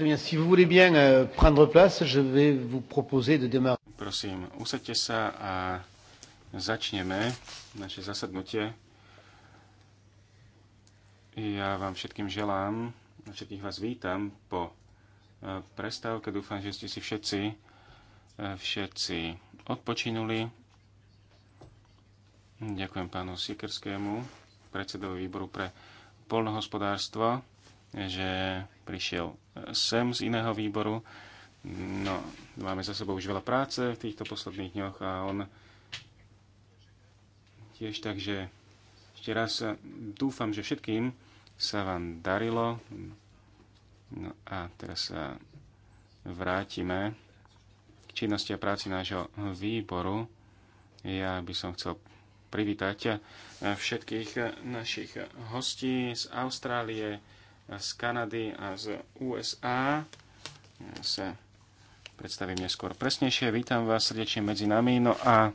Très bien, si vous voulez bien euh, prendre place, je vais vous proposer de démarrer. Prosím, usadte sa a začneme naše zasadnutie. Ja vám všetkým želám, všetkých vás vítam po e, prestávke. Dúfam, že ste si všetci, e, všetci odpočinuli. Ďakujem pánu Sikerskému, predsedovi výboru pre polnohospodárstvo že prišiel e, sem z iného výboru. No, máme za sebou už veľa práce v týchto posledných dňoch a on tiež takže ešte raz e, dúfam, že všetkým sa vám darilo. No a teraz sa vrátime k činnosti a práci nášho výboru. Ja by som chcel privítať e, všetkých našich hostí z Austrálie, z Kanady a z USA. Ja sa predstavím neskôr presnejšie. Vítam vás srdečne medzi nami. No a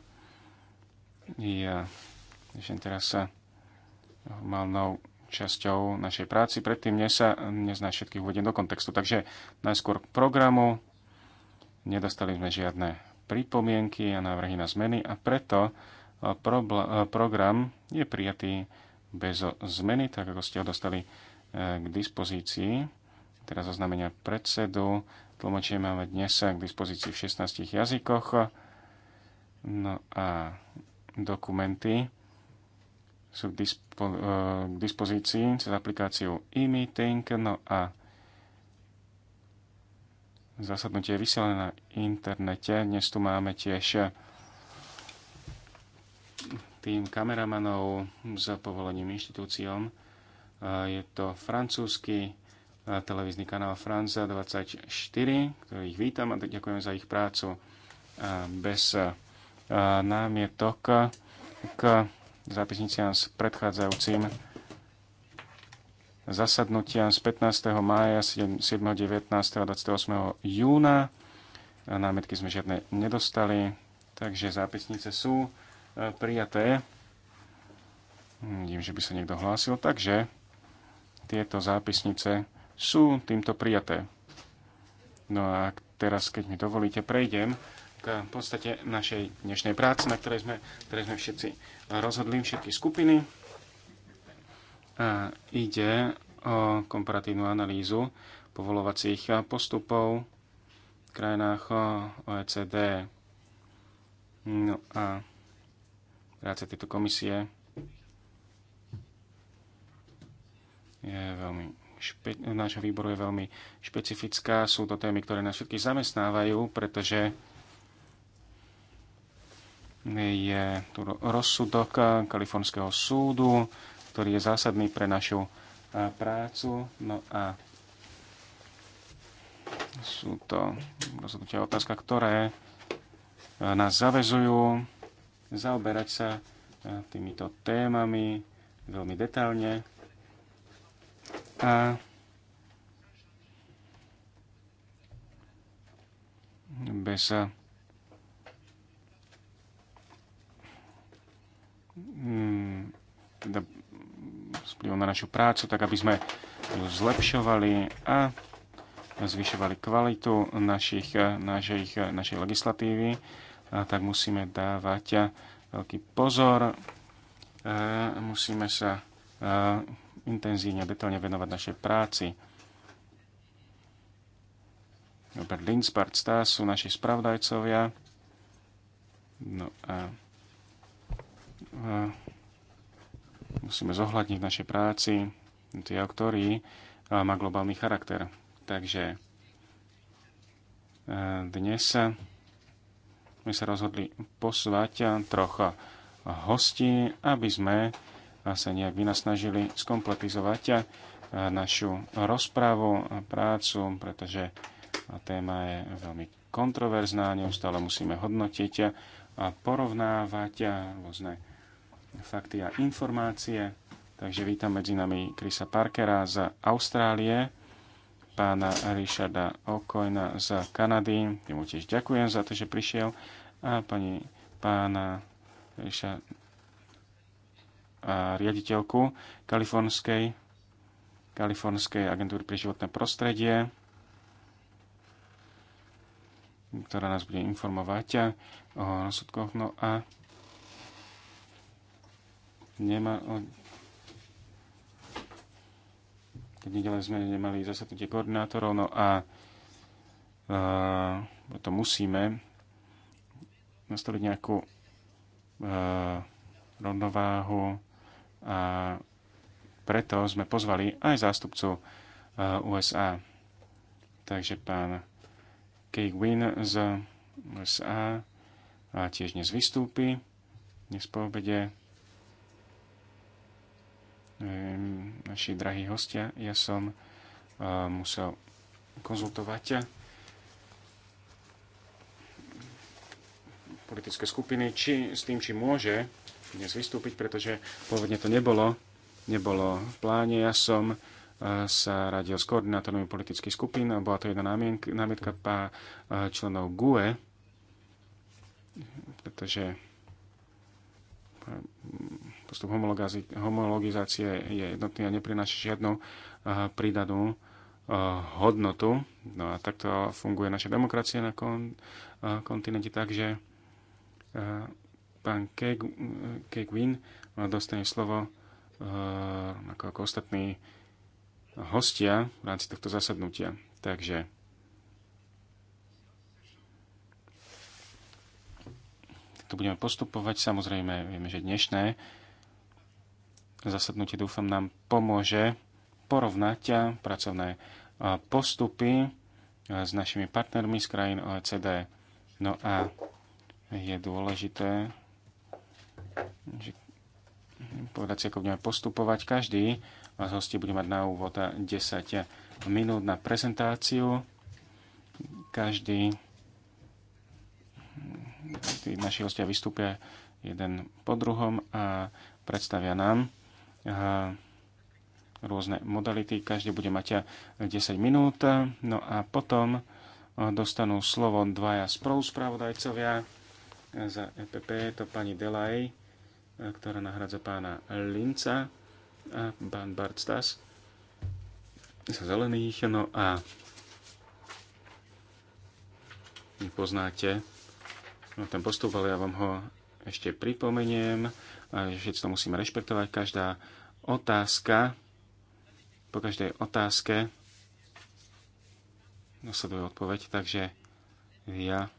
ja ešte teraz sa malnou časťou našej práci. Predtým dnes sa na všetkých uvedem do kontextu. Takže najskôr k programu. Nedostali sme žiadne pripomienky a návrhy na zmeny a preto program je prijatý bez zmeny, tak ako ste ho dostali E, k dispozícii. Teraz oznamenia predsedu. Tlmočie máme dnes k dispozícii v 16 jazykoch. No a dokumenty sú k, dispo, e, k dispozícii cez aplikáciu e-meeting. No a zasadnutie je vysielané na internete. Dnes tu máme tiež tým kameramanov s povolením inštitúciom je to francúzsky televízny kanál Franza 24, ktorých vítam a ďakujem za ich prácu. Bez námietok k zápisniciam s predchádzajúcim zasadnutiam z 15. mája, 7., 19. a 28. júna. Námetky sme žiadne nedostali, takže zápisnice sú e, prijaté. Hm, vidím, že by sa niekto hlásil, takže tieto zápisnice sú týmto prijaté. No a teraz, keď mi dovolíte, prejdem k podstate našej dnešnej práce, na ktorej sme, ktorej sme všetci rozhodli, všetky skupiny. A ide o komparatívnu analýzu povolovacích postupov v krajinách OECD. No a práce tejto komisie je veľmi špe- nášho výboru je veľmi špecifická. Sú to témy, ktoré nás všetkých zamestnávajú, pretože je tu rozsudok Kalifornského súdu, ktorý je zásadný pre našu prácu. No a sú to rozhodnutia otázka, ktoré nás zavezujú zaoberať sa týmito témami veľmi detálne. A bez eh, mm, teda vplyvom na našu prácu, tak aby sme ju zlepšovali a zvyšovali kvalitu našich, eh, našich, eh, našej legislatívy, a tak musíme dávať veľký pozor, musíme sa intenzívne a detailne venovať našej práci. Robert Linz, Bart Stas sú naši spravodajcovia. No a, a musíme zohľadniť v našej práci tie autory má globálny charakter. Takže dnes sme sa rozhodli pozvať trocha hostí, aby sme sa nejak vynasnažili skompletizovať eh, našu rozprávu a prácu, pretože téma je veľmi kontroverzná, neustále musíme hodnotiť a porovnávať eh, rôzne fakty a informácie. Takže vítam medzi nami Krisa Parkera z Austrálie, pána Richarda Okojna z Kanady. Ja tiež ďakujem za to, že prišiel. A pani pána Richarda riaditeľku Kalifornskej, Kalifornskej agentúry pre životné prostredie, ktorá nás bude informovať o rozsudkoch. No a nemá, keď nedele sme nemali zasadnutie koordinátorov, no a e, to musíme nastaviť nejakú e, rovnováhu a preto sme pozvali aj zástupcu e, USA. Takže pán Kay Wynn z USA a tiež dnes vystúpi, dnes po obede. E, naši drahí hostia, ja som e, musel konzultovať politické skupiny či, s tým, či môže dnes vystúpiť, pretože pôvodne to nebolo, nebolo v pláne. Ja som e, sa radil s koordinátormi politických skupín a bola to jedna námietka pá e, členov GUE, pretože postup homologizácie je jednotný a neprináša žiadnu e, pridanú hodnotu. No a takto funguje naša demokracia na kontinente, takže Pán Kegwin dostane slovo eh, ako, ako ostatní hostia v rámci tohto zasadnutia. Takže to budeme postupovať. Samozrejme, vieme, že dnešné zasadnutie dúfam nám pomôže porovnať pracovné postupy s našimi partnermi z krajín OECD. No a je dôležité že povedať si, ako budeme postupovať. Každý vás hosti bude mať na úvod 10 minút na prezentáciu. Každý tí naši hostia vystúpia jeden po druhom a predstavia nám rôzne modality. Každý bude mať 10 minút. No a potom dostanú slovo dvaja spravodajcovia za EPP, to pani Delaj Eh, ktorá nahradza pána Linca a pán Bart Stas za zelených. No a vy poznáte no ten postup, ale ja vám ho ešte pripomeniem. A všetci to musíme rešpektovať. Každá otázka, po každej otázke nasleduje odpoveď, takže ja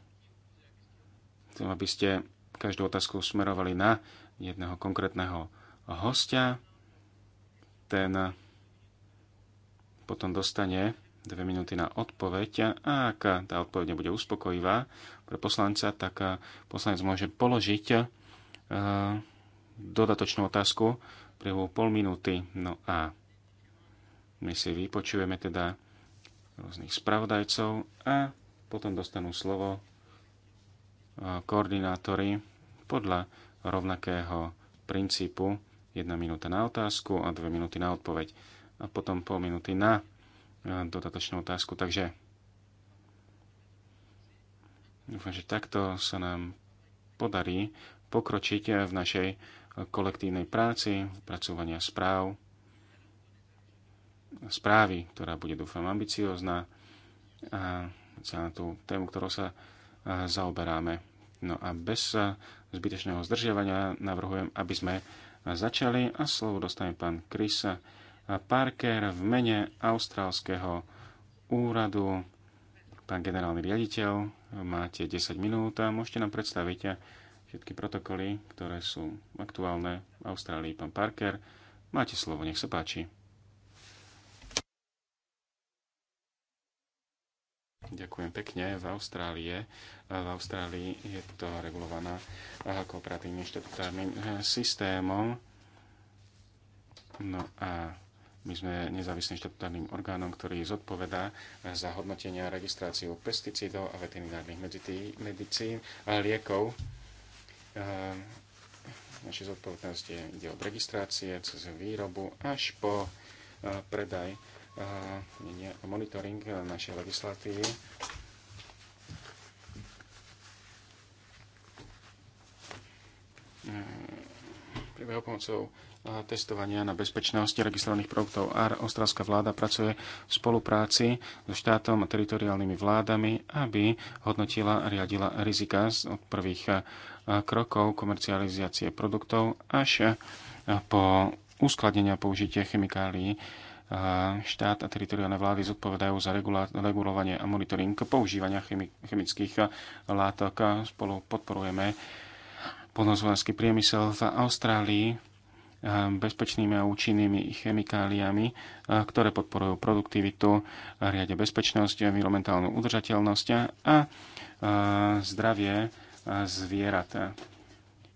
chcem, aby ste každú otázku smerovali na jedného konkrétneho hostia. Ten potom dostane dve minúty na odpoveď a ak tá odpoveď nebude uspokojivá pre poslanca, tak poslanec môže položiť eh, dodatočnú otázku pre pol minúty. No a my si vypočujeme teda rôznych spravodajcov a potom dostanú slovo eh, koordinátori podľa rovnakého princípu. Jedna minúta na otázku a dve minúty na odpoveď. A potom pol minúty na e, dodatočnú otázku. Takže dúfam, že takto sa nám podarí pokročiť v našej kolektívnej práci, pracovania správ, správy, ktorá bude, dúfam, ambiciozná a na tú tému, ktorou sa e, zaoberáme. No a bez e, zbytečného zdržiavania navrhujem, aby sme začali a slovo dostane pán Chris Parker v mene Austrálskeho úradu. Pán generálny riaditeľ, máte 10 minút a môžete nám predstaviť všetky protokoly, ktoré sú aktuálne v Austrálii. Pán Parker, máte slovo, nech sa páči. Ďakujem pekne. V Austrálie, v Austrálii je to regulovaná eh, kooperatívnym štatutárnym eh, systémom. No a my sme nezávislým štatutárnym orgánom, ktorý zodpovedá eh, za hodnotenie a registráciu pesticídov a veterinárnych medicín a liekov. Naše zodpovednosť je, ide od registrácie cez výrobu až po predaj nie, monitoring eh, našej legislatívy. Eh, priebehu pomocou eh, testovania na bezpečnosti registrovaných produktov AR ostravská vláda pracuje v spolupráci so štátom a teritoriálnymi vládami, aby hodnotila a riadila rizika od prvých krokov komercializácie produktov až po uskladenia použitia chemikálií štát a teritoriálne vlády zodpovedajú za regulovanie a monitoring používania chemických látok. Spolu podporujeme polnohospodársky priemysel v Austrálii bezpečnými a účinnými chemikáliami, ktoré podporujú produktivitu, riade bezpečnosť, environmentálnu udržateľnosť a zdravie zvierat.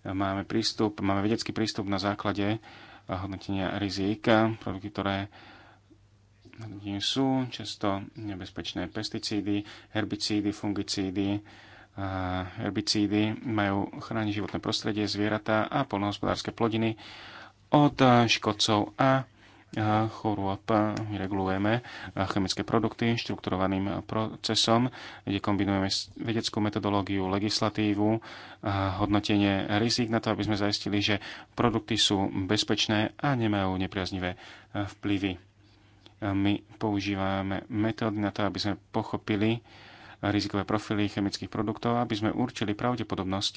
Máme prístup, máme vedecký prístup na základe hodnotenia rizika, produkty, ktoré nie sú často nebezpečné pesticídy, herbicídy, fungicídy. Herbicídy majú chrániť životné prostredie, zvieratá a polnohospodárske plodiny od škodcov a chorôb regulujeme chemické produkty štrukturovaným procesom, kde kombinujeme vedeckú metodológiu, legislatívu, hodnotenie rizik na to, aby sme zaistili, že produkty sú bezpečné a nemajú nepriaznivé vplyvy my používame metódy na to, aby sme pochopili rizikové profily chemických produktov, aby sme určili pravdepodobnosť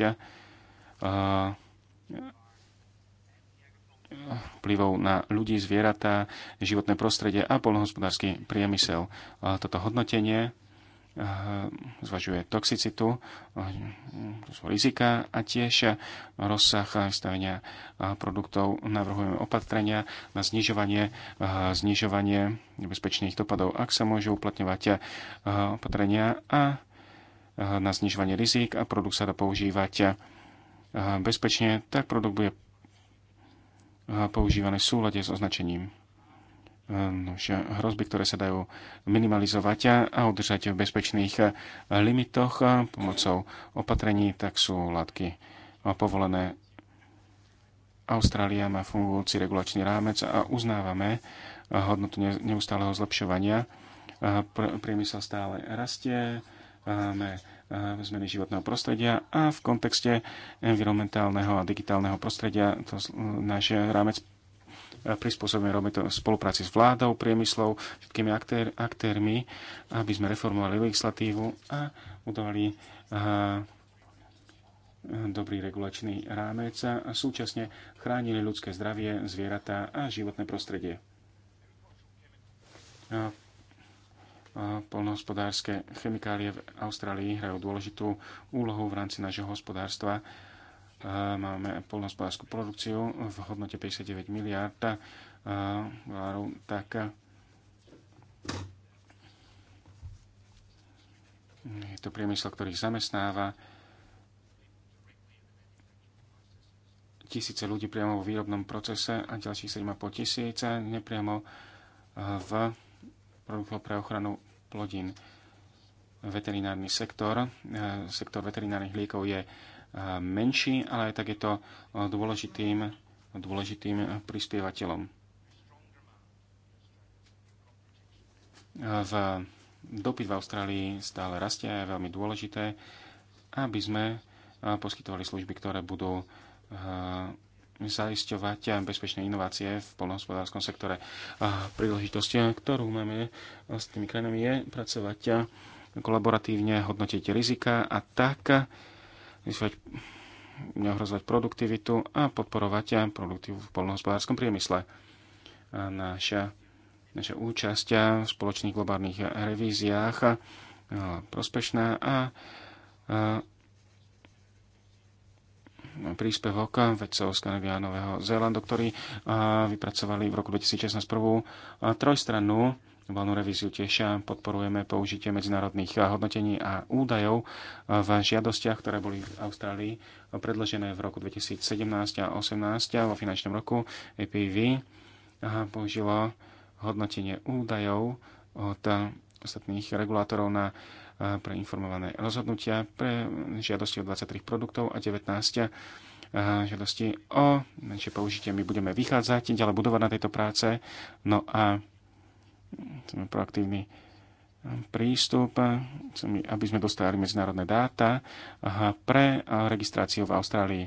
vplyvov na ľudí, zvieratá, životné prostredie a polnohospodársky priemysel. Toto hodnotenie zvažuje toxicitu, to sú rizika a tiež rozsah vystavenia produktov navrhujeme opatrenia na znižovanie, znižovanie nebezpečných dopadov, ak sa môžu uplatňovať opatrenia a na znižovanie rizik a produkt sa dá používať bezpečne, tak produkt bude používaný v súlade s označením hrozby, ktoré sa dajú minimalizovať a udržať v bezpečných eh, limitoch eh, pomocou opatrení, tak sú látky eh, povolené. Austrália má fungujúci regulačný rámec a uznávame hodnotu neustáleho zlepšovania. Priemysel stále rastie, máme zmeny životného prostredia a v kontexte environmentálneho a digitálneho prostredia to náš rámec prispôsobíme, robíme to v spolupráci s vládou, priemyslov, všetkými aktér, aktérmi, aby sme reformovali legislatívu a udali dobrý regulačný rámec a súčasne chránili ľudské zdravie, zvieratá a životné prostredie. A, polnohospodárske chemikálie v Austrálii hrajú dôležitú úlohu v rámci nášho hospodárstva máme polnospodárskú produkciu v hodnote 59 miliard dolárov, tak je to priemysel, ktorý zamestnáva tisíce ľudí priamo vo výrobnom procese a ďalších 7,5 tisíce nepriamo v produktoch pre ochranu plodín. Veterinárny sektor, sektor veterinárnych liekov je menší, ale aj tak je to e, dôležitým, dôležitým e, prispievateľom. E, v dopyt v Austrálii stále rastie a je veľmi dôležité, aby sme poskytovali služby, ktoré budú zaisťovať bezpečné inovácie v polnohospodárskom sektore. Príležitosť, ktorú máme s tými krajinami, je pracovať kolaboratívne, hodnotiť rizika a tak vyslať, neohrozovať produktivitu a podporovať produktivu v polnohospodárskom priemysle. A naša, naša účasť v spoločných globálnych revíziách je prospešná a, a no, príspevok vedcov z Kanady a Nového Zélandu, ktorí vypracovali v roku 2016 prvú trojstrannú Globálnu revíziu tiež podporujeme použitie medzinárodných hodnotení a údajov v žiadostiach, ktoré boli v Austrálii predložené v roku 2017 a 2018 vo finančnom roku APV použilo hodnotenie údajov od ostatných regulátorov na eh, pre informované rozhodnutia pre žiadosti o 23 produktov a 19 eh, žiadosti o menšie použitie. My budeme vychádzať, ďalej budovať na tejto práce. No a chceme proaktívny eh, prístup, eh, chceme, aby sme dostali medzinárodné dáta eh, pre registráciu v Austrálii.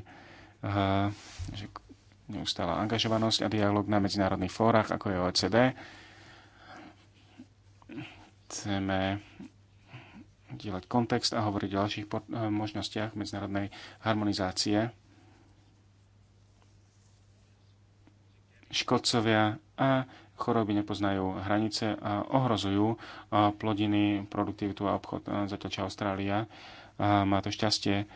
Neustála angažovanosť a dialog na medzinárodných fórach, ako je OECD. Chceme dielať kontext a hovoriť o ďalších možnostiach medzinárodnej harmonizácie. Škodcovia a Choroby nepoznajú hranice a ohrozujú plodiny, produktivitu a obchod. Zatiaľ, čo Austrália má to šťastie,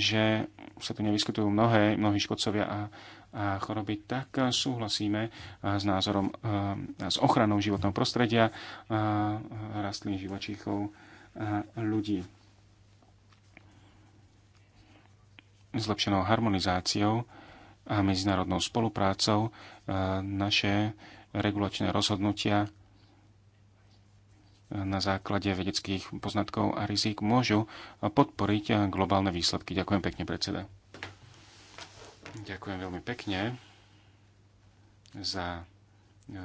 že sa tu nevyskytujú mnohé, mnohí škodcovia a, a choroby, tak súhlasíme s názorom, s ochranou životného prostredia, rastlín, živočíchov a ľudí. Zlepšenou harmonizáciou a medzinárodnou spoluprácou naše regulačné rozhodnutia na základe vedeckých poznatkov a rizik môžu podporiť globálne výsledky. Ďakujem pekne, predseda. Ďakujem veľmi pekne za e,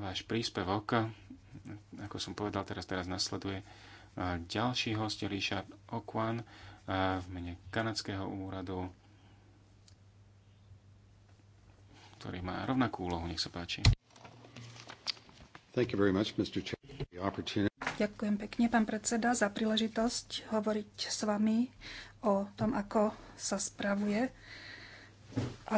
váš príspevok. Ako som povedal, teraz, teraz nasleduje e, ďalší host, Richard Okwan e, v mene Kanadského úradu ktorý má rovnakú úlohu. Nech sa páči. Thank you very much, Mr. Chair. Ďakujem pekne, pán predseda, za príležitosť hovoriť s vami o tom, ako sa spravuje a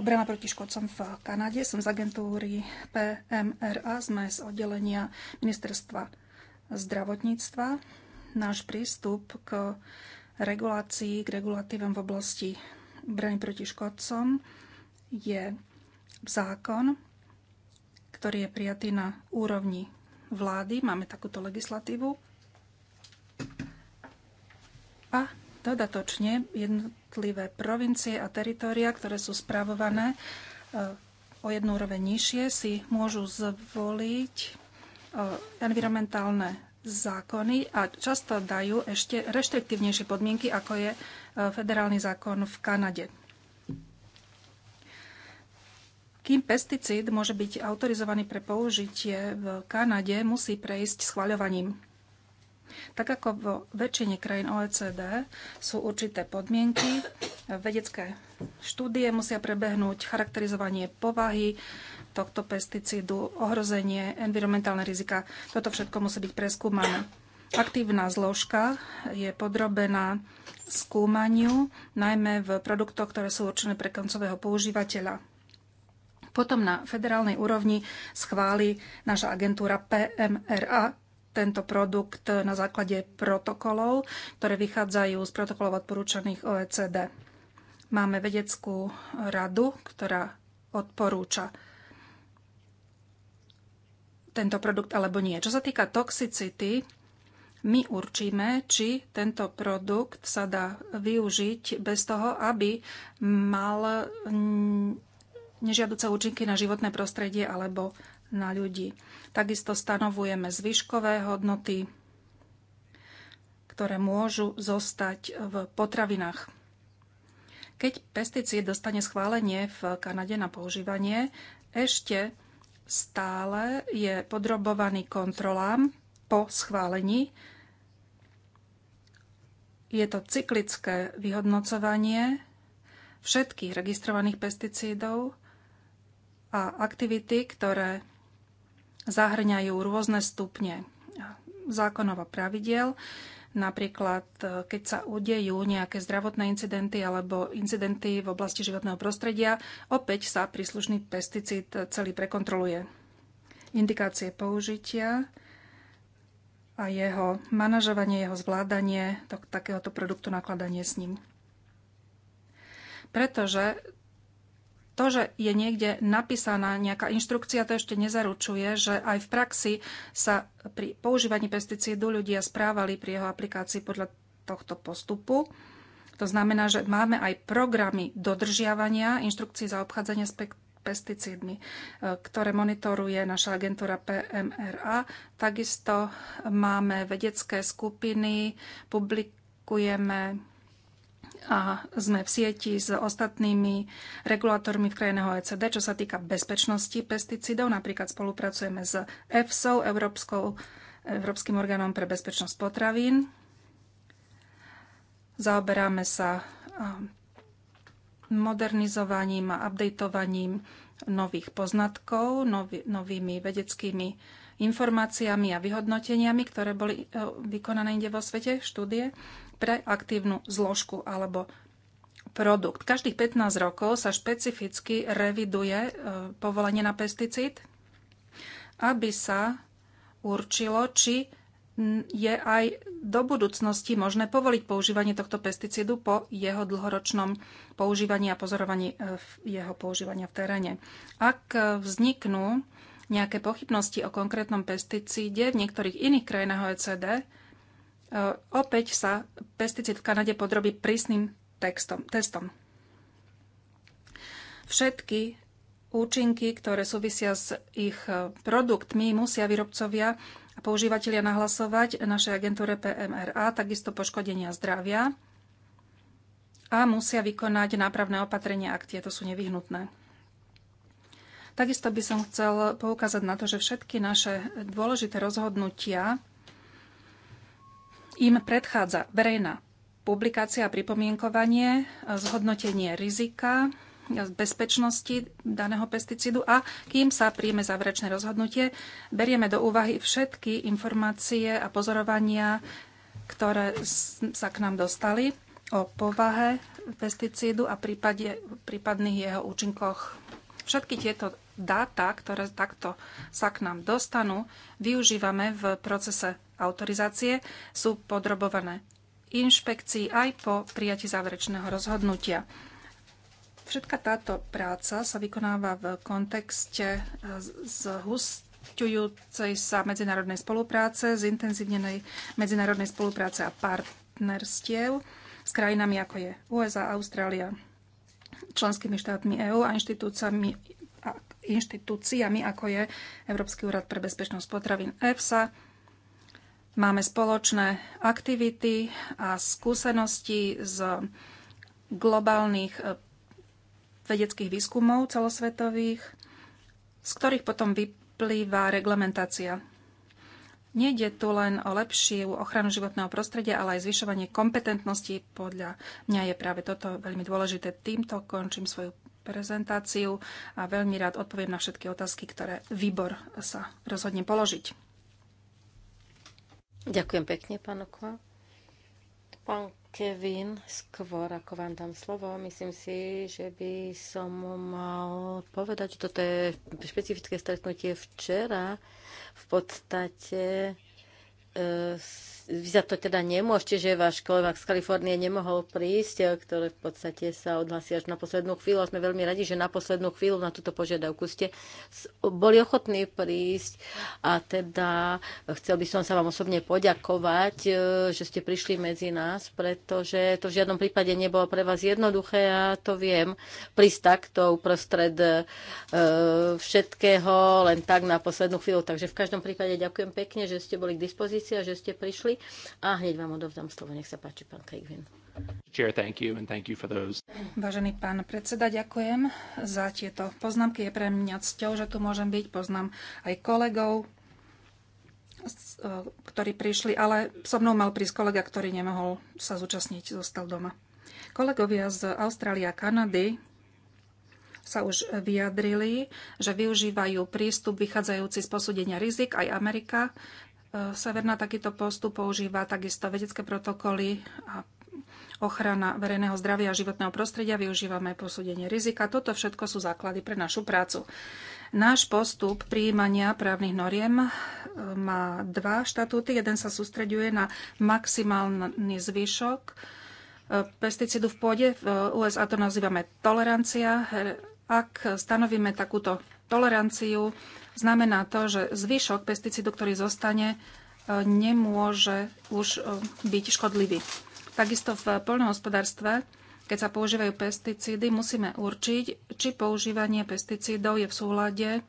obrana proti škodcom v Kanade. Som z agentúry PMRA, sme z oddelenia ministerstva zdravotníctva. Náš prístup k regulácii, k regulatívam v oblasti brany proti škodcom je zákon, ktorý je prijatý na úrovni vlády. Máme takúto legislatívu. A dodatočne jednotlivé provincie a teritoria, ktoré sú spravované e, o jednu úroveň nižšie, si môžu zvoliť e, environmentálne zákony a často dajú ešte reštriktívnejšie podmienky, ako je e, federálny zákon v Kanade. Kým pesticíd môže byť autorizovaný pre použitie v Kanade, musí prejsť schvaľovaním. Tak ako vo väčšine krajín OECD sú určité podmienky, vedecké štúdie musia prebehnúť charakterizovanie povahy, tohto pesticídu, ohrozenie, environmentálne rizika. Toto všetko musí byť preskúmané. Aktívna zložka je podrobená skúmaniu, najmä v produktoch, ktoré sú určené pre koncového používateľa. Potom na federálnej úrovni schváli naša agentúra PMRA tento produkt na základe protokolov, ktoré vychádzajú z protokolov odporúčaných OECD. Máme vedeckú radu, ktorá odporúča tento produkt alebo nie. Čo sa týka toxicity, my určíme, či tento produkt sa dá využiť bez toho, aby mal nežiaduce účinky na životné prostredie alebo na ľudí. Takisto stanovujeme zvyškové hodnoty, ktoré môžu zostať v potravinách. Keď pesticíd dostane schválenie v Kanade na používanie, ešte stále je podrobovaný kontrolám po schválení. Je to cyklické vyhodnocovanie všetkých registrovaných pesticídov a aktivity, ktoré zahrňajú rôzne stupne zákonov a pravidiel. Napríklad, e, keď sa udejú nejaké zdravotné incidenty alebo incidenty v oblasti životného prostredia, opäť sa príslušný pesticíd e, celý prekontroluje. Indikácie použitia a jeho manažovanie, jeho zvládanie tak, takéhoto produktu, nakladanie s ním. Pretože to, že je niekde napísaná nejaká inštrukcia, to ešte nezaručuje, že aj v praxi sa pri používaní pesticídu ľudia správali pri jeho aplikácii podľa tohto postupu. To znamená, že máme aj programy dodržiavania inštrukcií za obchádzanie s pesticídmi, e, ktoré monitoruje naša agentúra PMRA. Takisto máme vedecké skupiny, publikujeme a sme v sieti s ostatnými regulátormi v krajinách OECD, čo sa týka bezpečnosti pesticidov. Napríklad spolupracujeme s EFSO, Európskou, Európskym orgánom pre bezpečnosť potravín. Zaoberáme sa um, modernizovaním a updateovaním nových poznatkov, nový, novými vedeckými informáciami a vyhodnoteniami, ktoré boli uh, vykonané inde vo svete, štúdie pre aktívnu zložku alebo produkt. Každých 15 rokov sa špecificky reviduje e, povolenie na pesticíd, aby sa určilo, či je aj do budúcnosti možné povoliť používanie tohto pesticídu po jeho dlhoročnom používaní a pozorovaní e, jeho používania v teréne. Ak e, vzniknú nejaké pochybnosti o konkrétnom pesticíde v niektorých iných krajinách OECD, E, opäť sa pesticid v Kanade podrobí prísnym textom, testom. Všetky účinky, ktoré súvisia s ich e, produktmi, musia výrobcovia a používateľia nahlasovať našej agentúre PMRA, takisto poškodenia zdravia a musia vykonať nápravné opatrenia, ak tieto sú nevyhnutné. Takisto by som chcel poukázať na to, že všetky naše dôležité rozhodnutia im predchádza verejná publikácia a pripomienkovanie, e, zhodnotenie rizika, e, bezpečnosti daného pesticídu a kým sa príjme záverečné rozhodnutie, berieme do úvahy všetky informácie a pozorovania, ktoré sa k nám dostali o povahe pesticídu a prípade, prípadných jeho účinkoch. Všetky tieto dáta, ktoré takto sa k nám dostanú, využívame v procese autorizácie sú podrobované inšpekcii aj po prijati záverečného rozhodnutia. Všetka táto práca sa vykonáva v kontexte e, zhustujúcej sa medzinárodnej spolupráce, zintenzívnenej medzinárodnej spolupráce a partnerstiev s krajinami ako je USA, Austrália, členskými štátmi EÚ a inštitúciami, a inštitúciami ako je Európsky úrad pre bezpečnosť potravín EFSA, Máme spoločné aktivity a skúsenosti z globálnych eh, vedeckých výskumov celosvetových, z ktorých potom vyplýva reglementácia. Nejde tu len o lepšiu ochranu životného prostredia, ale aj zvyšovanie kompetentnosti. Podľa mňa je práve toto veľmi dôležité. Týmto končím svoju prezentáciu a veľmi rád odpoviem na všetky otázky, ktoré výbor sa rozhodne položiť. Ďakujem pekne, pán Okva. Pán Kevin, skôr ako vám dám slovo, myslím si, že by som mal povedať, že toto je špecifické stretnutie včera. V podstate E, vy za to teda nemôžete, že váš kolega z Kalifornie nemohol prísť, e, ktoré v podstate sa odhlasí až na poslednú chvíľu. A sme veľmi radi, že na poslednú chvíľu na túto požiadavku ste boli ochotní prísť. A teda chcel by som sa vám osobne poďakovať, e, že ste prišli medzi nás, pretože to v žiadnom prípade nebolo pre vás jednoduché a to viem. Prísť takto uprostred všetkého, len tak na poslednú chvíľu. Takže v každom prípade ďakujem pekne, že ste boli k dispozícii dispozícii že ste prišli. A hneď vám odovzdám slovo. Nech sa páči, pán Kejvin. Chair, thank you and thank you for those. Vážený pán predseda, ďakujem za tieto poznámky. Je pre mňa cťou, že tu môžem byť. Poznám aj kolegov, ktorí prišli, ale so mnou mal prísť kolega, ktorý nemohol sa zúčastniť, zostal doma. Kolegovia z Austrálie a Kanady sa už vyjadrili, že využívajú prístup vychádzajúci z posúdenia rizik, aj Amerika Severná takýto postup používa takisto vedecké protokoly a ochrana verejného zdravia a životného prostredia, využívame aj posúdenie rizika. Toto všetko sú základy pre našu prácu. Náš postup prijímania právnych noriem e, má dva štatúty. Jeden sa sústreďuje na maximálny zvyšok e, pesticídu v pôde. V e, USA to nazývame tolerancia. Ak stanovíme takúto toleranciu, znamená to, že zvyšok pesticídu, ktorý zostane, e, nemôže už e, byť škodlivý. Takisto v poľnohospodárstve, keď sa používajú pesticídy, musíme určiť, či používanie pesticídov je v súhľade e,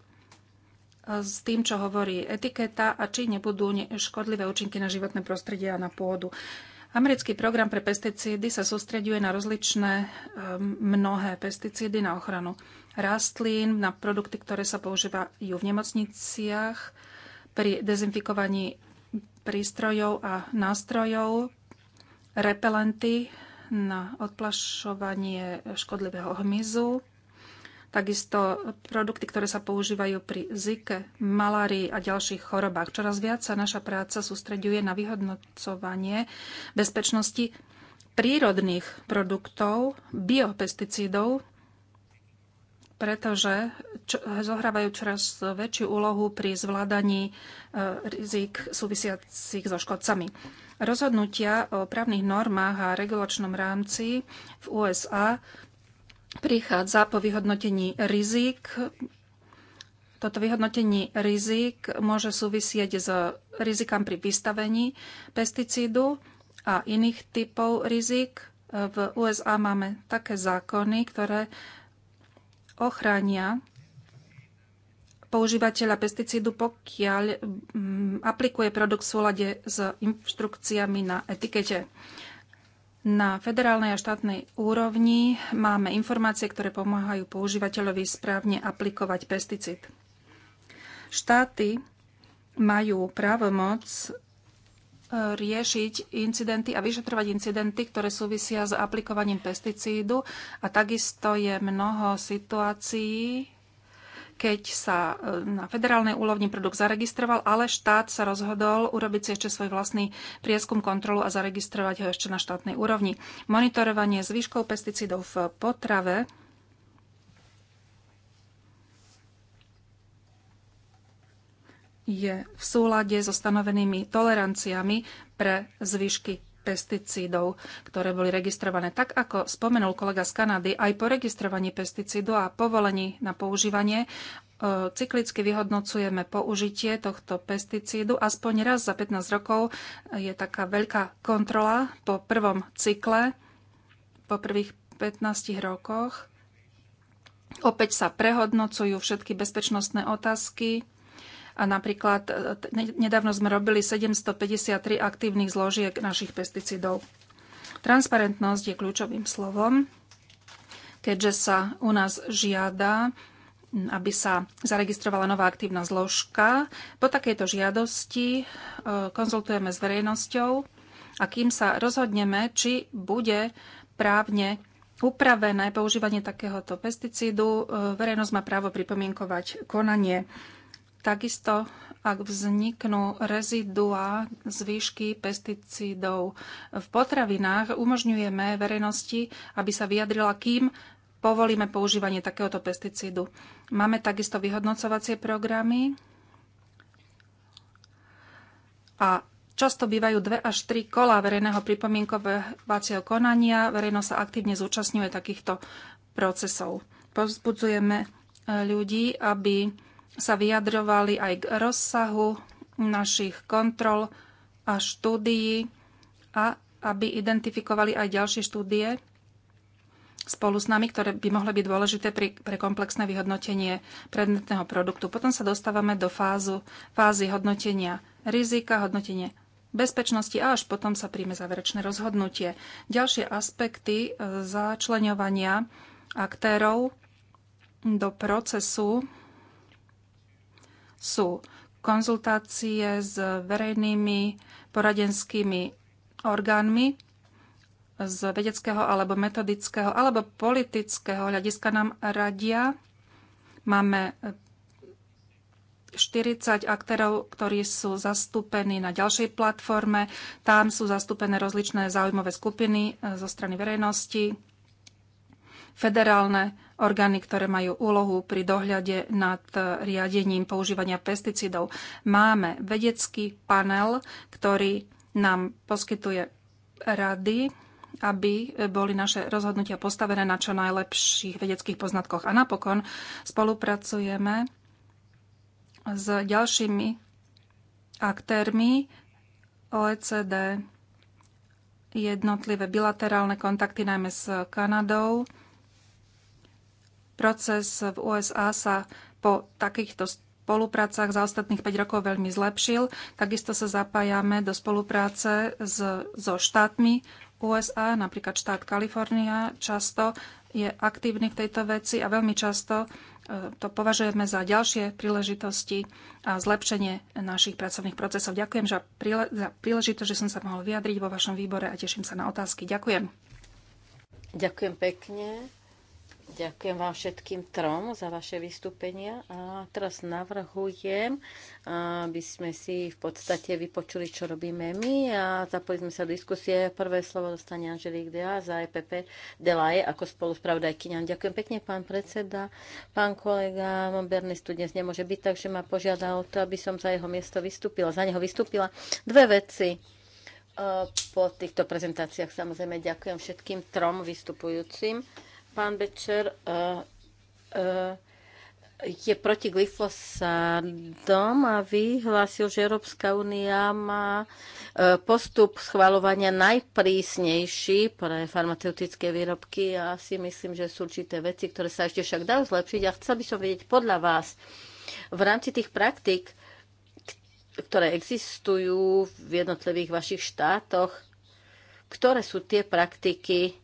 s tým, čo hovorí etiketa a či nebudú škodlivé účinky na životné prostredie a na pôdu. Americký program pre pesticídy sa sústreďuje na rozličné mnohé pesticídy na ochranu rastlín na produkty, ktoré sa používajú v nemocniciach pri dezinfikovaní prístrojov a nástrojov, repelenty na odplašovanie škodlivého hmyzu, takisto produkty, ktoré sa používajú pri zike, malárii a ďalších chorobách. Čoraz viac sa naša práca sústreďuje na vyhodnocovanie bezpečnosti prírodných produktov, biopesticídov, pretože zohrávajú čoraz väčšiu úlohu pri zvládaní e, rizik súvisiacich so škodcami. Rozhodnutia o právnych normách a regulačnom rámci v USA prichádza po vyhodnotení rizik. Toto vyhodnotenie rizik môže súvisieť s rizikom pri vystavení pesticídu a iných typov rizik. V USA máme také zákony, ktoré ochránia používateľa pesticídu, pokiaľ mm, aplikuje produkt v súlade s inštrukciami na etikete. Na federálnej a štátnej úrovni máme informácie, ktoré pomáhajú používateľovi správne aplikovať pesticíd. Štáty majú právomoc riešiť incidenty a vyšetrovať incidenty, ktoré súvisia s aplikovaním pesticídu. A takisto je mnoho situácií, keď sa e, na federálnej úrovni produkt zaregistroval, ale štát sa rozhodol urobiť si ešte svoj vlastný prieskum, kontrolu a zaregistrovať ho ešte na štátnej úrovni. Monitorovanie zvyškov pesticídov v potrave je v súlade so stanovenými toleranciami pre zvyšky pesticídov, ktoré boli registrované. Tak ako spomenul kolega z Kanady, aj po registrovaní pesticídu a povolení na používanie e, cyklicky vyhodnocujeme použitie tohto pesticídu. Aspoň raz za 15 rokov je taká veľká kontrola po prvom cykle, po prvých 15 rokoch. Opäť sa prehodnocujú všetky bezpečnostné otázky, a napríklad e, nedávno sme robili 753 aktívnych zložiek našich pesticidov. Transparentnosť je kľúčovým slovom, keďže sa u nás žiada, aby sa zaregistrovala nová aktívna zložka. Po takejto žiadosti e, konzultujeme s verejnosťou a kým sa rozhodneme, či bude právne upravené používanie takéhoto pesticídu, e, verejnosť má právo pripomienkovať konanie. Takisto, ak vzniknú rezidua z výšky pesticídov v potravinách, umožňujeme verejnosti, aby sa vyjadrila, kým povolíme používanie takéhoto pesticídu. Máme takisto vyhodnocovacie programy a Často bývajú dve až tri kola verejného pripomienkovacieho konania. Verejnosť sa aktívne zúčastňuje takýchto procesov. Pozbudzujeme ľudí, aby sa vyjadrovali aj k rozsahu našich kontrol a štúdií a aby identifikovali aj ďalšie štúdie spolu s nami, ktoré by mohli byť dôležité pri, pre komplexné vyhodnotenie predmetného produktu. Potom sa dostávame do fázu, fázy hodnotenia rizika, hodnotenie bezpečnosti a až potom sa príjme záverečné rozhodnutie. Ďalšie aspekty e, začleňovania aktérov do procesu sú konzultácie s verejnými poradenskými orgánmi z vedeckého alebo metodického alebo politického hľadiska nám radia. Máme 40 aktérov, ktorí sú zastúpení na ďalšej platforme. Tam sú zastúpené rozličné záujmové skupiny eh, zo strany verejnosti, federálne orgány, ktoré majú úlohu pri dohľade nad e, riadením používania pesticídov. Máme vedecký panel, ktorý nám poskytuje rady, aby boli naše rozhodnutia postavené na čo najlepších vedeckých poznatkoch. A napokon spolupracujeme s ďalšími aktérmi OECD, jednotlivé bilaterálne kontakty najmä s Kanadou, Proces v USA sa po takýchto spoluprácach za ostatných 5 rokov veľmi zlepšil. Takisto sa zapájame do spolupráce s, so štátmi USA, napríklad štát Kalifornia často je aktívny v tejto veci a veľmi často e, to považujeme za ďalšie príležitosti a zlepšenie našich pracovných procesov. Ďakujem za príležitosť, že som sa mohol vyjadriť vo vašom výbore a teším sa na otázky. Ďakujem. Ďakujem pekne. Ďakujem vám všetkým trom za vaše vystúpenia a teraz navrhujem, aby sme si v podstate vypočuli, čo robíme my a zapojili sme sa do diskusie. Prvé slovo dostane Anželík Dea za EPP Delaje ako spoluspravodajkyňa. Ďakujem pekne, pán predseda. Pán kolega Bernis tu dnes nemôže byť, takže ma požiadal to, aby som za jeho miesto vystúpila, za neho vystúpila. Dve veci e, po týchto prezentáciách samozrejme ďakujem všetkým trom vystupujúcim Pán Bečer uh, uh, je proti glyfosádom a vyhlásil, že Európska únia má uh, postup schvalovania najprísnejší pre farmaceutické výrobky ja si myslím, že sú určité veci, ktoré sa ešte však dajú zlepšiť a chcel by som vedieť podľa vás v rámci tých praktík, ktoré existujú v jednotlivých vašich štátoch, ktoré sú tie praktiky,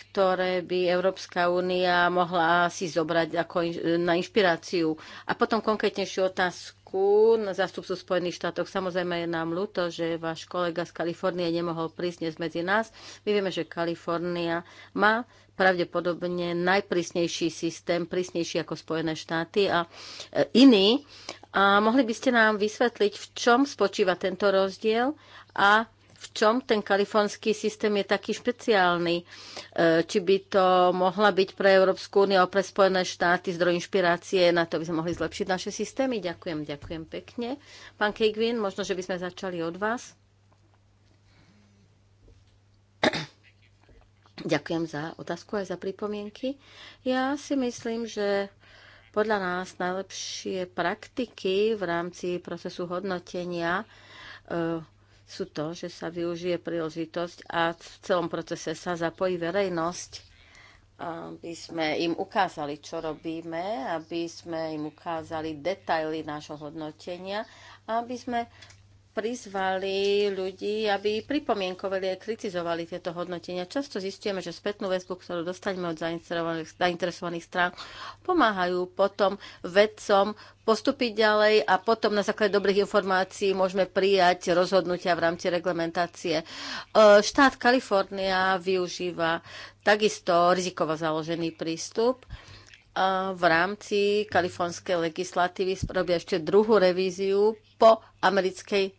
ktoré by Európska únia mohla si zobrať ako na inšpiráciu. A potom konkrétnejšiu otázku na zástupcu Spojených štátoch. Samozrejme je nám ľúto, že váš kolega z Kalifornie nemohol prísť dnes medzi nás. My vieme, že Kalifornia má pravdepodobne najprísnejší systém, prísnejší ako Spojené štáty a e, iný. A mohli by ste nám vysvetliť, v čom spočíva tento rozdiel a v čom ten kalifornský systém je taký špeciálny? E, či by to mohla byť pre Európsku úniu a pre Spojené štáty zdroj inšpirácie na to, aby sme mohli zlepšiť naše systémy? Ďakujem, ďakujem pekne. Pán Kejgvin, možno, že by sme začali od vás. Ďakujem za otázku aj za pripomienky. Ja si myslím, že podľa nás najlepšie praktiky v rámci procesu hodnotenia e, sú to, že sa využije príležitosť a v celom procese sa zapojí verejnosť, aby sme im ukázali, čo robíme, aby sme im ukázali detaily nášho hodnotenia, aby sme prizvali ľudí, aby pripomienkovali a kritizovali tieto hodnotenia. Často zistíme, že spätnú väzbu, ktorú dostaneme od zainteresovaných, zainteresovaných strán, pomáhajú potom vedcom postúpiť ďalej a potom na základe dobrých informácií môžeme prijať rozhodnutia v rámci reglementácie. E, štát Kalifornia využíva takisto rizikovo založený prístup e, v rámci kalifornskej legislatívy robia ešte druhú revíziu po americkej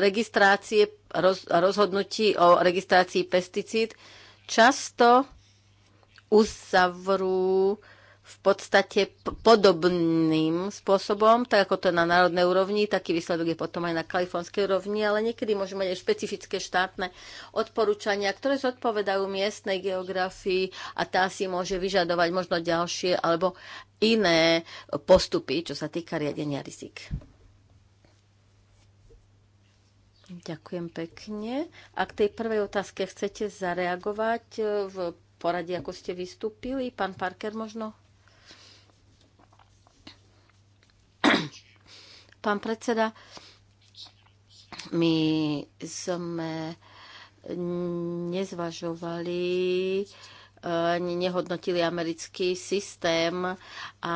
registrácie, roz, rozhodnutí o registrácii pesticíd často uzavrú v podstate podobným spôsobom, tak ako to je na národnej úrovni, taký výsledok je potom aj na kalifornskej úrovni, ale niekedy môžeme mať aj špecifické štátne odporúčania, ktoré zodpovedajú miestnej geografii a tá si môže vyžadovať možno ďalšie alebo iné postupy, čo sa týka riadenia rizik. Ďakujem pekne. A k tej prvej otázke chcete zareagovať e, v poradí, ako ste vystúpili? Pán Parker možno? Pán predseda, my sme nezvažovali ani nehodnotili americký systém a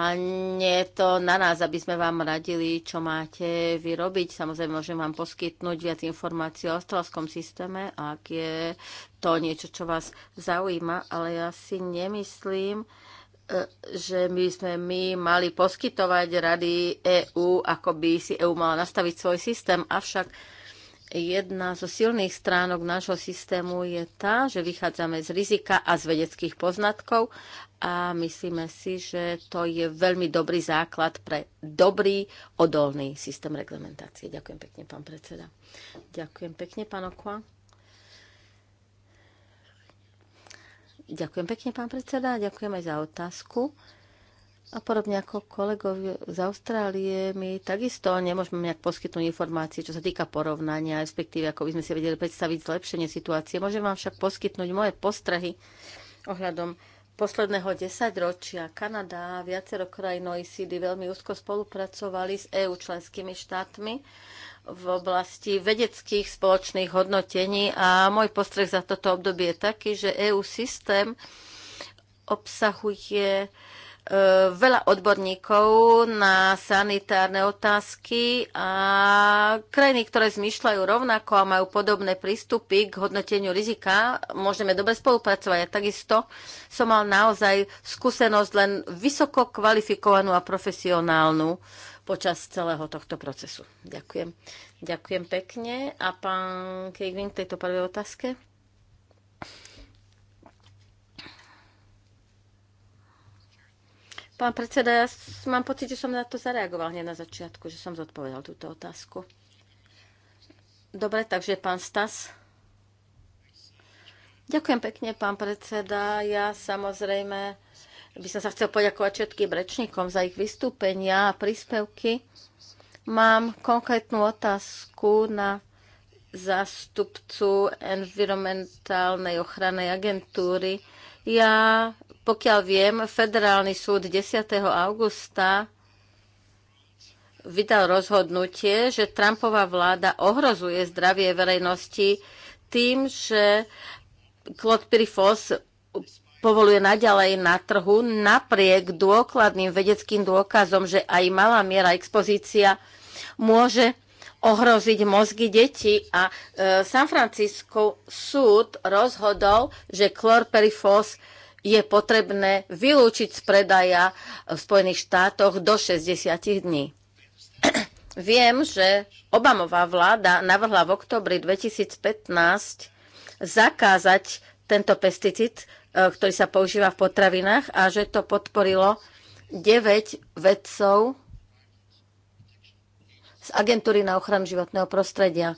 nie je to na nás, aby sme vám radili, čo máte vyrobiť. Samozrejme, môžem vám poskytnúť viac informácií o ostrovskom systéme, ak je to niečo, čo vás zaujíma, ale ja si nemyslím, e, že my sme my mali poskytovať rady EÚ, ako by si EÚ mala nastaviť svoj systém, avšak Jedna zo silných stránok nášho systému je tá, že vychádzame z rizika a z vedeckých poznatkov a myslíme si, že to je veľmi dobrý základ pre dobrý, odolný systém reglementácie. Ďakujem pekne, pán predseda. Ďakujem pekne, pán Okua. Ďakujem pekne, pán predseda. Ďakujem aj za otázku. A podobne ako kolegov z Austrálie, my takisto nemôžeme nejak poskytnúť informácie, čo sa týka porovnania, respektíve ako by sme si vedeli predstaviť zlepšenie situácie. Môžem vám však poskytnúť moje postrehy ohľadom posledného desaťročia. Kanada a viacero krajín OECD veľmi úzko spolupracovali s EU členskými štátmi v oblasti vedeckých spoločných hodnotení a môj postreh za toto obdobie je taký, že EU systém obsahuje E, veľa odborníkov na sanitárne otázky a krajiny, ktoré zmyšľajú rovnako a majú podobné prístupy k hodnoteniu rizika, môžeme dobre spolupracovať. A takisto som mal naozaj skúsenosť len vysoko kvalifikovanú a profesionálnu počas celého tohto procesu. Ďakujem. Ďakujem pekne. A pán Kejvin k tejto prvej otázke? Pán predseda, ja mám pocit, že som na to zareagoval hneď na začiatku, že som zodpovedal túto otázku. Dobre, takže pán Stas. Ďakujem pekne, pán predseda. Ja samozrejme by som sa chcel poďakovať všetkým rečníkom za ich vystúpenia a príspevky. Mám konkrétnu otázku na zástupcu environmentálnej ochrany agentúry. Ja pokiaľ viem, federálny súd 10. augusta vydal rozhodnutie, že Trumpová vláda ohrozuje zdravie verejnosti tým, že Claude Pirifos povoluje naďalej na trhu napriek dôkladným vedeckým dôkazom, že aj malá miera expozícia môže ohroziť mozgy detí a e, San Francisco súd rozhodol, že chlorperifos je potrebné vylúčiť z predaja v Spojených štátoch do 60 dní. Viem, že Obamová vláda navrhla v oktobri 2015 zakázať tento pesticid, e, ktorý sa používa v potravinách a že to podporilo 9 vedcov z Agentúry na ochranu životného prostredia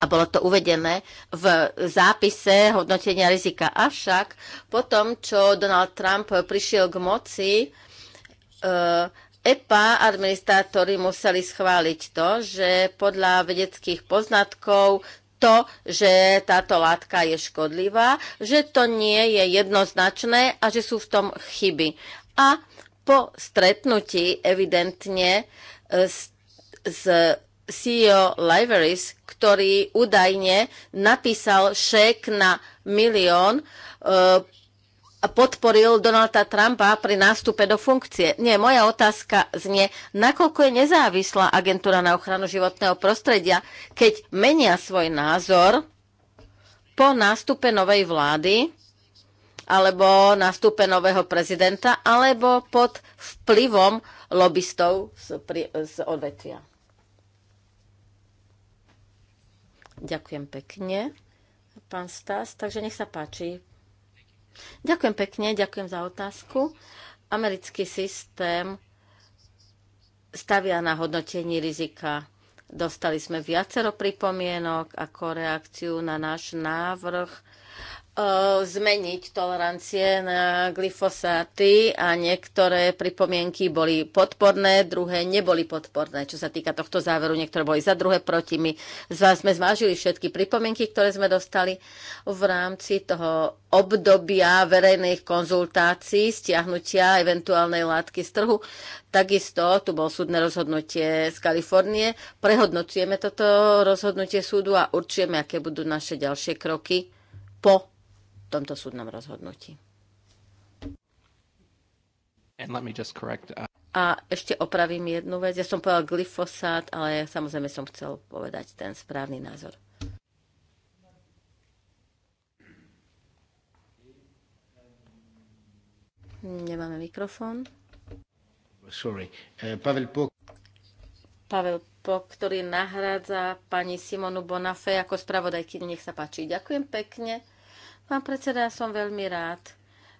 a bolo to uvedené v zápise hodnotenia rizika. Avšak po tom, čo Donald Trump prišiel k moci, eh, EPA administrátori museli schváliť to, že podľa vedeckých poznatkov to, že táto látka je škodlivá, že to nie je jednoznačné a že sú v tom chyby. A po stretnutí evidentne eh, s, s CEO Liveris, ktorý údajne napísal šek na milión uh, a podporil Donalda Trumpa pri nástupe do funkcie. Nie, moja otázka znie, nakoľko je nezávislá agentúra na ochranu životného prostredia, keď menia svoj názor po nástupe novej vlády alebo nástupe nového prezidenta, alebo pod vplyvom lobbystov z, z odvetvia. Ďakujem pekne, pán Stas. Takže nech sa páči. Ďakujem pekne, ďakujem za otázku. Americký systém stavia na hodnotení rizika. Dostali sme viacero pripomienok ako reakciu na náš návrh E, zmeniť tolerancie na glyfosáty a niektoré pripomienky boli podporné, druhé neboli podporné. Čo sa týka tohto záveru, niektoré boli za druhé proti. My sme zvážili všetky pripomienky, ktoré sme dostali v rámci toho obdobia verejných konzultácií, stiahnutia eventuálnej látky z trhu. Takisto tu bol súdne rozhodnutie z Kalifornie. Prehodnocujeme toto rozhodnutie súdu a určujeme, aké budú naše ďalšie kroky po tomto súdnom rozhodnutí. Correct... Uh, A ešte opravím jednu vec. Ja som povedal glyfosát, ale samozrejme som chcel povedať ten správny názor. Nemáme mikrofón. Sorry. Uh, Pavel Pok. Pavel Pok, ktorý nahrádza pani Simonu Bonafé ako spravodajky. Nech sa páči. Ďakujem pekne. Pán predseda, ja som veľmi rád,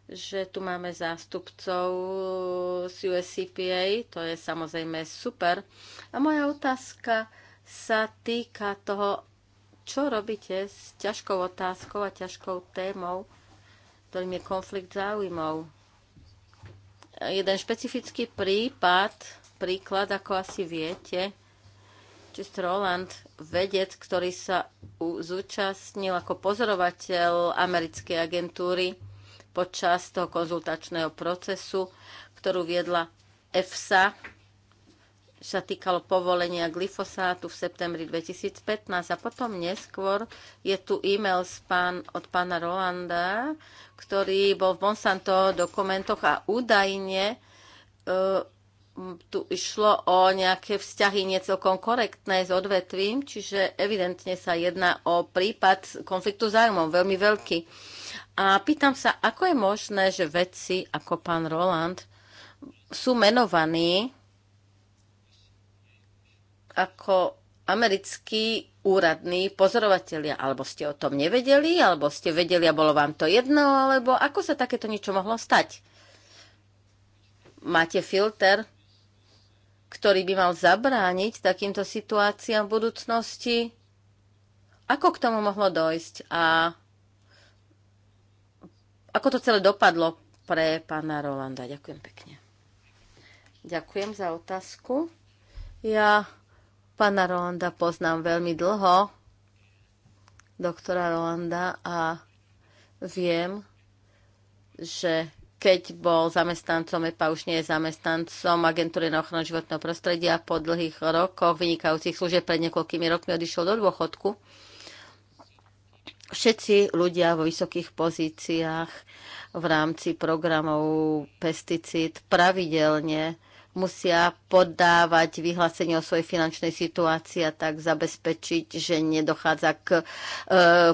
že tu máme zástupcov z USCPA, to je samozrejme super. A moja otázka sa týka toho, čo robíte s ťažkou otázkou a ťažkou témou, ktorým je konflikt záujmov. Jeden špecifický prípad, príklad, ako asi viete, Čisto Roland, vedec, ktorý sa zúčastnil ako pozorovateľ americkej agentúry počas toho konzultačného procesu, ktorú viedla EFSA, sa týkalo povolenia glyfosátu v septembri 2015 a potom neskôr je tu e-mail pán, od pána Rolanda, ktorý bol v Monsanto dokumentoch a údajne e, tu išlo o nejaké vzťahy niecelkom korektné s odvetvím, čiže evidentne sa jedná o prípad konfliktu zájmov, veľmi veľký. A pýtam sa, ako je možné, že vedci ako pán Roland sú menovaní ako americkí úradní pozorovatelia. Alebo ste o tom nevedeli, alebo ste vedeli a bolo vám to jedno, alebo ako sa takéto niečo mohlo stať? Máte filter ktorý by mal zabrániť takýmto situáciám v budúcnosti? Ako k tomu mohlo dojsť a ako to celé dopadlo pre pána Rolanda? Ďakujem pekne. Ďakujem za otázku. Ja pána Rolanda poznám veľmi dlho, doktora Rolanda, a viem, že keď bol zamestnancom EPA, už nie je zamestnancom agentúry na ochranu životného prostredia po dlhých rokoch vynikajúcich služieb pred niekoľkými rokmi odišiel do dôchodku. Všetci ľudia vo vysokých pozíciách v rámci programov pesticíd pravidelne musia podávať vyhlásenie o svojej finančnej situácii a tak zabezpečiť, že nedochádza k e,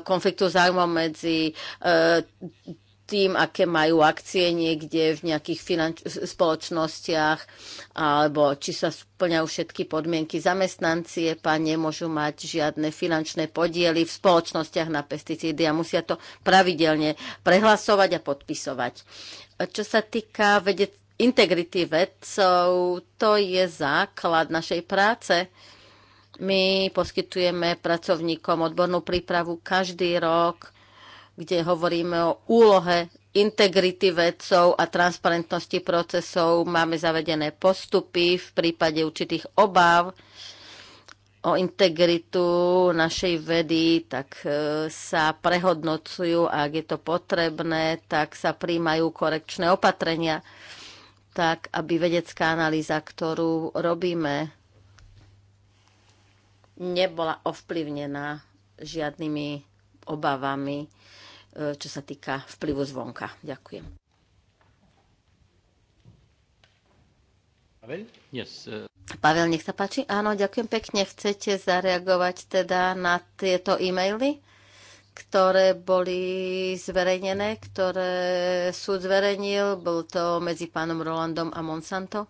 konfliktu zájmov medzi e, tým, aké majú akcie niekde v nejakých finanč- spoločnostiach, alebo či sa splňajú všetky podmienky. Zamestnanci EPA nemôžu mať žiadne finančné podiely v spoločnostiach na pesticídy a musia to pravidelne prehlasovať a podpisovať. Čo sa týka vedec- integrity vedcov, to je základ našej práce. My poskytujeme pracovníkom odbornú prípravu každý rok kde hovoríme o úlohe integrity vedcov a transparentnosti procesov. Máme zavedené postupy v prípade určitých obáv o integritu našej vedy, tak e, sa prehodnocujú a ak je to potrebné, tak sa príjmajú korekčné opatrenia, tak aby vedecká analýza, ktorú robíme, nebola ovplyvnená žiadnymi obavami E, čo sa týka vplyvu zvonka. Ďakujem. Pavel? Yes. E, Pavel, nech sa páči. Áno, ďakujem pekne. Chcete zareagovať teda na tieto e-maily? ktoré boli zverejnené, ktoré súd zverejnil. Bol to medzi pánom Rolandom a Monsanto.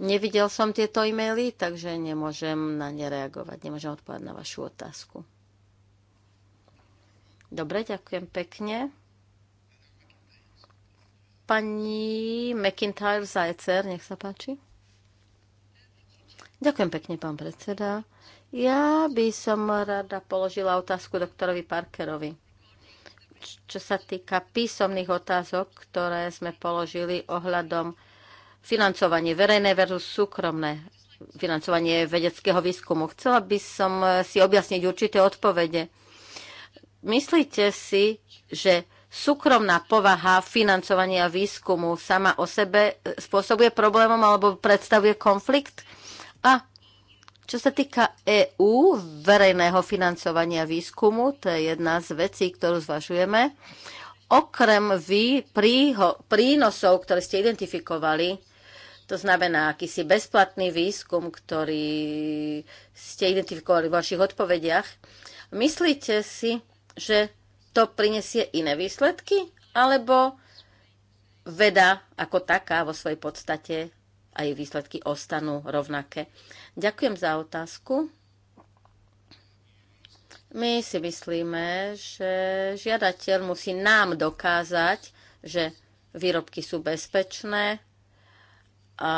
Nevidel som tieto e-maily, takže nemôžem na ne reagovať, nemôžem odpovedať na vašu otázku. Dobre, ďakujem pekne. Pani McIntyre Zajcer, nech sa páči. Ďakujem pekne, pán predseda. Ja by som rada položila otázku doktorovi Parkerovi. Čo sa týka písomných otázok, ktoré sme položili ohľadom financovanie verejné versus súkromné financovanie vedeckého výskumu. Chcela by som si objasniť určité odpovede myslíte si, že súkromná povaha financovania výskumu sama o sebe e, spôsobuje problémom alebo predstavuje konflikt? A čo sa týka EÚ, verejného financovania výskumu, to je jedna z vecí, ktorú zvažujeme. Okrem vy prího, prínosov, ktoré ste identifikovali, to znamená akýsi bezplatný výskum, ktorý ste identifikovali v vašich odpovediach, myslíte si, že to prinesie iné výsledky, alebo veda ako taká vo svojej podstate a jej výsledky ostanú rovnaké. Ďakujem za otázku. My si myslíme, že žiadateľ musí nám dokázať, že výrobky sú bezpečné a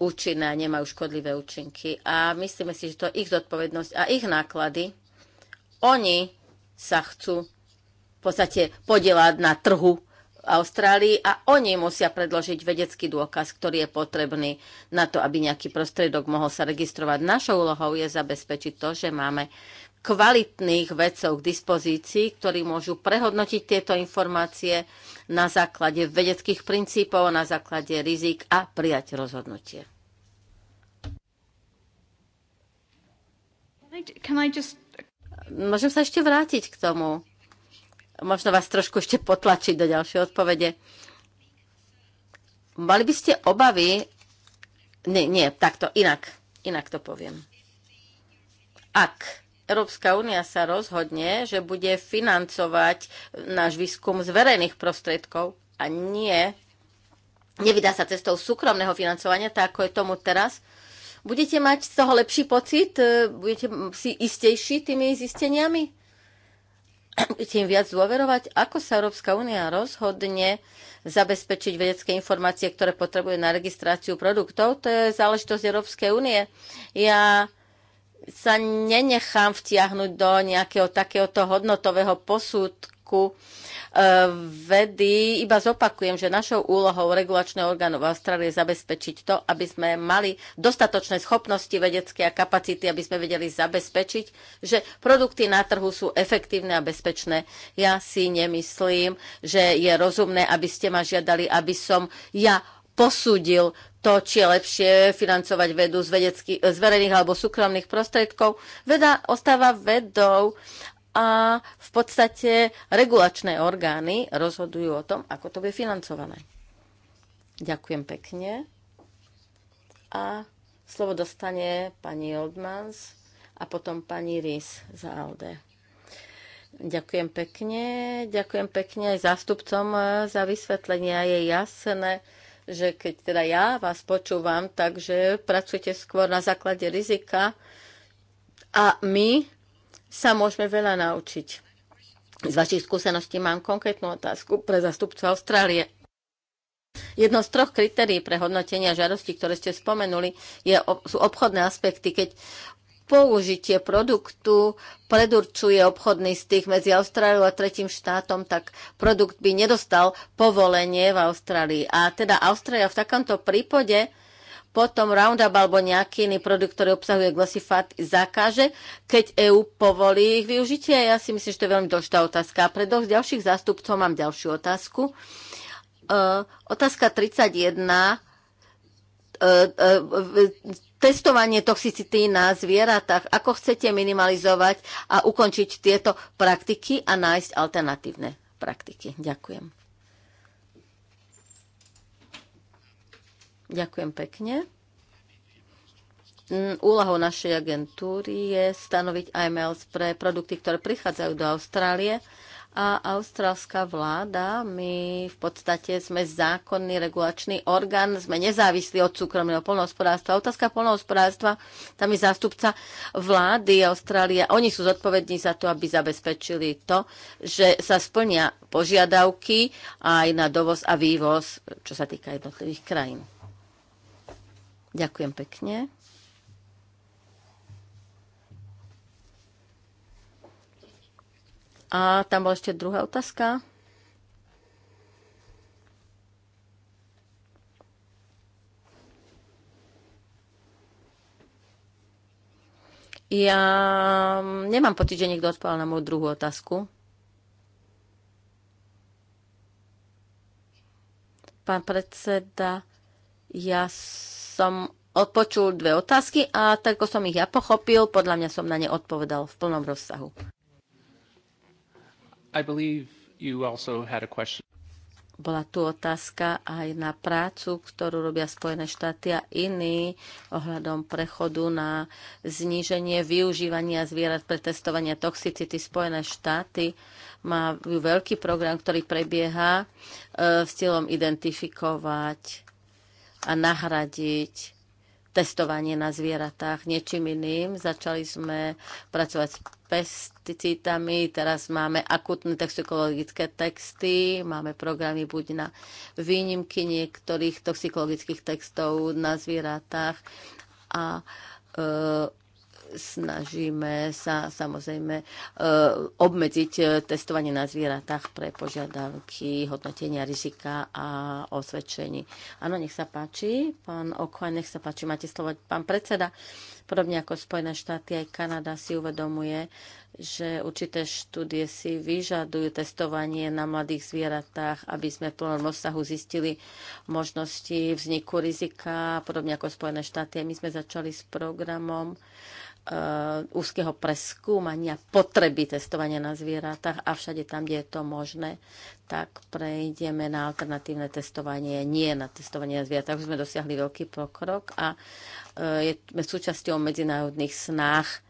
účinné nemajú škodlivé účinky. A myslíme si, že to je ich zodpovednosť a ich náklady. Oni sa chcú v podstate podielať na trhu Austrálii a oni musia predložiť vedecký dôkaz, ktorý je potrebný na to, aby nejaký prostriedok mohol sa registrovať. Našou úlohou je zabezpečiť to, že máme kvalitných vedcov k dispozícii, ktorí môžu prehodnotiť tieto informácie na základe vedeckých princípov, na základe rizik a prijať rozhodnutie. Can I just Môžem sa ešte vrátiť k tomu. Možno vás trošku ešte potlačiť do ďalšej odpovede. Mali by ste obavy... Nie, nie, takto, inak. Inak to poviem. Ak Európska únia sa rozhodne, že bude financovať náš výskum z verejných prostriedkov a nie, nevydá sa cestou súkromného financovania, tak ako je tomu teraz, Budete mať z toho lepší pocit? E, budete si istejší tými zisteniami? Budete im viac dôverovať? Ako sa Európska únia rozhodne zabezpečiť vedecké informácie, ktoré potrebuje na registráciu produktov? To je záležitosť Európskej únie. Ja sa nenechám vtiahnuť do nejakého takéhoto hodnotového posúdku, otázku e, vedy. Iba zopakujem, že našou úlohou regulačného orgánu v Austrálii je zabezpečiť to, aby sme mali dostatočné schopnosti vedecké a kapacity, aby sme vedeli zabezpečiť, že produkty na trhu sú efektívne a bezpečné. Ja si nemyslím, že je rozumné, aby ste ma žiadali, aby som ja posúdil to, či je lepšie financovať vedu z, vedecky, z verejných alebo súkromných prostriedkov. Veda ostáva vedou a v podstate regulačné orgány rozhodujú o tom, ako to bude financované. Ďakujem pekne. A slovo dostane pani Oldmans a potom pani Rys za ALDE. Ďakujem pekne, ďakujem pekne aj zástupcom e, za vysvetlenie. Je jasné, že keď teda ja vás počúvam, takže pracujete skôr na základe rizika a my sa môžeme veľa naučiť. Z vašich skúseností mám konkrétnu otázku pre zastupcu Austrálie. Jedno z troch kritérií pre hodnotenia žiadosti, ktoré ste spomenuli, je, sú obchodné aspekty. Keď použitie produktu predurčuje obchodný styk medzi Austráliou a tretím štátom, tak produkt by nedostal povolenie v Austrálii. A teda Austrália v takomto prípade potom Roundup alebo nejaký iný produkt, ktorý obsahuje glosifát, zakáže, keď EU povolí ich využitie? Ja si myslím, že to je veľmi dôležitá otázka. A pre dvoch ďalších zástupcov mám ďalšiu otázku. Uh, otázka 31. Uh, uh, testovanie toxicity na zvieratách. Ako chcete minimalizovať a ukončiť tieto praktiky a nájsť alternatívne praktiky? Ďakujem. Ďakujem pekne. Mm, úlohou našej agentúry je stanoviť IMLs pre produkty, ktoré prichádzajú do Austrálie a austrálska vláda, my v podstate sme zákonný regulačný orgán, sme nezávislí od súkromného polnohospodárstva. Otázka polnohospodárstva, tam je zástupca vlády Austrálie. Oni sú zodpovední za to, aby zabezpečili to, že sa splnia požiadavky aj na dovoz a vývoz, čo sa týka jednotlivých krajín. Ďakujem pekne. A tam bola ešte druhá otázka. Ja mm, nemám pocit, že niekto odpovedal na moju druhú otázku. Pán predseda, ja som odpočul dve otázky a tak, ako som ich ja pochopil, podľa mňa som na ne odpovedal v plnom rozsahu. I believe you also had a question. Bola tu otázka aj na prácu, ktorú robia Spojené štáty a iní ohľadom prechodu na zníženie využívania zvierat pre testovanie toxicity. Spojené štáty majú veľký program, ktorý prebieha e, s cieľom identifikovať a nahradiť testovanie na zvieratách niečím iným. Začali sme pracovať s pesticídami, teraz máme akutné toxikologické texty, máme programy buď na výnimky niektorých toxikologických textov na zvieratách a e, snažíme sa samozrejme e, obmedziť e, testovanie na zvieratách pre požiadavky hodnotenia rizika a osvedčení. Áno, nech sa páči, pán Okoa, nech sa páči, máte slovo, pán predseda. Podobne ako Spojené štáty, aj Kanada si uvedomuje, že určité štúdie si vyžadujú testovanie na mladých zvieratách, aby sme v plnom rozsahu zistili možnosti vzniku rizika, podobne ako Spojené štáty. My sme začali s programom eh, úzkeho preskúmania potreby testovania na zvieratách a všade tam, kde je to možné, tak prejdeme na alternatívne testovanie, nie na testovanie na zvieratách. Už sme dosiahli veľký pokrok a je súčasťou medzinárodných snách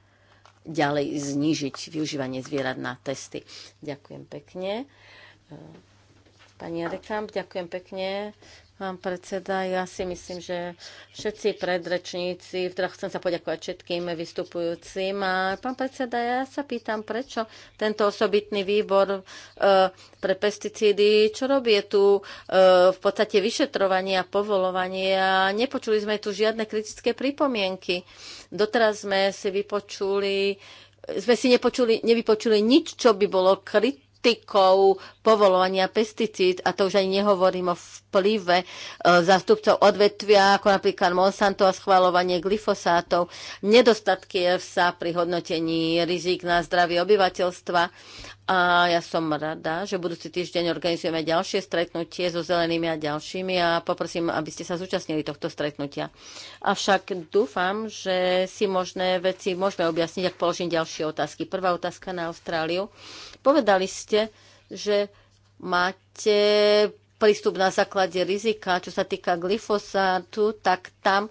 ďalej znížiť využívanie zvierat na testy. Ďakujem pekne. Pani Adekamp, ďakujem pekne. Pán predseda, ja si myslím, že všetci predrečníci, teda chcem sa poďakovať všetkým vystupujúcim. A pán predseda, ja sa pýtam, prečo tento osobitný výbor e, pre pesticídy, čo robí tu e, v podstate vyšetrovanie a povolovanie a nepočuli sme tu žiadne kritické pripomienky. Doteraz sme si vypočuli sme si nepočuli, nevypočuli nič, čo by bolo kritické praktikou povolovania pesticíd, a to už ani nehovorím o vplyve e, zástupcov odvetvia, ako napríklad Monsanto a schváľovanie glyfosátov, nedostatky sa pri hodnotení rizik na zdravie obyvateľstva. A ja som rada, že budúci týždeň organizujeme ďalšie stretnutie so zelenými a ďalšími a poprosím, aby ste sa zúčastnili tohto stretnutia. Avšak dúfam, že si možné veci môžeme objasniť, ak položím ďalšie otázky. Prvá otázka na Austráliu. Povedali ste, že máte prístup na základe rizika, čo sa týka glyfosátu, tak tam e,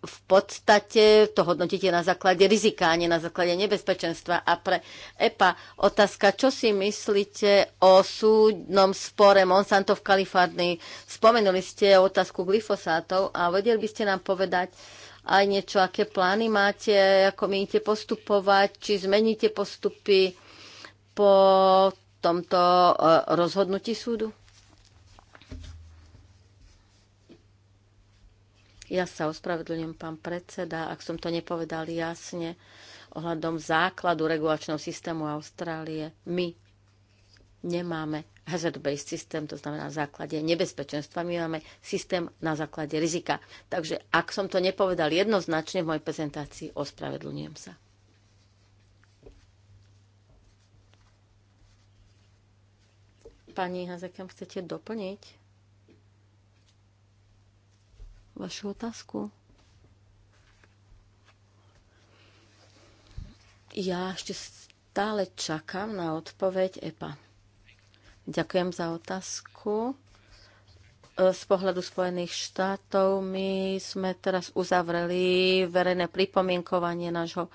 v podstate to hodnotíte na základe rizika, a nie na základe nebezpečenstva. A pre EPA otázka, čo si myslíte o súdnom spore Monsanto v Kalifornii? Spomenuli ste otázku glyfosátov a vedeli by ste nám povedať, aj niečo, aké plány máte, ako miníte postupovať, či zmeníte postupy, po tomto e, rozhodnutí súdu? Ja sa ospravedlňujem, pán predseda, ak som to nepovedal jasne ohľadom základu regulačného systému Austrálie. My nemáme hazard-based systém, to znamená na základe nebezpečenstva. My máme systém na základe rizika. Takže ak som to nepovedal jednoznačne v mojej prezentácii, ospravedlňujem sa. Pani Hazekem, chcete doplniť vašu otázku? Ja ešte stále čakám na odpoveď EPA. Ďakujem za otázku. E, z pohľadu Spojených štátov my sme teraz uzavreli verejné pripomienkovanie nášho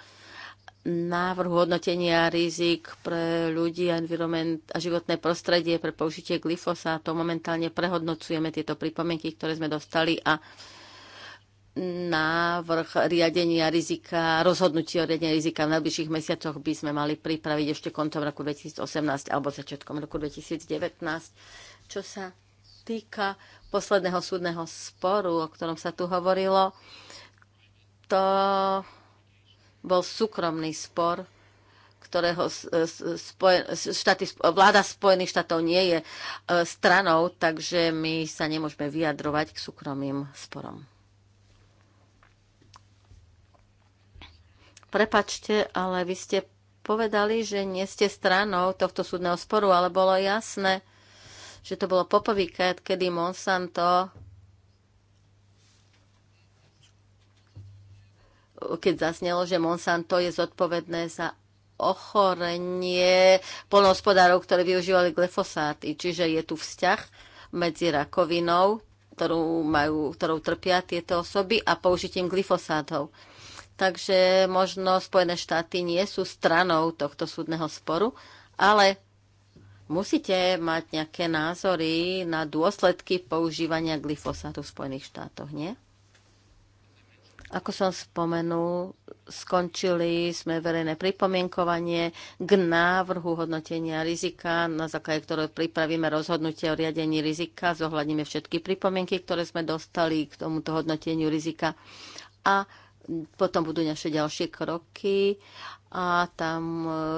návrh hodnotenia rizik pre ľudí, environment a životné prostredie pre použitie glyfosátu. Momentálne prehodnocujeme tieto pripomienky, ktoré sme dostali a návrh riadenia rizika, rozhodnutie o riadení rizika v najbližších mesiacoch by sme mali pripraviť ešte koncom roku 2018 alebo začiatkom roku 2019. Čo sa týka posledného súdneho sporu, o ktorom sa tu hovorilo, to bol súkromný spor, ktorého spojen, štáty, vláda Spojených štátov nie je e, stranou, takže my sa nemôžeme vyjadrovať k súkromným sporom. Prepačte, ale vy ste povedali, že nie ste stranou tohto súdneho sporu, ale bolo jasné, že to bolo poprvýkrát, kedy Monsanto keď zasnelo, že Monsanto je zodpovedné za ochorenie polnohospodárov, ktorí využívali glyfosáty. Čiže je tu vzťah medzi rakovinou, ktorú, majú, ktorou trpia tieto osoby a použitím glyfosátov. Takže možno Spojené štáty nie sú stranou tohto súdneho sporu, ale musíte mať nejaké názory na dôsledky používania glyfosátu v Spojených štátoch, nie? Ako som spomenul, skončili sme verejné pripomienkovanie k návrhu hodnotenia rizika, na základe ktorého pripravíme rozhodnutie o riadení rizika, zohľadníme všetky pripomienky, ktoré sme dostali k tomuto hodnoteniu rizika a potom budú naše ďalšie kroky a tam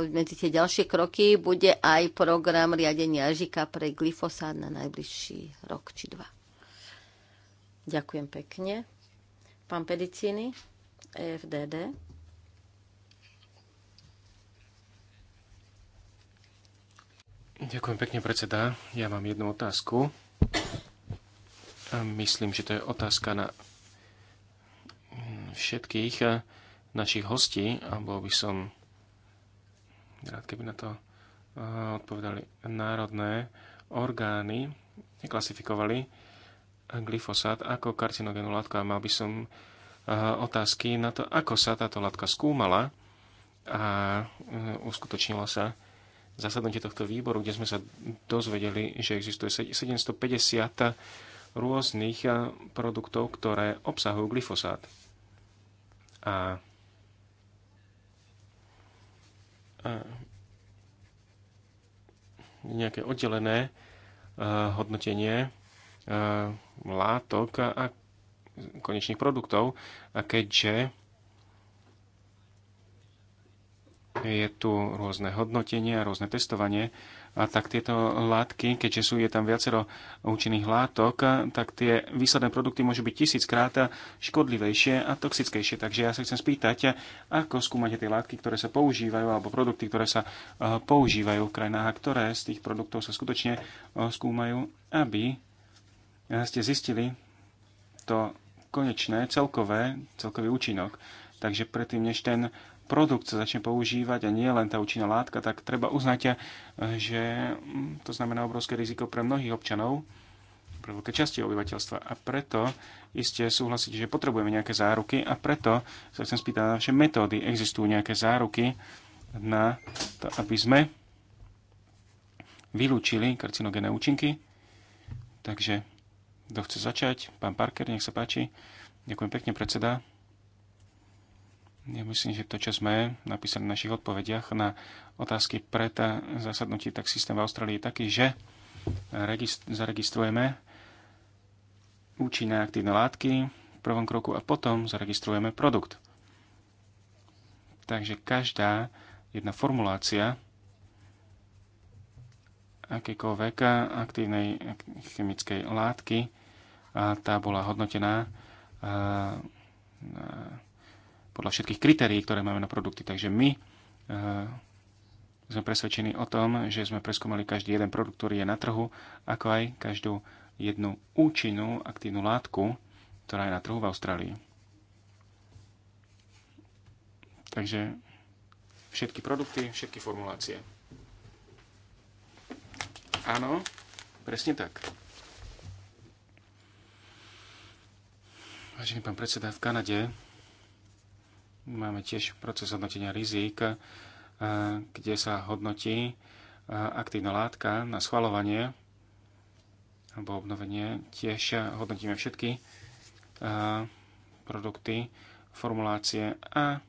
e, medzi tie ďalšie kroky bude aj program riadenia rizika pre glyfosát na najbližší rok či dva. Ďakujem pekne. Pán Pedicini, EFDD. Ďakujem pekne, predseda. Ja mám jednu otázku. Myslím, že to je otázka na všetkých našich hostí alebo by som rád, keby na to odpovedali národné orgány, neklasifikovali glyfosát ako karcinogénu látku a mal by som eh, otázky na to, ako sa táto látka skúmala a eh, uskutočnilo sa zasadnutie tohto výboru, kde sme sa dozvedeli, že existuje 750 rôznych eh, produktov, ktoré obsahujú glyfosát. a nejaké oddelené hodnotenie Eh, látok a konečných produktov. A keďže je tu rôzne hodnotenie a rôzne testovanie, a tak tieto látky, keďže sú je tam viacero účinných látok, tak tie výsledné produkty môžu byť tisíckrát škodlivejšie a toxickejšie. Takže ja sa chcem spýtať, ako skúmate tie látky, ktoré sa používajú, alebo produkty, ktoré sa eh, používajú v krajinách a ktoré z tých produktov sa skutočne eh, skúmajú, aby ste zistili to konečné, celkové, celkový účinok. Takže predtým, než ten produkt sa začne používať a nie len tá účinná látka, tak treba uznať, eh, že hm, to znamená obrovské riziko pre mnohých občanov, pre veľké časti obyvateľstva. A preto iste súhlasíte, že potrebujeme nejaké záruky a preto sa chcem spýtať na naše metódy. Existujú nejaké záruky na to, aby sme vylúčili karcinogénne účinky? Takže kto chce začať? Pán Parker, nech sa páči. Ďakujem pekne, predseda. Ja myslím, že to, čo sme napísali v našich odpovediach na otázky pred zasadnutí, tak systém v Austrálii je taký, že zaregistrujeme účinné aktívne látky v prvom kroku a potom zaregistrujeme produkt. Takže každá jedna formulácia akékoľvek aktívnej chemickej látky. A tá bola hodnotená eh, podľa všetkých kritérií, ktoré máme na produkty. Takže my eh, sme presvedčení o tom, že sme preskúmali každý jeden produkt, ktorý je na trhu, ako aj každú jednu účinnú aktívnu látku, ktorá je na trhu v Austrálii. Takže všetky produkty, všetky formulácie. Áno, presne tak. Vážený pán predseda, v Kanade máme tiež proces hodnotenia rizik, kde sa hodnotí aktívna látka na schvalovanie alebo obnovenie. Tiež hodnotíme všetky produkty, formulácie a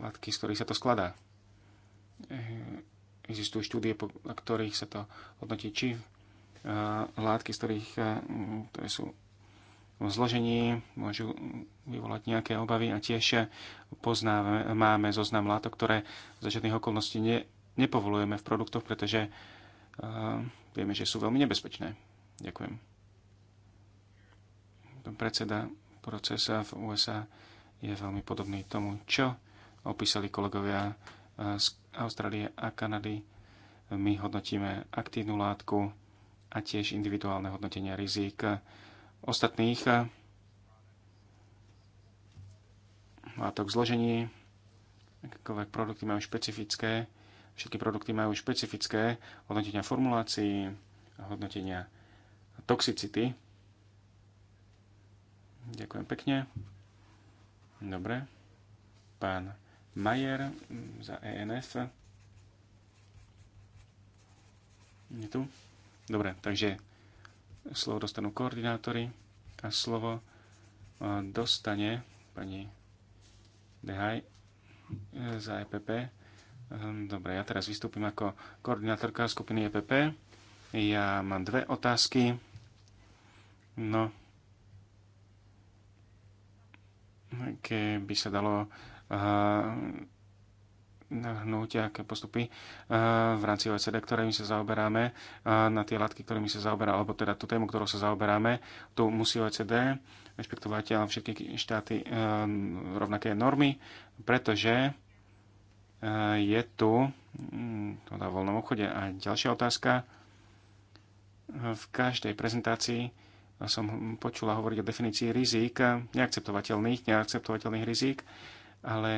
látky, z ktorých sa to skladá. Existujú štúdie, po ktorých sa to hodnotí, či eh, látky, z ktorých eh, ktoré sú v zložení, môžu vyvolať nejaké obavy a tiež eh, poznáme, máme zoznam látok, ktoré za žiadnych okolností ne, nepovolujeme v produktoch, pretože uh, vieme, že sú veľmi nebezpečné. Ďakujem. Pán predseda procesa v USA je veľmi podobný tomu, čo opísali kolegovia z Austrálie a Kanady. My hodnotíme aktívnu látku a tiež individuálne hodnotenia rizik ostatných eh, látok zložení. Akékoľvek produkty majú špecifické, všetky produkty majú špecifické hodnotenia formulácií, hodnotenia toxicity. Ďakujem pekne. Dobre. Pán Majer mm, za ENF. Je tu? Dobre, takže slovo dostanú koordinátory a slovo e, dostane pani Dehaj e, za EPP. E, dobre, ja teraz vystúpim ako koordinátorka skupiny EPP. Ja mám dve otázky. No, keby sa dalo hnutia, aké postupy v rámci OECD, ktorými sa zaoberáme, na tie látky, ktorými sa zaoberá, alebo teda tú tému, ktorou sa zaoberáme, tu musí OECD rešpektovať ale všetky štáty rovnaké normy, pretože je tu mm, to dá voľnom obchode. aj ďalšia otázka. V každej prezentácii som počula hovoriť o definícii rizík, neakceptovateľných, neakceptovateľných rizík ale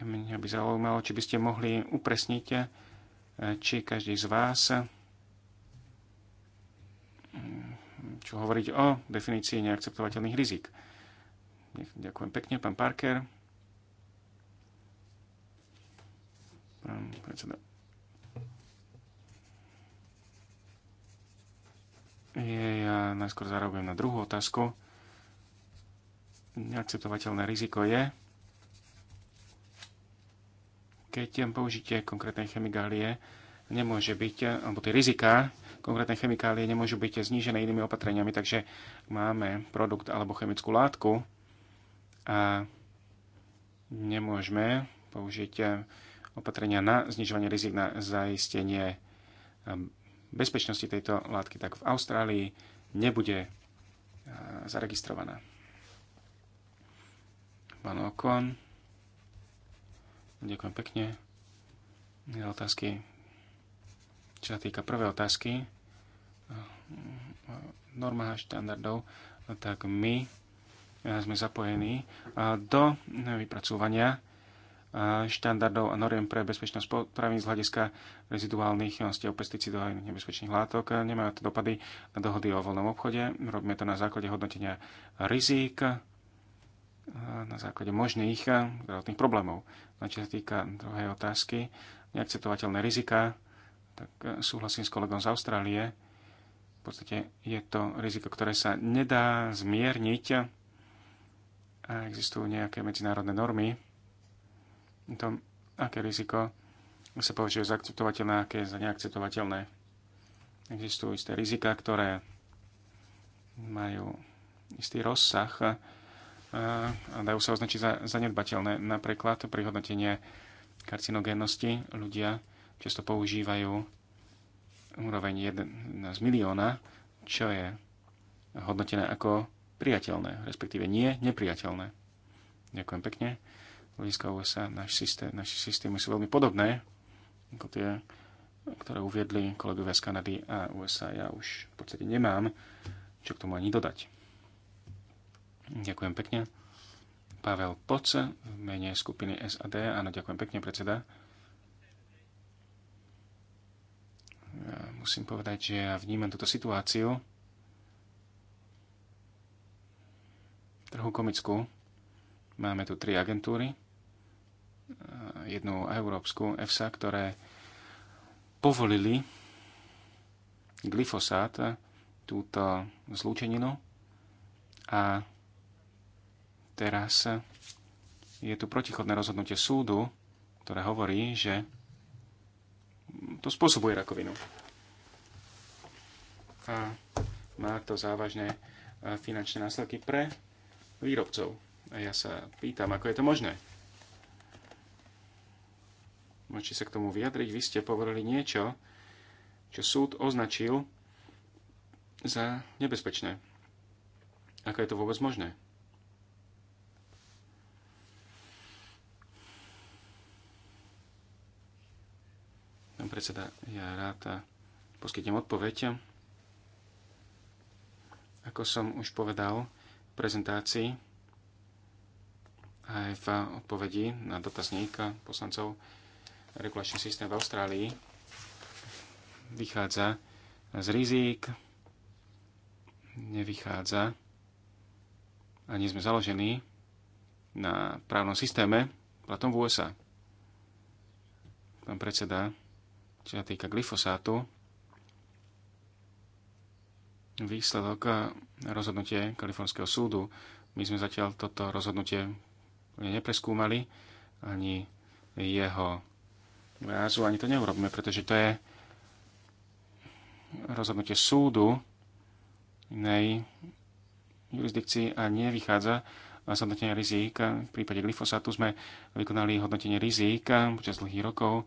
mňa by zaujímalo, či by ste mohli upresniť, eh, či každý z vás mm, čo hovoriť o definícii neakceptovateľných rizik. Ďakujem pekne, pán Parker. Pán predseda. Je, ja najskôr zareagujem na druhú otázku neakceptovateľné riziko je, keď použitie konkrétnej chemikálie nemôže byť, alebo tie rizika konkrétnej chemikálie nemôžu byť znížené inými opatreniami, takže máme produkt alebo chemickú látku a nemôžeme použiť opatrenia na znižovanie rizik na zaistenie bezpečnosti tejto látky, tak v Austrálii nebude zaregistrovaná pán Okon. Ďakujem pekne Je otázky. Čo sa týka prvej otázky, normál štandardov, tak my eh, sme zapojení eh, do vypracúvania eh, štandardov a noriem pre bezpečnosť potravín z hľadiska reziduálnych stiev pesticidov a nebezpečných látok. Nemajú to dopady na dohody o voľnom obchode. Robíme to na základe hodnotenia rizík Eh, na základe možných eh, zdravotných problémov. A no, čo sa týka druhej otázky, neakceptovateľné rizika, tak eh, súhlasím s kolegom z Austrálie. V podstate je to riziko, ktoré sa nedá zmierniť a existujú nejaké medzinárodné normy o tom, aké riziko sa považuje za akceptovateľné, aké je za neakceptovateľné. Existujú isté rizika, ktoré majú istý rozsah, a dajú sa označiť za zanedbateľné. Napríklad pri hodnotenie karcinogénnosti ľudia často používajú úroveň 1 z milióna, čo je hodnotené ako priateľné, respektíve nie nepriateľné. Ďakujem pekne. Hľadiska USA, náš systém, naše systémy sú veľmi podobné ako tie, ktoré uviedli kolegovia z Kanady a USA. Ja už v podstate nemám čo k tomu ani dodať. Ďakujem pekne. Pavel Poce v mene skupiny SAD. Áno, ďakujem pekne, predseda. Ja e, musím povedať, že ja vnímam túto situáciu trochu komickú. Máme tu tri agentúry. E, jednu európsku, EFSA, ktoré povolili glyfosát, túto zlúčeninu a Teraz eh, je tu protichodné rozhodnutie súdu, ktoré hovorí, že to spôsobuje rakovinu. A má to závažné eh, finančné následky pre výrobcov. A ja sa pýtam, ako je to možné. Môžete sa k tomu vyjadriť. Vy ste povedali niečo, čo súd označil za nebezpečné. Ako je to vôbec možné? predseda, ja rád poskytnem odpoveď. Ako som už povedal v prezentácii, aj v odpovedi na dotazník poslancov, regulačný systém v Austrálii vychádza z rizík, nevychádza a nie sme založení na právnom systéme, platom v USA. Pán predseda, čo sa týka glyfosátu, výsledok eh, rozhodnutie Kalifornského súdu. My sme zatiaľ toto rozhodnutie nepreskúmali, ani jeho názvu, ani to neurobíme, pretože to je rozhodnutie súdu inej jurisdikcii a nevychádza z hodnotenia rizík. V prípade glyfosátu sme vykonali hodnotenie rizík počas dlhých rokov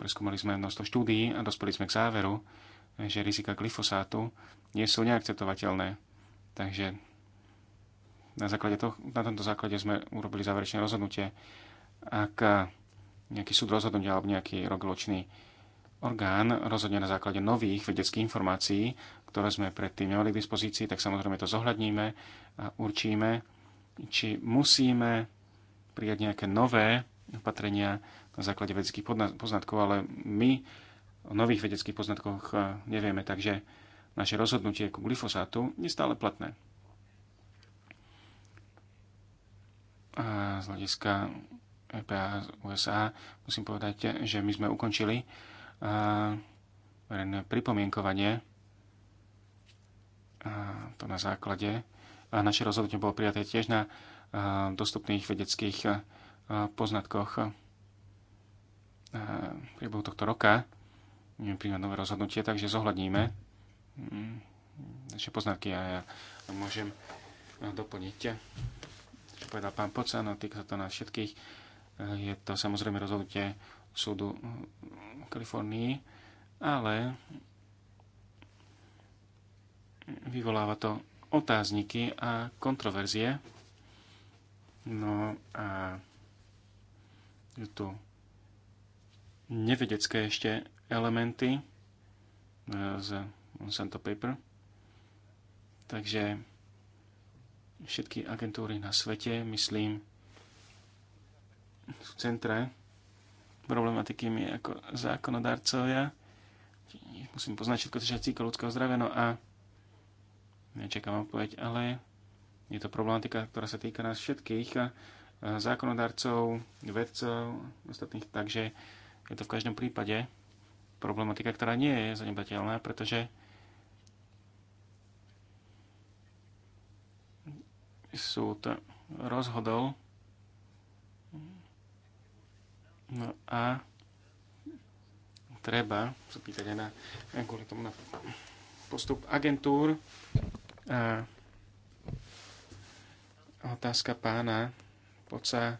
preskúmali sme množstvo štúdií a dospeli sme k záveru, že rizika glyfosátu nie sú neakceptovateľné. Takže na, základe to, na tomto základe sme urobili záverečné rozhodnutie. Ak e, nejaký súd rozhodnutia alebo nejaký rogločný orgán rozhodne na základe nových vedeckých informácií, ktoré sme predtým nemali k dispozícii, tak samozrejme to zohľadníme a určíme, či musíme prijať nejaké nové opatrenia na základe vedeckých poznatkov, ale my o nových vedeckých poznatkoch e, nevieme, takže naše rozhodnutie ku glyfosátu je stále platné. A z hľadiska EPA z USA musím povedať, že my sme ukončili e, verejné pripomienkovanie a to na základe a naše rozhodnutie bolo prijaté tiež na e, dostupných vedeckých poznatkoch v priebehu tohto roka príjmať nové rozhodnutie, takže zohľadníme mm, naše poznatky a ja môžem doplniť, čo povedal pán Pocan, no týka sa to na všetkých. Je to samozrejme rozhodnutie súdu v Kalifornii, ale vyvoláva to otázniky a kontroverzie. No a je tu nevedecké ešte elementy e, z Monsanto Paper. Takže všetky agentúry na svete, myslím, sú centre problematiky my ako zákonodarcovia. Musím poznať všetko, čo je ľudského zdravia, no a nečakám odpoveď, ale je to problematika, ktorá sa týka nás všetkých, zákonodarcov, vedcov, ostatných, takže je to v každom prípade problematika, ktorá nie je zanebateľná, pretože súd rozhodol no a treba sa pýtať aj na, kvôli tomu na postup agentúr a otázka pána Poca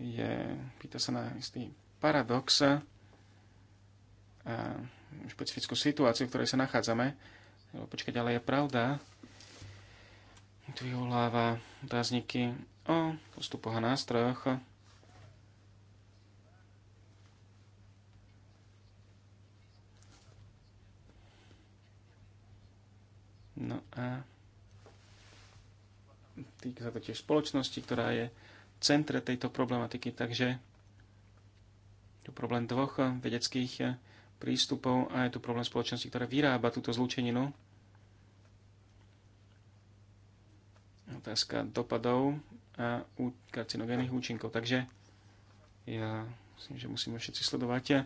je, pýta sa na istý paradox a eh, špecifickú situáciu, v ktorej sa nachádzame. Počkať, ale je pravda, tu vyvoláva otázniky o postupoch a nástrojoch. No a týka sa to tiež spoločnosti, ktorá je v centre tejto problematiky, takže tu problém dvoch eh, vedeckých eh, prístupov a je tu problém spoločnosti, ktorá vyrába túto zlúčeninu. Otázka dopadov a karcinogénnych účinkov. Takže ja myslím, že musíme všetci sledovať eh,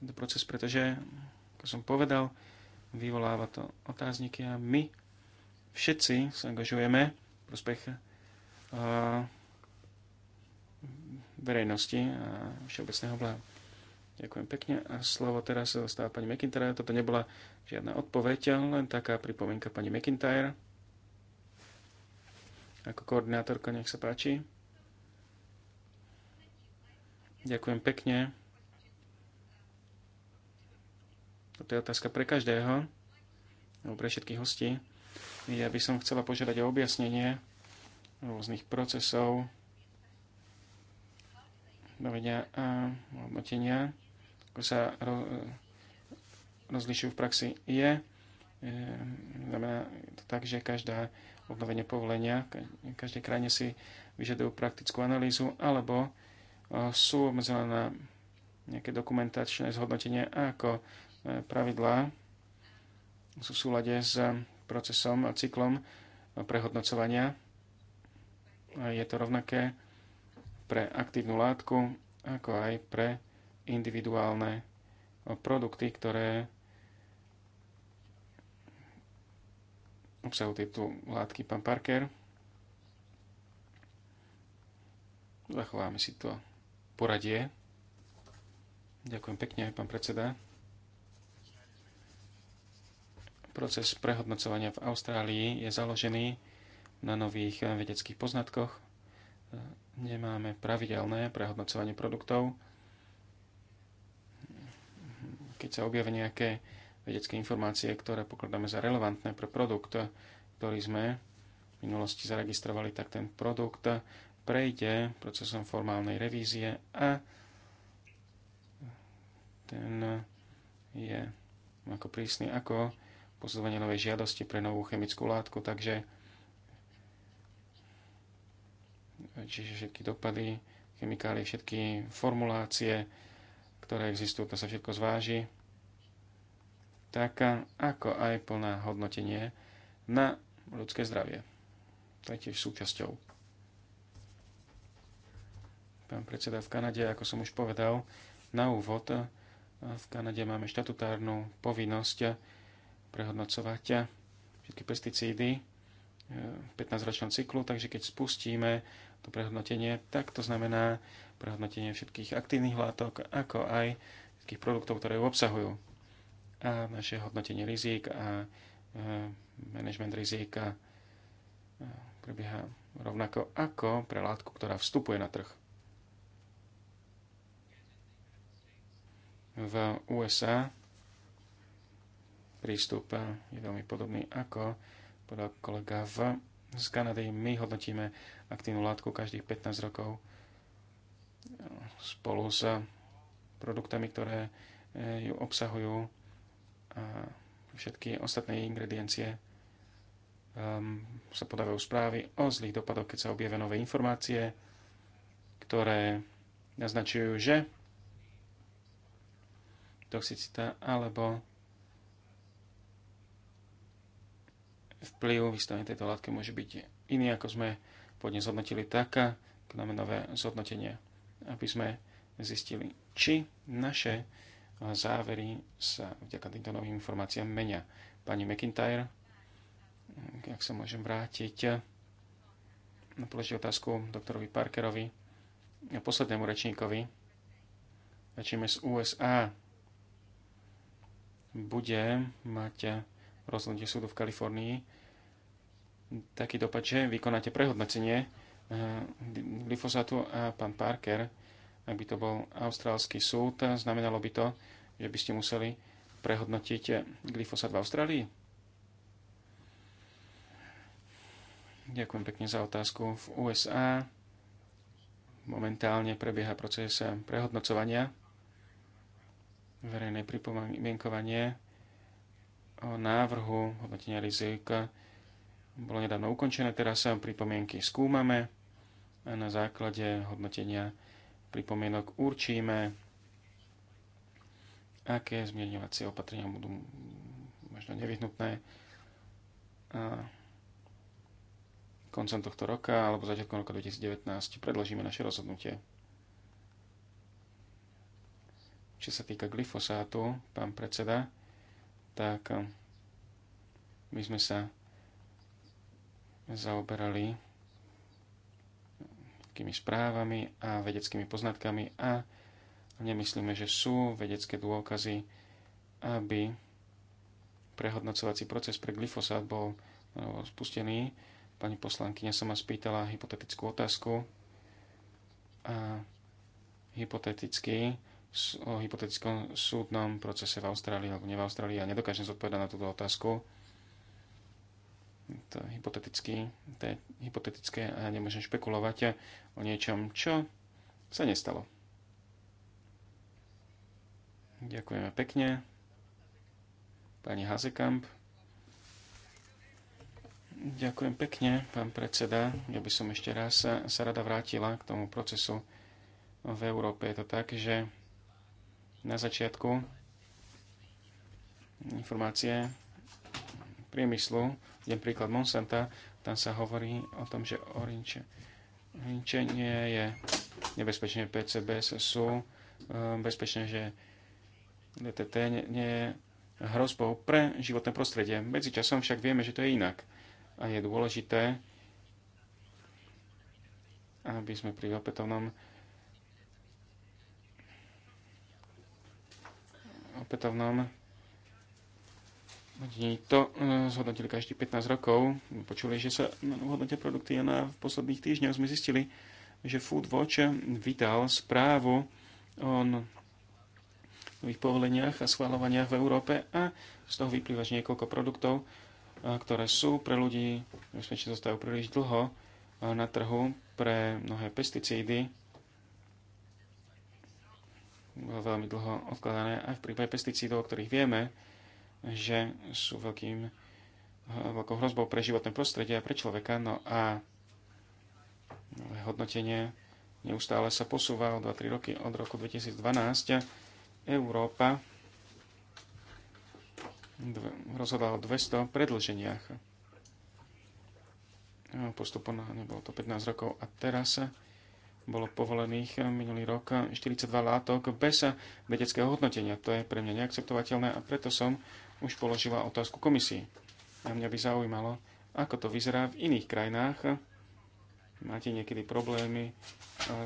tento proces, pretože, ako som povedal, vyvoláva to otázniky a my všetci sa angažujeme v prospech verejnosti a všeobecného blahu. Ďakujem pekne. A slovo teraz sa dostáva pani McIntyre. Toto nebola žiadna odpoveď, len taká pripomienka pani McIntyre. Ako koordinátorka, nech sa páči. Ďakujem pekne. Toto je otázka pre každého, alebo pre všetkých hostí. Ja by som chcela požiadať o objasnenie rôznych procesov, dovedia a hodnotenia ako sa e, rozlišujú v praxi, je, e, znamená to tak, že každá obnovenie povolenia, každej krajine si vyžadujú praktickú analýzu, alebo e, sú obmedzené na nejaké dokumentačné zhodnotenie, ako pravidlá sú v súlade s procesom a cyklom prehodnocovania. Je to rovnaké pre aktívnu látku, ako aj pre individuálne eh, produkty, ktoré obsahujú tieto látky. Pán Parker, zachováme si to poradie. Ďakujem pekne, pán predseda. Proces prehodnocovania v Austrálii je založený na nových vedeckých poznatkoch. Eh, Nemáme pravidelné prehodnocovanie produktov, keď sa objavia nejaké vedecké informácie, ktoré pokladáme za relevantné pre produkt, ktorý sme v minulosti zaregistrovali, tak ten produkt prejde procesom formálnej revízie a ten je ako prísny ako posúvanie novej žiadosti pre novú chemickú látku, takže čiže všetky dopady, chemikálie, všetky formulácie, ktoré existujú, to sa všetko zváži, tak eh, ako aj plné hodnotenie na ľudské zdravie. To je tiež súčasťou. Pán predseda, v Kanade, ako som už povedal, na úvod eh, v Kanade máme štatutárnu povinnosť prehodnocovať eh, všetky pesticídy v 15-ročnom cyklu, takže keď spustíme to prehodnotenie, tak to znamená prehodnotenie všetkých aktívnych látok, ako aj všetkých produktov, ktoré ju obsahujú. A naše hodnotenie rizik a e, management rizika e, prebieha rovnako ako pre látku, ktorá vstupuje na trh. V USA prístup je veľmi podobný ako podal kolega v z Kanady. My hodnotíme aktívnu látku každých 15 rokov e, spolu s produktami, ktoré e, ju obsahujú a všetky ostatné ingrediencie um, sa podávajú správy o zlých dopadoch, keď sa objavia nové informácie, ktoré naznačujú, že toxicita alebo vplyv vystavenia tejto látky môže byť iný, ako sme pôvodne zhodnotili tak, nové zhodnotenie, aby sme zistili, či naše závery sa vďaka týmto novým informáciám menia. Pani McIntyre, ak sa môžem vrátiť, položiť otázku doktorovi Parkerovi a poslednému rečníkovi. Začneme z USA. Bude mať rozhodnutie súdu v Kalifornii taký dopad, že vykonáte prehodnocenie eh, glyfosátu a pán Parker, ak by to bol austrálsky súd, znamenalo by to, že by ste museli prehodnotiť eh, glyfosát v Austrálii? Ďakujem pekne za otázku. V USA momentálne prebieha proces prehodnocovania, verejné pripomienkovanie návrhu hodnotenia rizika bolo nedávno ukončené, teraz sa pripomienky skúmame a na základe hodnotenia pripomienok určíme, aké zmierňovacie opatrenia budú možno nevyhnutné a koncom tohto roka alebo začiatkom roka 2019 predložíme naše rozhodnutie. Čo sa týka glyfosátu, pán predseda, tak eh, my sme sa zaoberali takými správami a vedeckými poznatkami a nemyslíme, že sú vedecké dôkazy, aby prehodnocovací proces pre glyfosát bol eh, spustený. Pani poslankyňa sa ma spýtala hypotetickú otázku a hypoteticky o hypotetickom súdnom procese v Austrálii alebo nie v Austrálii. Ja nedokážem zodpovedať na túto otázku. To je hypotetické, to je hypotetické a ja nemôžem špekulovať o niečom, čo sa nestalo. Ďakujeme pekne. Pani Hazekamp. Ďakujem pekne, pán predseda. Ja by som ešte raz sa, sa rada vrátila k tomu procesu v Európe. Je to tak, že na začiatku informácie priemyslu, idem príklad Monsanta, tam sa hovorí o tom, že orinče, nie je nebezpečné, PCBs sú um, bezpečné, že DTT nie je hrozbou pre životné prostredie. Medzi časom však vieme, že to je inak. A je dôležité, aby sme pri opätovnom opätovnom to e, zhodnotili každý 15 rokov. Počuli, že sa hodnotia produkty a na, v posledných týždňoch sme zistili, že Food Watch vydal správu o nových povoleniach a schváľovaniach v Európe a z toho vyplýva, že niekoľko produktov, e, ktoré sú pre ľudí, bezpečne zostávajú príliš dlho e, na trhu pre mnohé pesticídy, bolo veľmi dlho odkladané aj v prípade pesticídov, o ktorých vieme, že sú veľkým, veľkou hrozbou pre životné prostredie a pre človeka. No a hodnotenie neustále sa posúva o 2-3 roky od roku 2012. Európa rozhodla o 200 predlženiach. Postupom nebolo to 15 rokov a teraz bolo povolených eh, minulý rok 42 eh, látok bez eh, vedeckého hodnotenia. To je pre mňa neakceptovateľné a preto som už položila otázku komisii. A mňa by zaujímalo, ako to vyzerá v iných krajinách. Máte niekedy problémy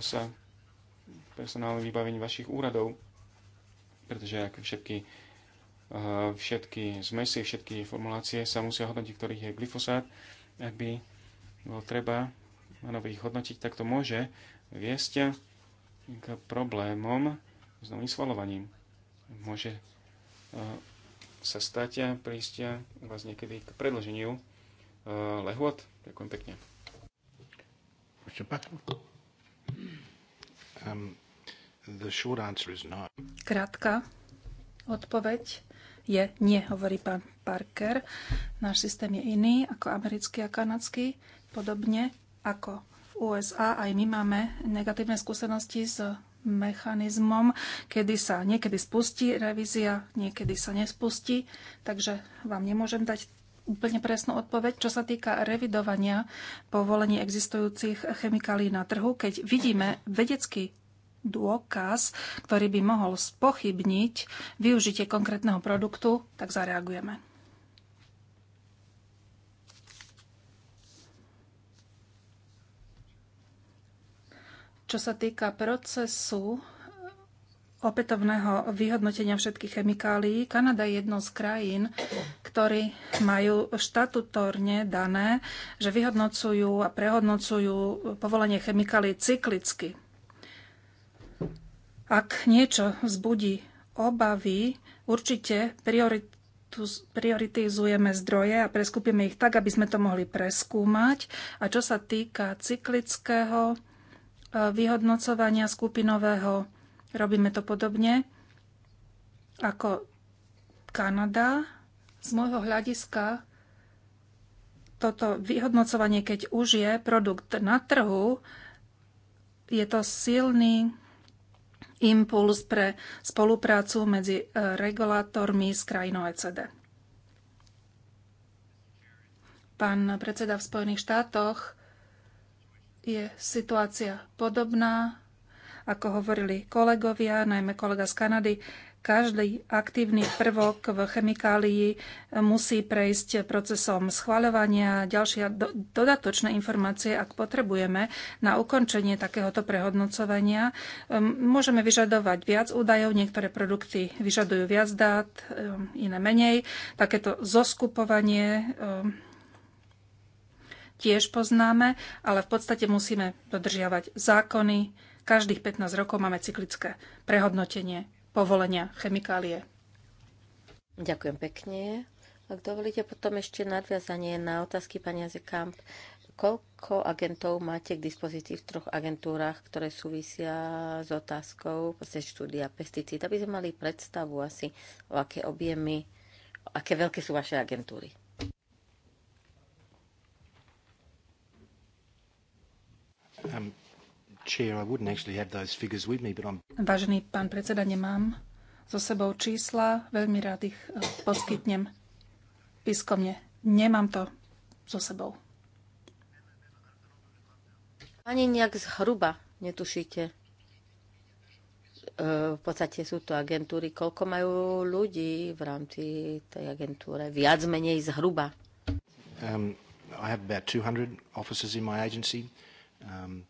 s personálnym vybavením vašich úradov, pretože ak všetky, všetky zmesy, všetky formulácie sa musia hodnotiť, ktorých je glyfosát, ak by bolo treba nových hodnotiť, tak to môže viesť k problémom s novým svalovaním. Môže e, sa stať a prísť vás niekedy k predloženiu e, lehôd. Ďakujem pekne. Um, no. Krátka odpoveď je nie, hovorí pán Parker. Náš systém je iný ako americký a kanadský. Podobne ako v USA aj my máme negatívne skúsenosti s mechanizmom, kedy sa niekedy spustí revízia, niekedy sa nespustí, takže vám nemôžem dať úplne presnú odpoveď. Čo sa týka revidovania povolení existujúcich chemikálií na trhu, keď vidíme vedecký dôkaz, ktorý by mohol spochybniť využitie konkrétneho produktu, tak zareagujeme. Čo sa týka procesu opätovného vyhodnotenia všetkých chemikálií. Kanada je jednou z krajín, ktorí majú štatutorne dané, že vyhodnocujú a prehodnocujú povolenie chemikálií cyklicky. Ak niečo vzbudí obavy, určite prioritizujeme zdroje a preskúpime ich tak, aby sme to mohli preskúmať. A čo sa týka cyklického vyhodnocovania skupinového. Robíme to podobne ako Kanada. Z môjho hľadiska toto vyhodnocovanie, keď už je produkt na trhu, je to silný impuls pre spoluprácu medzi e, regulátormi z krajinou ECD. Pán predseda v Spojených štátoch je situácia podobná, ako hovorili kolegovia, najmä kolega z Kanady. Každý aktívny prvok v chemikálii musí prejsť procesom schvaľovania ďalšie do, dodatočné informácie, ak potrebujeme na ukončenie takéhoto prehodnocovania. Um, môžeme vyžadovať viac údajov, niektoré produkty vyžadujú viac dát, um, iné menej. Takéto zoskupovanie um, tiež poznáme, ale v podstate musíme dodržiavať zákony. Každých 15 rokov máme cyklické prehodnotenie povolenia chemikálie. Ďakujem pekne. Ak dovolíte potom ešte nadviazanie na otázky pani Azekamp. Koľko agentov máte k dispozícii v troch agentúrach, ktoré súvisia s otázkou proste štúdia pesticíd, aby sme mali predstavu asi, o aké objemy, aké veľké sú vaše agentúry? Um, Vážený pán predseda, nemám so sebou čísla, veľmi rád ich uh, poskytnem pískomne. Nemám to so sebou. Ani nejak zhruba netušíte. Uh, v podstate sú to agentúry. Koľko majú ľudí v rámci tej agentúre? Viac menej zhruba. Um, I have about 200 officers in my agency. Um,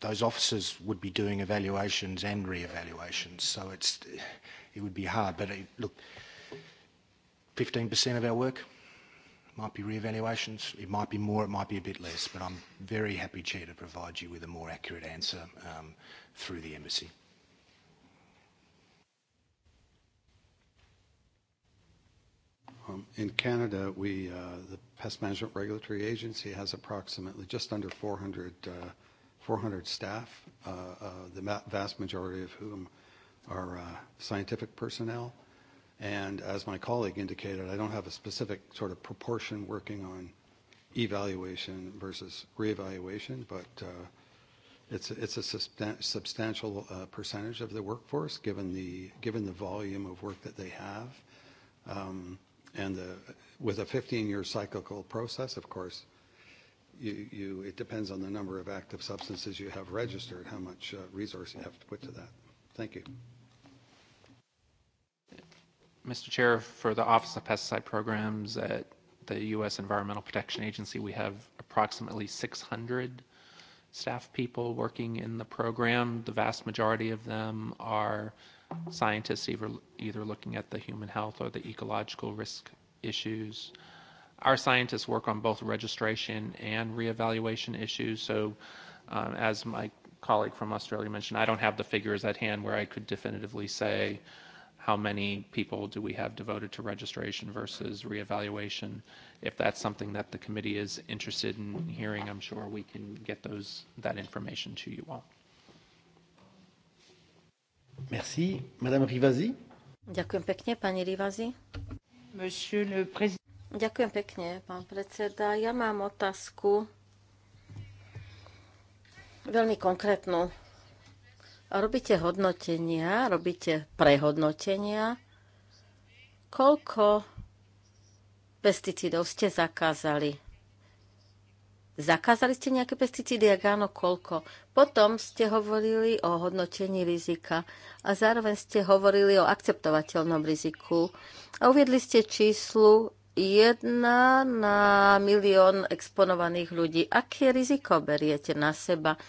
those officers would be doing evaluations and re-evaluations, so it's it would be hard. But it, uh, look, 15% of our work might be re-evaluations. It might be more. It might be a bit less. But I'm very happy, Chair, to provide you with a more accurate answer um, through the embassy. Um, in Canada, we, uh, the Pest Management Regulatory Agency has approximately just under 400, uh, 400 staff, uh, uh, the vast majority of whom are uh, scientific personnel. And as my colleague indicated, I don't have a specific sort of proportion working on evaluation versus reevaluation, but uh, it's it's a substan substantial uh, percentage of the workforce given the given the volume of work that they have. Um, And the, uh, with a 15-year cyclical process, of course, you, you, it depends on the number of active substances you have registered, how much uh, resource you have to put to that. Thank you. Mr. Chair, for the Office of Pesticide Programs at the U.S. Environmental Protection Agency, we have approximately 600 staff people working in the program. The vast majority of them are scientists either, either looking at the human health or the ecological risk issues. Our scientists work on both registration and reevaluation issues. So, um, as my colleague from Australia mentioned, I don't have the figures at hand where I could definitively say how many people do we have devoted to registration versus reevaluation. If that's something that the committee is interested in hearing, I'm sure we can get those that information to you all. Merci. Madame Rivasi. Ďakujem pekne, pani Rivasi. Monsieur le président. Ďakujem pekne, pán predseda. Ja mám otázku veľmi konkrétnu. Robíte hodnotenia, robíte prehodnotenia. Koľko pesticídov ste zakázali Zakázali ste nejaké pesticídy, ak áno, koľko? Potom ste hovorili o hodnotení rizika a zároveň ste hovorili o akceptovateľnom riziku. A uviedli ste číslu 1 na milión exponovaných ľudí. Aké riziko beriete na seba?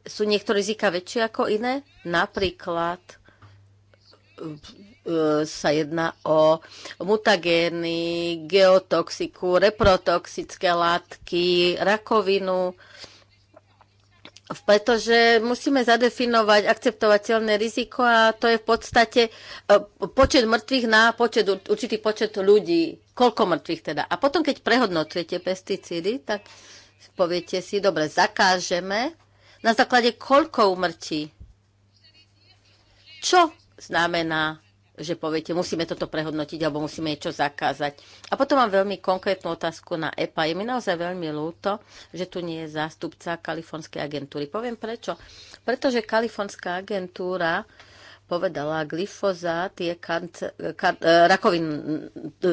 Sú niektoré rizika väčšie ako iné? Napríklad E, sa jedná o mutagény, geotoxiku, reprotoxické látky, rakovinu, pretože musíme zadefinovať akceptovateľné riziko a to je v podstate e, počet mŕtvych na počet, určitý počet ľudí. Koľko mŕtvych teda. A potom, keď prehodnotujete pesticídy, tak poviete si, dobre, zakážeme na základe koľko umrtí. Čo znamená že poviete, musíme toto prehodnotiť alebo musíme niečo zakázať. A potom mám veľmi konkrétnu otázku na EPA. Je mi naozaj veľmi ľúto, že tu nie je zástupca kalifornskej agentúry. Poviem prečo. Pretože kalifornská agentúra povedala, glyfozát je e, rakovin,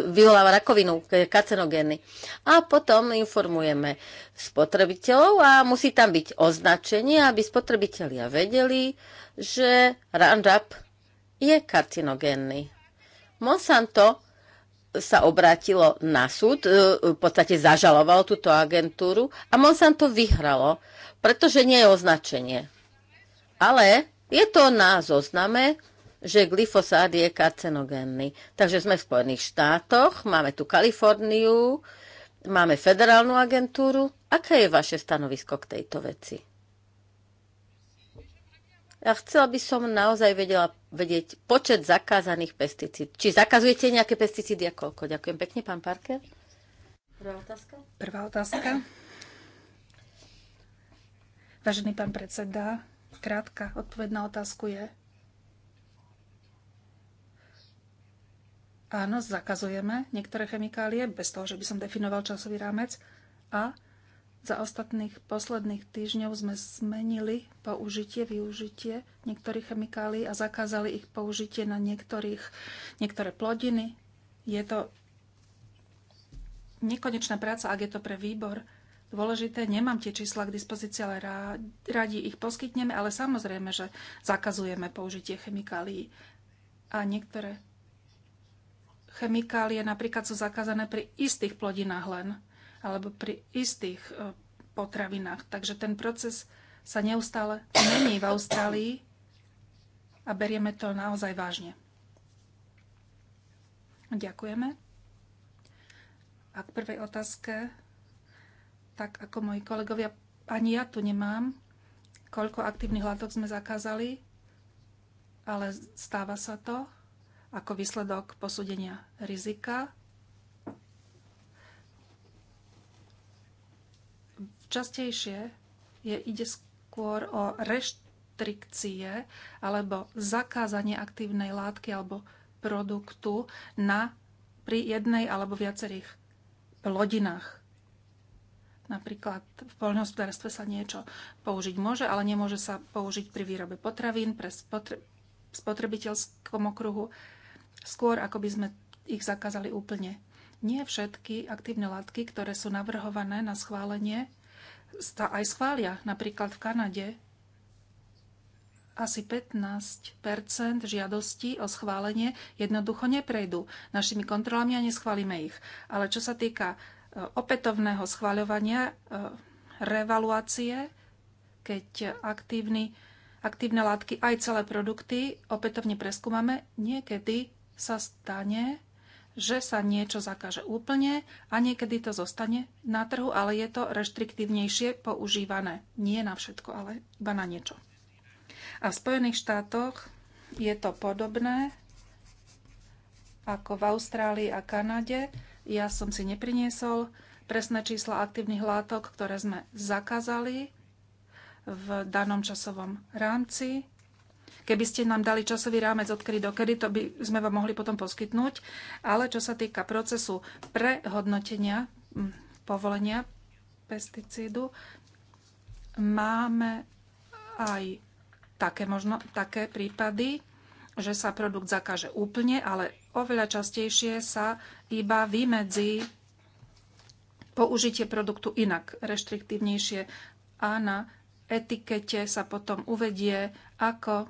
vyvoláva rakovinu, kacenogény. A potom informujeme spotrebiteľov a musí tam byť označenie, aby spotrebitelia vedeli, že Roundup je karcinogénny. Monsanto sa obrátilo na súd, e, v podstate zažalovalo túto agentúru a Monsanto vyhralo, pretože nie je označenie. Ale je to na zozname, že glyfosát je karcinogénny. Takže sme v Spojených štátoch, máme tu Kaliforniu, máme federálnu agentúru. Aké je vaše stanovisko k tejto veci? Ja chcela by som naozaj vedela, vedieť počet zakázaných pesticíd. Či zakazujete nejaké pesticídy a koľko? Ďakujem pekne, pán Parker. Prvá otázka. Prvá otázka. Vážený pán predseda, krátka odpoveď na otázku je. Áno, zakazujeme niektoré chemikálie, bez toho, že by som definoval časový rámec. A za ostatných posledných týždňov sme zmenili použitie, využitie niektorých chemikálií a zakázali ich použitie na niektorých, niektoré plodiny. Je to nekonečná práca, ak je to pre výbor dôležité. Nemám tie čísla k dispozícii, ale radi ich poskytneme, ale samozrejme, že zakazujeme použitie chemikálií. A niektoré chemikálie napríklad sú zakázané pri istých plodinách len alebo pri istých e, potravinách. Takže ten proces sa neustále mení v Austrálii a berieme to naozaj vážne. Ďakujeme. A k prvej otázke, tak ako moji kolegovia, ani ja tu nemám, koľko aktívnych látok sme zakázali, ale stáva sa to ako výsledok posúdenia rizika Častejšie je, ide skôr o reštrikcie alebo zakázanie aktívnej látky alebo produktu na, pri jednej alebo viacerých plodinách. Napríklad v poľnohospodárstve sa niečo použiť môže, ale nemôže sa použiť pri výrobe potravín, pre spotre- spotrebiteľskom okruhu, skôr ako by sme ich zakázali úplne. Nie všetky aktívne látky, ktoré sú navrhované na schválenie, aj schvália. Napríklad v Kanade asi 15 žiadostí o schválenie jednoducho neprejdú. Našimi kontrolami a neschválime ich. Ale čo sa týka e, opätovného schváľovania, e, revaluácie, keď aktívny, aktívne látky aj celé produkty opätovne preskúmame, niekedy sa stane, že sa niečo zakáže úplne a niekedy to zostane na trhu, ale je to reštriktívnejšie používané. Nie na všetko, ale iba na niečo. A v Spojených štátoch je to podobné ako v Austrálii a Kanade. Ja som si nepriniesol presné čísla aktívnych látok, ktoré sme zakázali v danom časovom rámci Keby ste nám dali časový rámec odkedy kedy, to by sme vám mohli potom poskytnúť. Ale čo sa týka procesu prehodnotenia mm, povolenia pesticídu, máme aj také, možno, také prípady, že sa produkt zakáže úplne, ale oveľa častejšie sa iba vymedzí použitie produktu inak, reštriktívnejšie a na etikete sa potom uvedie, ako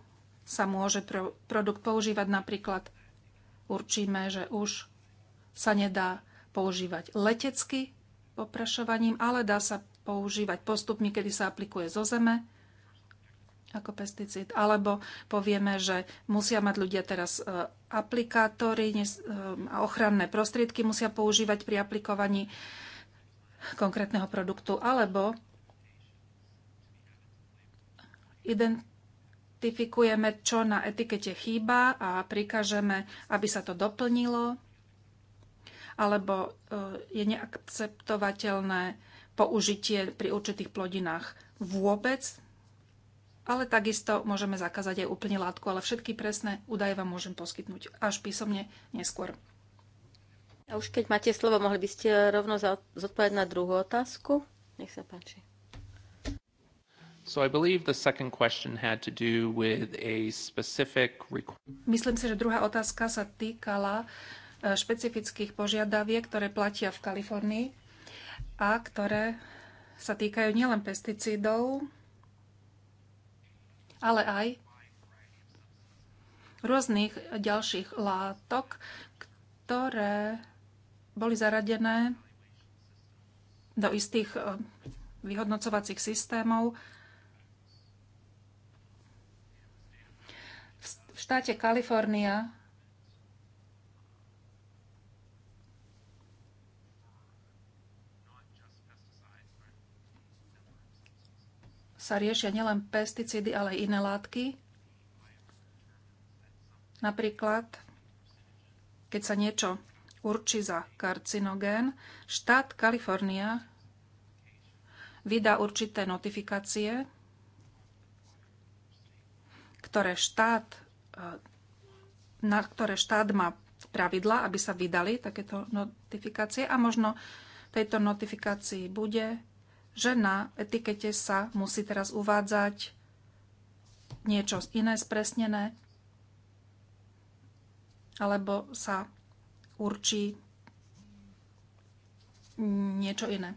sa môže pro, produkt používať. Napríklad určíme, že už sa nedá používať letecky oprašovaním, ale dá sa používať postupne, kedy sa aplikuje zo zeme ako pesticíd. Alebo povieme, že musia mať ľudia teraz e, aplikátory e, a ochranné prostriedky musia používať pri aplikovaní konkrétneho produktu. Alebo ident identifikujeme, čo na etikete chýba a prikážeme, aby sa to doplnilo, alebo e, je neakceptovateľné použitie pri určitých plodinách vôbec, ale takisto môžeme zakázať aj úplne látku, ale všetky presné údaje vám môžem poskytnúť až písomne neskôr. A už keď máte slovo, mohli by ste rovno zodpovedať na druhú otázku? Nech sa páči. So I believe the second question had to do with a specific Myslím si, že druhá otázka sa týkala e, špecifických požiadaviek, ktoré platia v Kalifornii a ktoré sa týkajú nielen pesticídov, ale aj rôznych ďalších látok, ktoré boli zaradené do istých e, vyhodnocovacích systémov, v štáte Kalifornia sa riešia nielen pesticídy, ale aj iné látky. Napríklad, keď sa niečo určí za karcinogén, štát Kalifornia vydá určité notifikácie, ktoré štát E, na ktoré štát má pravidla, aby sa vydali takéto notifikácie a možno tejto notifikácii bude, že na etikete sa musí teraz uvádzať niečo iné spresnené alebo sa určí niečo iné.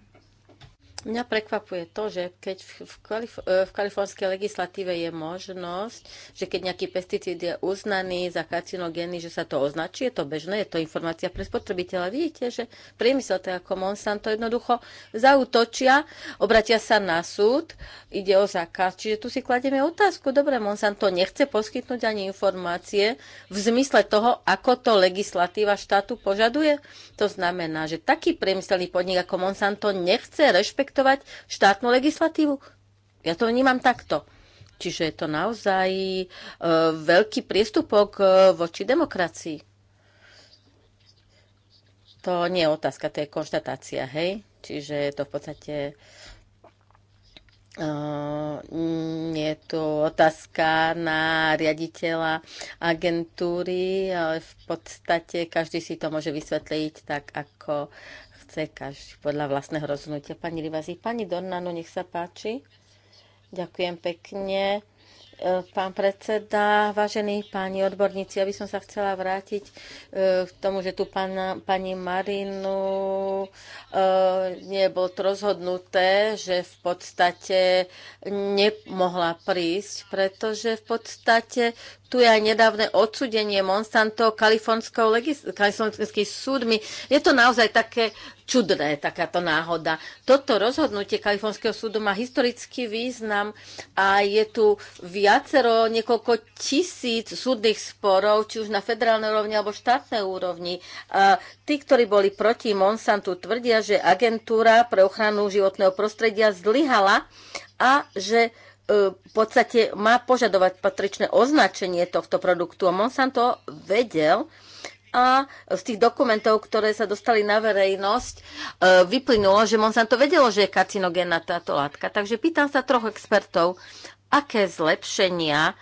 Mňa prekvapuje to, že keď v, Kalif- e, v kalifornskej legislatíve je možnosť, že keď nejaký pesticíd je uznaný za karcinogénny, že sa to označí, je to bežné, je to informácia pre spotrebiteľa. Vidíte, že priemysel, tak ako Monsanto, jednoducho zautočia, obratia sa na súd, ide o zákaz. Čiže tu si kladieme otázku, dobre, Monsanto nechce poskytnúť ani informácie v zmysle toho, ako to legislatíva štátu požaduje. To znamená, že taký priemyselný podnik ako Monsanto nechce rešpektovať rešpektovať štátnu legislatívu. Ja to vnímam takto. Čiže je to naozaj e, veľký priestupok e, voči demokracii. To nie je otázka, to je konštatácia, hej? Čiže je to v podstate Uh, je tu otázka na riaditeľa agentúry, ale v podstate každý si to môže vysvetliť tak, ako chce, každý podľa vlastného rozhodnutia. Pani Rivazi, pani Dornano, nech sa páči. Ďakujem pekne. E, pán predseda, vážení páni odborníci, ja by som sa chcela vrátiť e, k tomu, že tu pána, pani Marinu e, nebol to rozhodnuté, že v podstate nemohla prísť, pretože v podstate tu je aj nedávne odsudenie Monsanto kalifornským súdmi. Je to naozaj také čudné, takáto náhoda. Toto rozhodnutie Kalifornského súdu má historický význam a je tu viacero, niekoľko tisíc súdnych sporov, či už na federálnej úrovni alebo štátnej úrovni. A tí, ktorí boli proti Monsantu, tvrdia, že agentúra pre ochranu životného prostredia zlyhala a že e, v podstate má požadovať patričné označenie tohto produktu. A Monsanto vedel, a z tých dokumentov, ktoré sa dostali na verejnosť, e, vyplynulo, že Monsanto vedelo, že je karcinogénna táto látka. Takže pýtam sa troch expertov, aké zlepšenia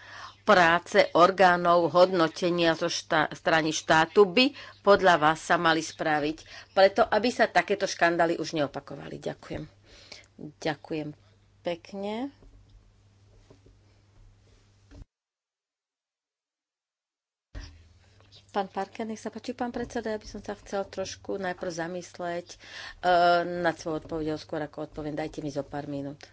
práce orgánov hodnotenia zo štá, strany štátu by podľa vás sa mali spraviť, preto aby sa takéto škandály už neopakovali. Ďakujem. Ďakujem pekne. Pán Parker, nech sa páči, pán predseda, ja by som sa chcel trošku najprv zamyslieť uh, e, nad svojou odpovedou, skôr ako odpoviem. Dajte mi zo pár minút.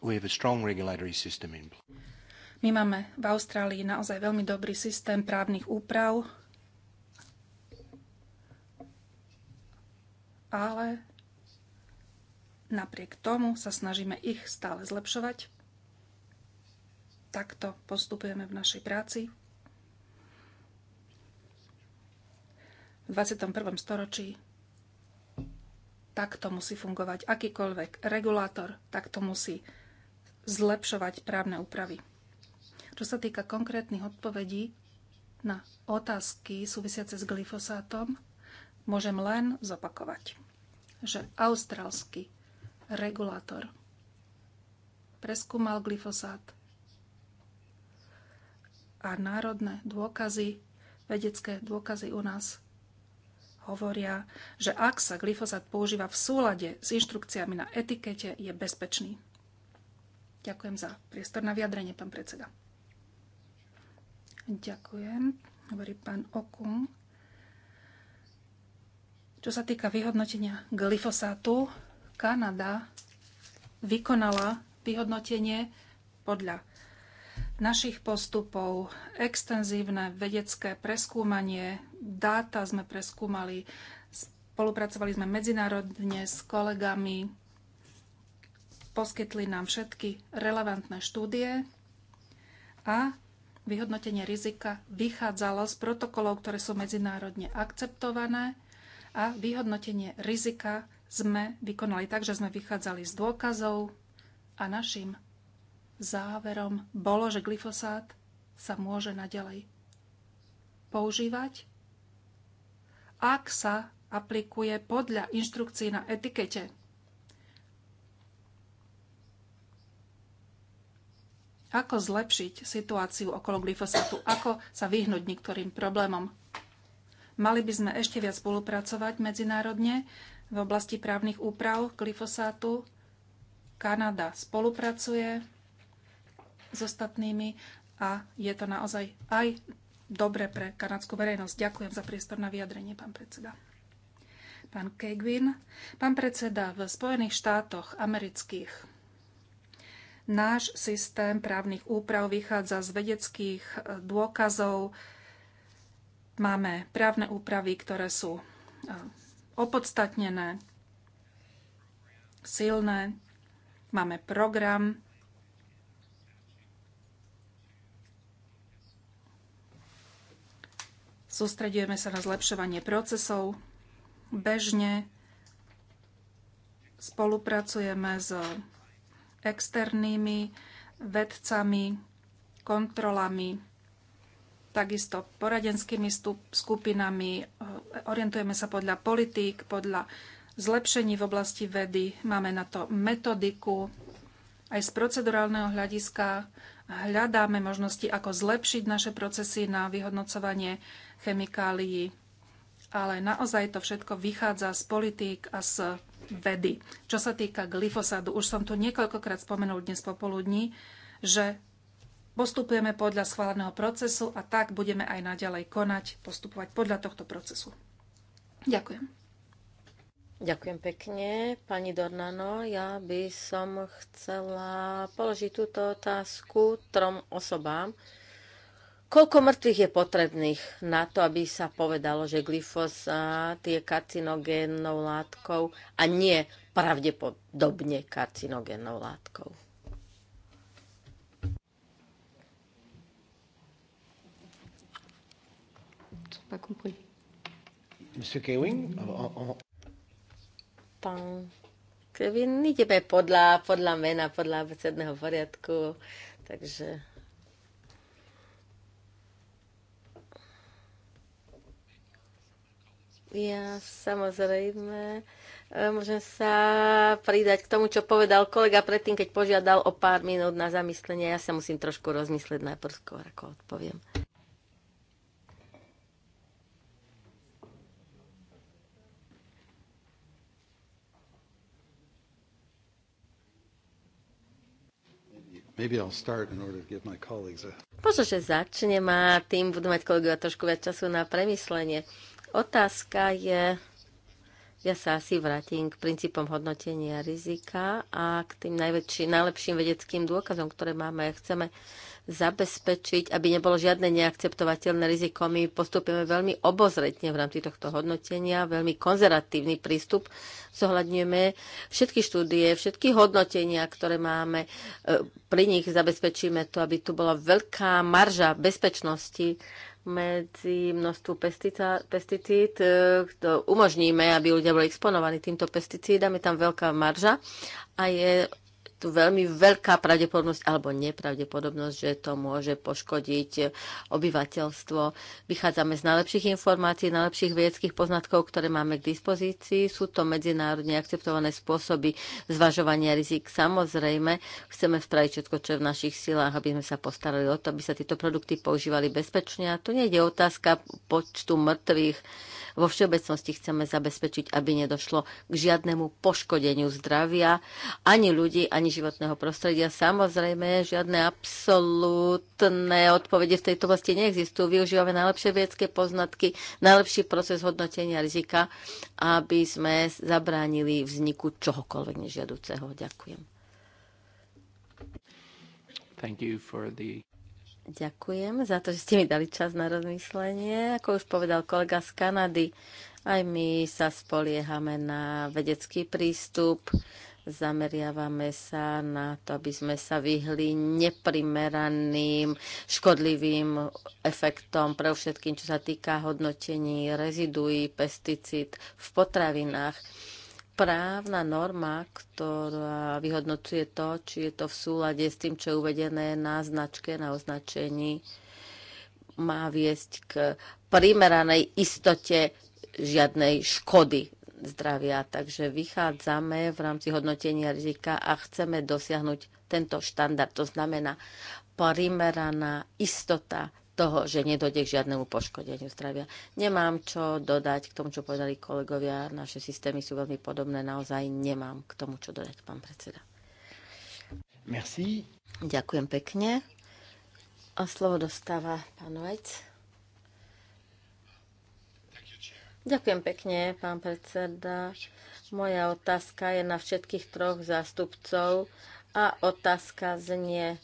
We have a strong regulatory system in place. My máme v Austrálii naozaj veľmi dobrý systém právnych úprav, ale napriek tomu sa snažíme ich stále zlepšovať. Takto postupujeme v našej práci. V 21. storočí takto musí fungovať akýkoľvek regulátor, takto musí zlepšovať právne úpravy. Čo sa týka konkrétnych odpovedí na otázky súvisiace s glyfosátom, môžem len zopakovať, že austrálsky regulátor preskúmal glyfosát a národné dôkazy, vedecké dôkazy u nás hovoria, že ak sa glyfosát používa v súlade s inštrukciami na etikete, je bezpečný. Ďakujem za priestor na vyjadrenie, pán predseda. Ďakujem, hovorí pán Okun. Čo sa týka vyhodnotenia glyfosátu, Kanada vykonala vyhodnotenie podľa našich postupov, extenzívne vedecké preskúmanie, dáta sme preskúmali, spolupracovali sme medzinárodne s kolegami, poskytli nám všetky relevantné štúdie a Vyhodnotenie rizika vychádzalo z protokolov, ktoré sú medzinárodne akceptované a vyhodnotenie rizika sme vykonali tak, že sme vychádzali z dôkazov a našim záverom bolo, že glyfosát sa môže naďalej používať, ak sa aplikuje podľa inštrukcií na etikete. Ako zlepšiť situáciu okolo glyfosátu? Ako sa vyhnúť niektorým problémom? Mali by sme ešte viac spolupracovať medzinárodne v oblasti právnych úprav glyfosátu. Kanada spolupracuje s ostatnými a je to naozaj aj dobre pre kanadskú verejnosť. Ďakujem za priestor na vyjadrenie, pán predseda pán Kegwin, Pán predseda, v Spojených štátoch amerických Náš systém právnych úprav vychádza z vedeckých e, dôkazov. Máme právne úpravy, ktoré sú e, opodstatnené, silné. Máme program, Sústredujeme sa na zlepšovanie procesov. Bežne spolupracujeme s externými vedcami, kontrolami, takisto poradenskými skupinami. Orientujeme sa podľa politík, podľa zlepšení v oblasti vedy. Máme na to metodiku. Aj z procedurálneho hľadiska hľadáme možnosti, ako zlepšiť naše procesy na vyhodnocovanie chemikálií. Ale naozaj to všetko vychádza z politík a z vedy. Čo sa týka glyfosádu, už som tu niekoľkokrát spomenul dnes popoludní, že postupujeme podľa schváleného procesu a tak budeme aj naďalej konať, postupovať podľa tohto procesu. Ďakujem. Ďakujem pekne. Pani Dornano, ja by som chcela položiť túto otázku trom osobám. Koľko mŕtvych je potrebných na to, aby sa povedalo, že glyfosát je karcinogénnou látkou a nie pravdepodobne karcinogénnou látkou? Pán Kevin, ideme podľa, podľa mena, podľa abecedného poriadku, takže Ja samozrejme e, môžem sa pridať k tomu, čo povedal kolega predtým, keď požiadal o pár minút na zamyslenie. Ja sa musím trošku rozmyslieť najprv, skôr ako odpoviem. Možno, že začnem a tým budú mať kolegovia trošku viac času na premyslenie. Otázka je, ja sa asi vrátim k princípom hodnotenia rizika a k tým najväčším najlepším vedeckým dôkazom, ktoré máme. Chceme zabezpečiť, aby nebolo žiadne neakceptovateľné riziko. My postupujeme veľmi obozretne v rámci tohto hodnotenia, veľmi konzervatívny prístup. Zohľadňujeme všetky štúdie, všetky hodnotenia, ktoré máme. E, pri nich zabezpečíme to, aby tu bola veľká marža bezpečnosti medzi množstvu pesticíd. E, umožníme, aby ľudia boli exponovaní týmto pesticídom. Je tam veľká marža a je tu veľmi veľká pravdepodobnosť alebo nepravdepodobnosť, že to môže poškodiť obyvateľstvo. Vychádzame z najlepších informácií, najlepších vedeckých poznatkov, ktoré máme k dispozícii. Sú to medzinárodne akceptované spôsoby zvažovania rizik. Samozrejme, chceme spraviť všetko, čo je v našich silách, aby sme sa postarali o to, aby sa tieto produkty používali bezpečne. A tu nie je otázka počtu mŕtvych. Vo všeobecnosti chceme zabezpečiť, aby nedošlo k žiadnemu poškodeniu zdravia ani ľudí, ani životného prostredia. Samozrejme, žiadne absolútne odpovede v tejto oblasti neexistujú. Využívame najlepšie vedecké poznatky, najlepší proces hodnotenia rizika, aby sme zabránili vzniku čohokoľvek nežiaduceho. Ďakujem. Thank you for the... Ďakujem za to, že ste mi dali čas na rozmyslenie. Ako už povedal kolega z Kanady, aj my sa spoliehame na vedecký prístup Zameriavame sa na to, aby sme sa vyhli neprimeraným, škodlivým efektom pre všetkým, čo sa týka hodnotení reziduí, pesticíd v potravinách právna norma, ktorá vyhodnocuje to, či je to v súlade s tým, čo je uvedené na značke, na označení, má viesť k primeranej istote žiadnej škody zdravia. Takže vychádzame v rámci hodnotenia rizika a chceme dosiahnuť tento štandard. To znamená primeraná istota toho, že nedojde k žiadnemu poškodeniu zdravia. Nemám čo dodať k tomu, čo povedali kolegovia. Naše systémy sú veľmi podobné. Naozaj nemám k tomu, čo dodať, pán predseda. Merci. Ďakujem pekne. A slovo dostáva pán Vajc. Ďakujem pekne, pán predseda. Moja otázka je na všetkých troch zástupcov a otázka znie,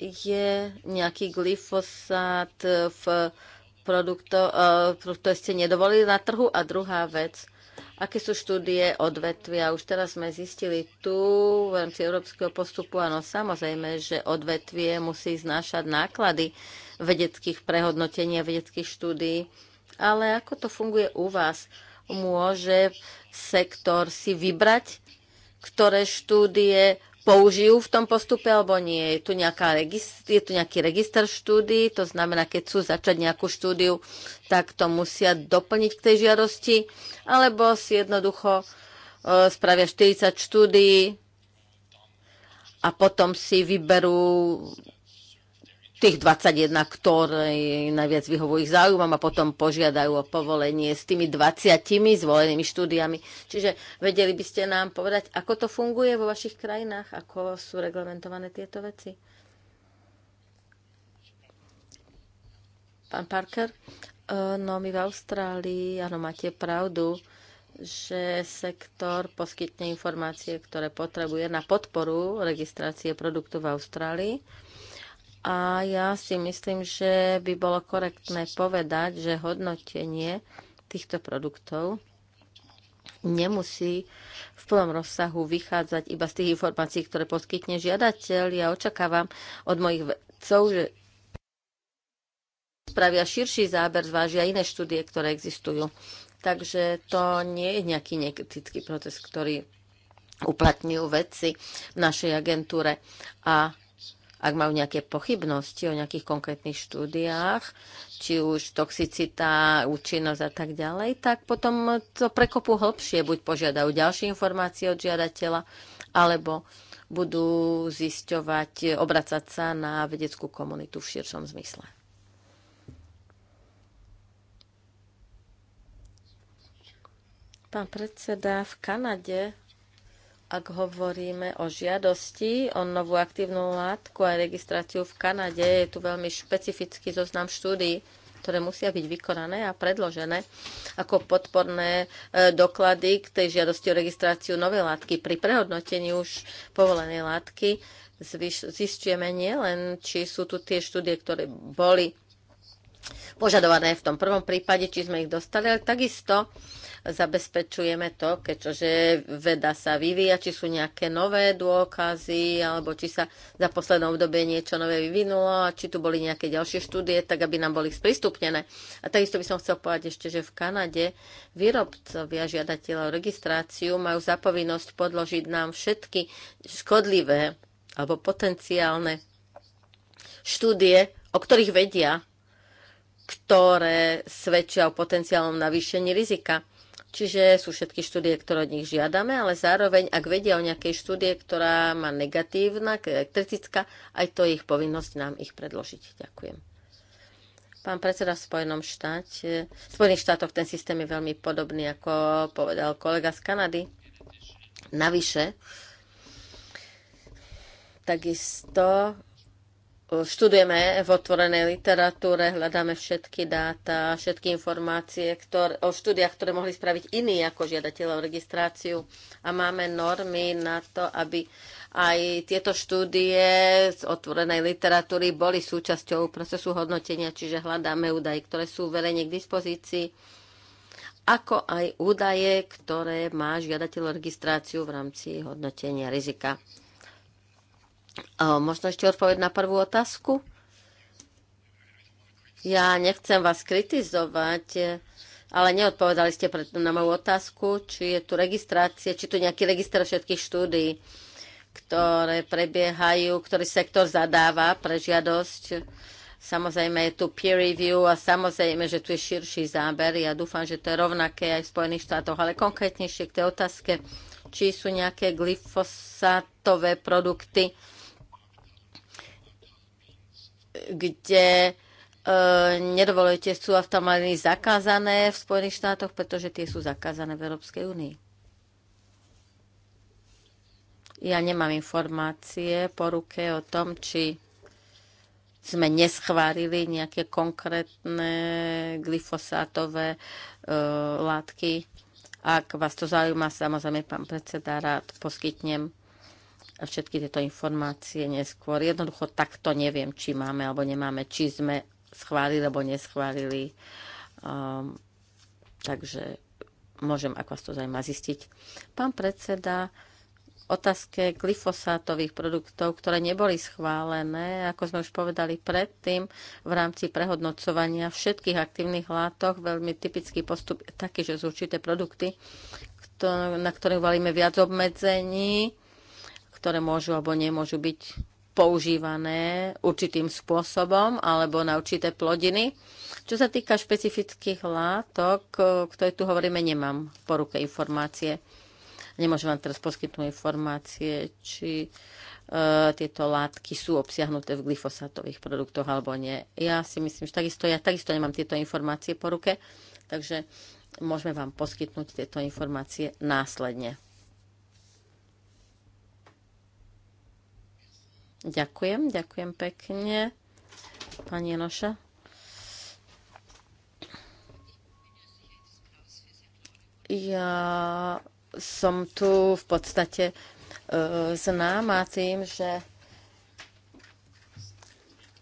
je nejaký glyfosát v produkto, ktoré e, ste nedovolili na trhu? A druhá vec, aké sú štúdie odvetvia? Už teraz sme zistili tu v rámci európskeho postupu, áno, samozrejme, že odvetvie musí znášať náklady vedeckých prehodnotení a vedeckých štúdií ale ako to funguje u vás? Môže sektor si vybrať, ktoré štúdie použijú v tom postupe alebo nie. Je tu, nejaká registr, je tu nejaký register štúdií, to znamená, keď chcú začať nejakú štúdiu, tak to musia doplniť k tej žiadosti, alebo si jednoducho e, spravia 40 štúdií a potom si vyberú tých 21, ktoré najviac vyhovujú ich záujmom a potom požiadajú o povolenie s tými 20 zvolenými štúdiami. Čiže vedeli by ste nám povedať, ako to funguje vo vašich krajinách, ako sú reglementované tieto veci? Pán Parker? Eh, no my v Austrálii, áno, máte pravdu že sektor poskytne informácie, ktoré potrebuje na podporu registrácie produktu v Austrálii. A ja si myslím, že by bolo korektné povedať, že hodnotenie týchto produktov nemusí v plnom rozsahu vychádzať iba z tých informácií, ktoré poskytne žiadateľ. Ja očakávam od mojich vedcov, že spravia širší záber, zvážia iné štúdie, ktoré existujú. Takže to nie je nejaký nekritický proces, ktorý uplatňujú vedci v našej agentúre. A ak majú nejaké pochybnosti o nejakých konkrétnych štúdiách, či už toxicita, účinnosť a tak ďalej, tak potom to prekopu hlbšie, buď požiadajú ďalšie informácie od žiadateľa, alebo budú zisťovať, obracať sa na vedeckú komunitu v širšom zmysle. Pán predseda, v Kanade ak hovoríme o žiadosti o novú aktívnu látku a registráciu v Kanade, je tu veľmi špecifický zoznam štúdií, ktoré musia byť vykonané a predložené ako podporné e, doklady k tej žiadosti o registráciu novej látky. Pri prehodnotení už povolenej látky zistujeme nielen, či sú tu tie štúdie, ktoré boli požadované v tom prvom prípade, či sme ich dostali, ale takisto zabezpečujeme to, keďže veda sa vyvíja, či sú nejaké nové dôkazy, alebo či sa za posledné obdobie niečo nové vyvinulo, a či tu boli nejaké ďalšie štúdie, tak aby nám boli sprístupnené. A takisto by som chcel povedať ešte, že v Kanade výrobcovia žiadateľa o registráciu majú zapovinnosť podložiť nám všetky škodlivé alebo potenciálne štúdie, o ktorých vedia, ktoré svedčia o potenciálnom navýšení rizika. Čiže sú všetky štúdie, ktoré od nich žiadame, ale zároveň, ak vedia o nejakej štúdie, ktorá má negatívna, kritická, aj to je ich povinnosť nám ich predložiť. Ďakujem. Pán predseda v Spojenom štáte, v Spojených štátoch ten systém je veľmi podobný, ako povedal kolega z Kanady. Navyše, takisto E, študujeme v otvorenej literatúre, hľadáme všetky dáta, všetky informácie ktor- o štúdiách, ktoré mohli spraviť iní ako žiadateľe o registráciu a máme normy na to, aby aj tieto štúdie z otvorenej literatúry boli súčasťou procesu hodnotenia, čiže hľadáme údaje, ktoré sú verejne k dispozícii, ako aj údaje, ktoré má žiadateľ o registráciu v rámci hodnotenia rizika. Ehm, možno ešte odpovedať na prvú otázku? Ja nechcem vás kritizovať, e, ale neodpovedali ste na moju otázku, či je tu registrácia, či tu nejaký registr všetkých štúdií, ktoré prebiehajú, ktorý sektor zadáva pre žiadosť. Samozrejme je tu peer review a samozrejme, že tu je širší záber. Ja dúfam, že to je rovnaké aj v Spojených štátoch, ale konkrétnejšie k tej otázke, či sú nejaké glyfosátové produkty, kde e, nedovolujete sulftamaliny zakázané v Spojených štátoch, pretože tie sú zakázané v Európskej únii. Ja nemám informácie po ruke o tom, či sme neschvárili nejaké konkrétne glyfosátové e, látky. Ak vás to zaujíma, samozrejme, pán predseda, rád poskytnem všetky tieto informácie neskôr. Jednoducho takto neviem, či máme alebo nemáme, či sme schválili alebo neschválili. Um, takže môžem, ak vás to zaujíma, zistiť. Pán predseda, otázke glyfosátových produktov, ktoré neboli schválené, ako sme už povedali predtým, v rámci prehodnocovania všetkých aktívnych látok, veľmi typický postup je taký, že sú určité produkty, na ktoré valíme viac obmedzení, ktoré môžu alebo nemôžu byť používané určitým spôsobom alebo na určité plodiny. Čo sa týka špecifických látok, ktoré tu hovoríme, nemám v poruke informácie. Nemôžem vám teraz poskytnúť informácie, či e, tieto látky sú obsiahnuté v glyfosátových produktoch alebo nie. Ja si myslím, že takisto, ja takisto nemám tieto informácie po ruke, takže môžeme vám poskytnúť tieto informácie následne. Ďakujem, ďakujem pekne. Pani Noša. Ja som tu v podstate uh, e, známa tým, že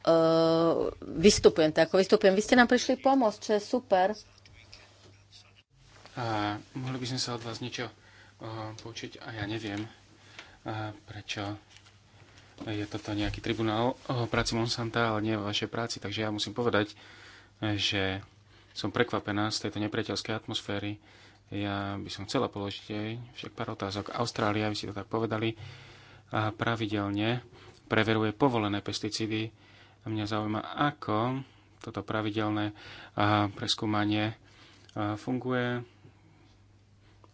uh, vystupujem tak, ako vystupujem. Vy ste nám prišli pomôcť, čo je super. A mohli by sme sa od vás niečo uh, poučiť a ja neviem, uh, prečo je toto nejaký tribunál o eh, práci Monsanta, ale nie o vašej práci. Takže ja musím povedať, eh, že som prekvapená z tejto nepriateľskej atmosféry. Ja by som chcela položiť jej však pár otázok. Austrália, vy si to tak povedali, a pravidelne preveruje povolené pesticídy. A mňa zaujíma, ako toto pravidelné eh, preskúmanie funguje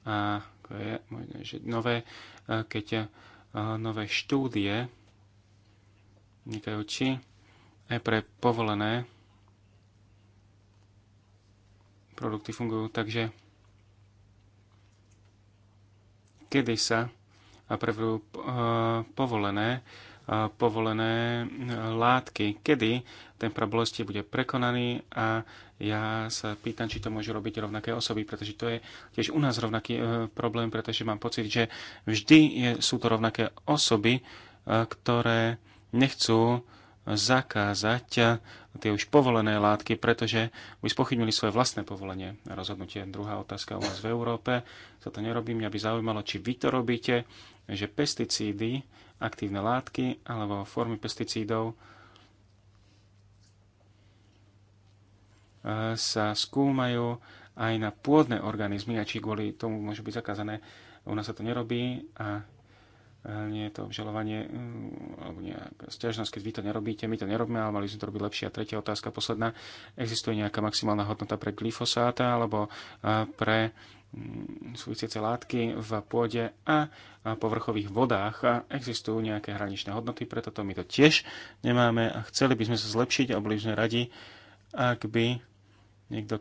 a je že nové, keď nové štúdie vynikajúci aj pre povolené produkty fungujú, takže kedy sa a prevedú eh, povolené, eh, povolené eh, látky, kedy ten prav bolesti bude prekonaný a ja sa pýtam, či to môžu robiť rovnaké osoby, pretože to je tiež u nás rovnaký problém, pretože mám pocit, že vždy je, sú to rovnaké osoby, ktoré nechcú zakázať tie už povolené látky, pretože by spochybnili svoje vlastné povolenie na rozhodnutie. Druhá otázka u vás v Európe, sa to nerobí, mňa by zaujímalo, či vy to robíte, že pesticídy, aktívne látky alebo formy pesticídov e, sa skúmajú aj na pôdne organizmy a či kvôli tomu môžu byť zakázané. U nás sa to nerobí a Eh, nie je to obžalovanie mm, alebo nejaká stiažnosť, keď vy to nerobíte, my to nerobíme, ale mali sme to robiť lepšie. A tretia otázka, posledná. Existuje nejaká maximálna hodnota pre glyfosáta alebo eh, pre mm, súvisiace látky v pôde a povrchových vodách a existujú nejaké hraničné hodnoty, preto to my to tiež nemáme a chceli by sme sa zlepšiť a boli sme radi, ak by niekto,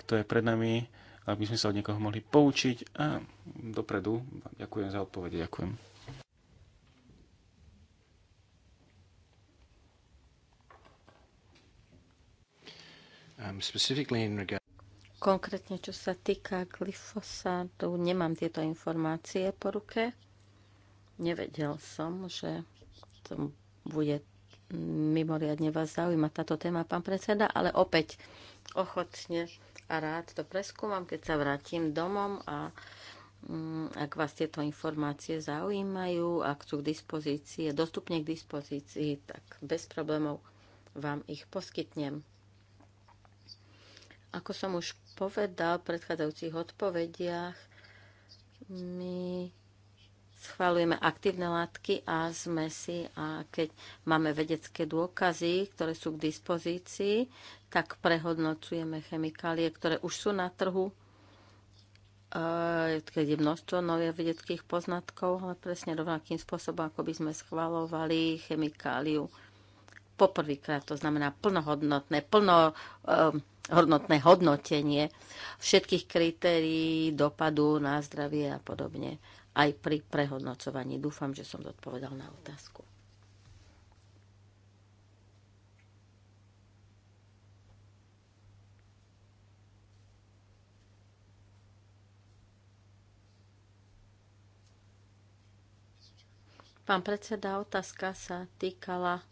kto je pred nami, aby sme sa od niekoho mohli poučiť. A dopredu ďakujem za odpovede. Ďakujem. Um, Konkrétne, čo sa týka glyfosátu, nemám tieto informácie po ruke. Nevedel som, že to bude mimoriadne vás zaujímať táto téma, pán predseda, ale opäť ochotne a rád to preskúmam, keď sa vrátim domom a mm, ak vás tieto informácie zaujímajú, ak sú k dispozícii, dostupne k dispozícii, tak bez problémov vám ich poskytnem. Ako som už povedal v predchádzajúcich odpovediach, my schválujeme aktívne látky a zmesi a keď máme vedecké dôkazy, ktoré sú k dispozícii, tak prehodnocujeme chemikálie, ktoré už sú na trhu, eh, keď je množstvo nových vedeckých poznatkov, ale presne rovnakým spôsobom, ako by sme schvalovali chemikáliu poprvýkrát, to znamená plnohodnotné, plnohodnotné eh, hodnotenie všetkých kritérií dopadu na zdravie a podobne aj pri prehodnocovaní. Dúfam, že som zodpovedal na otázku. Pán predseda, otázka sa týkala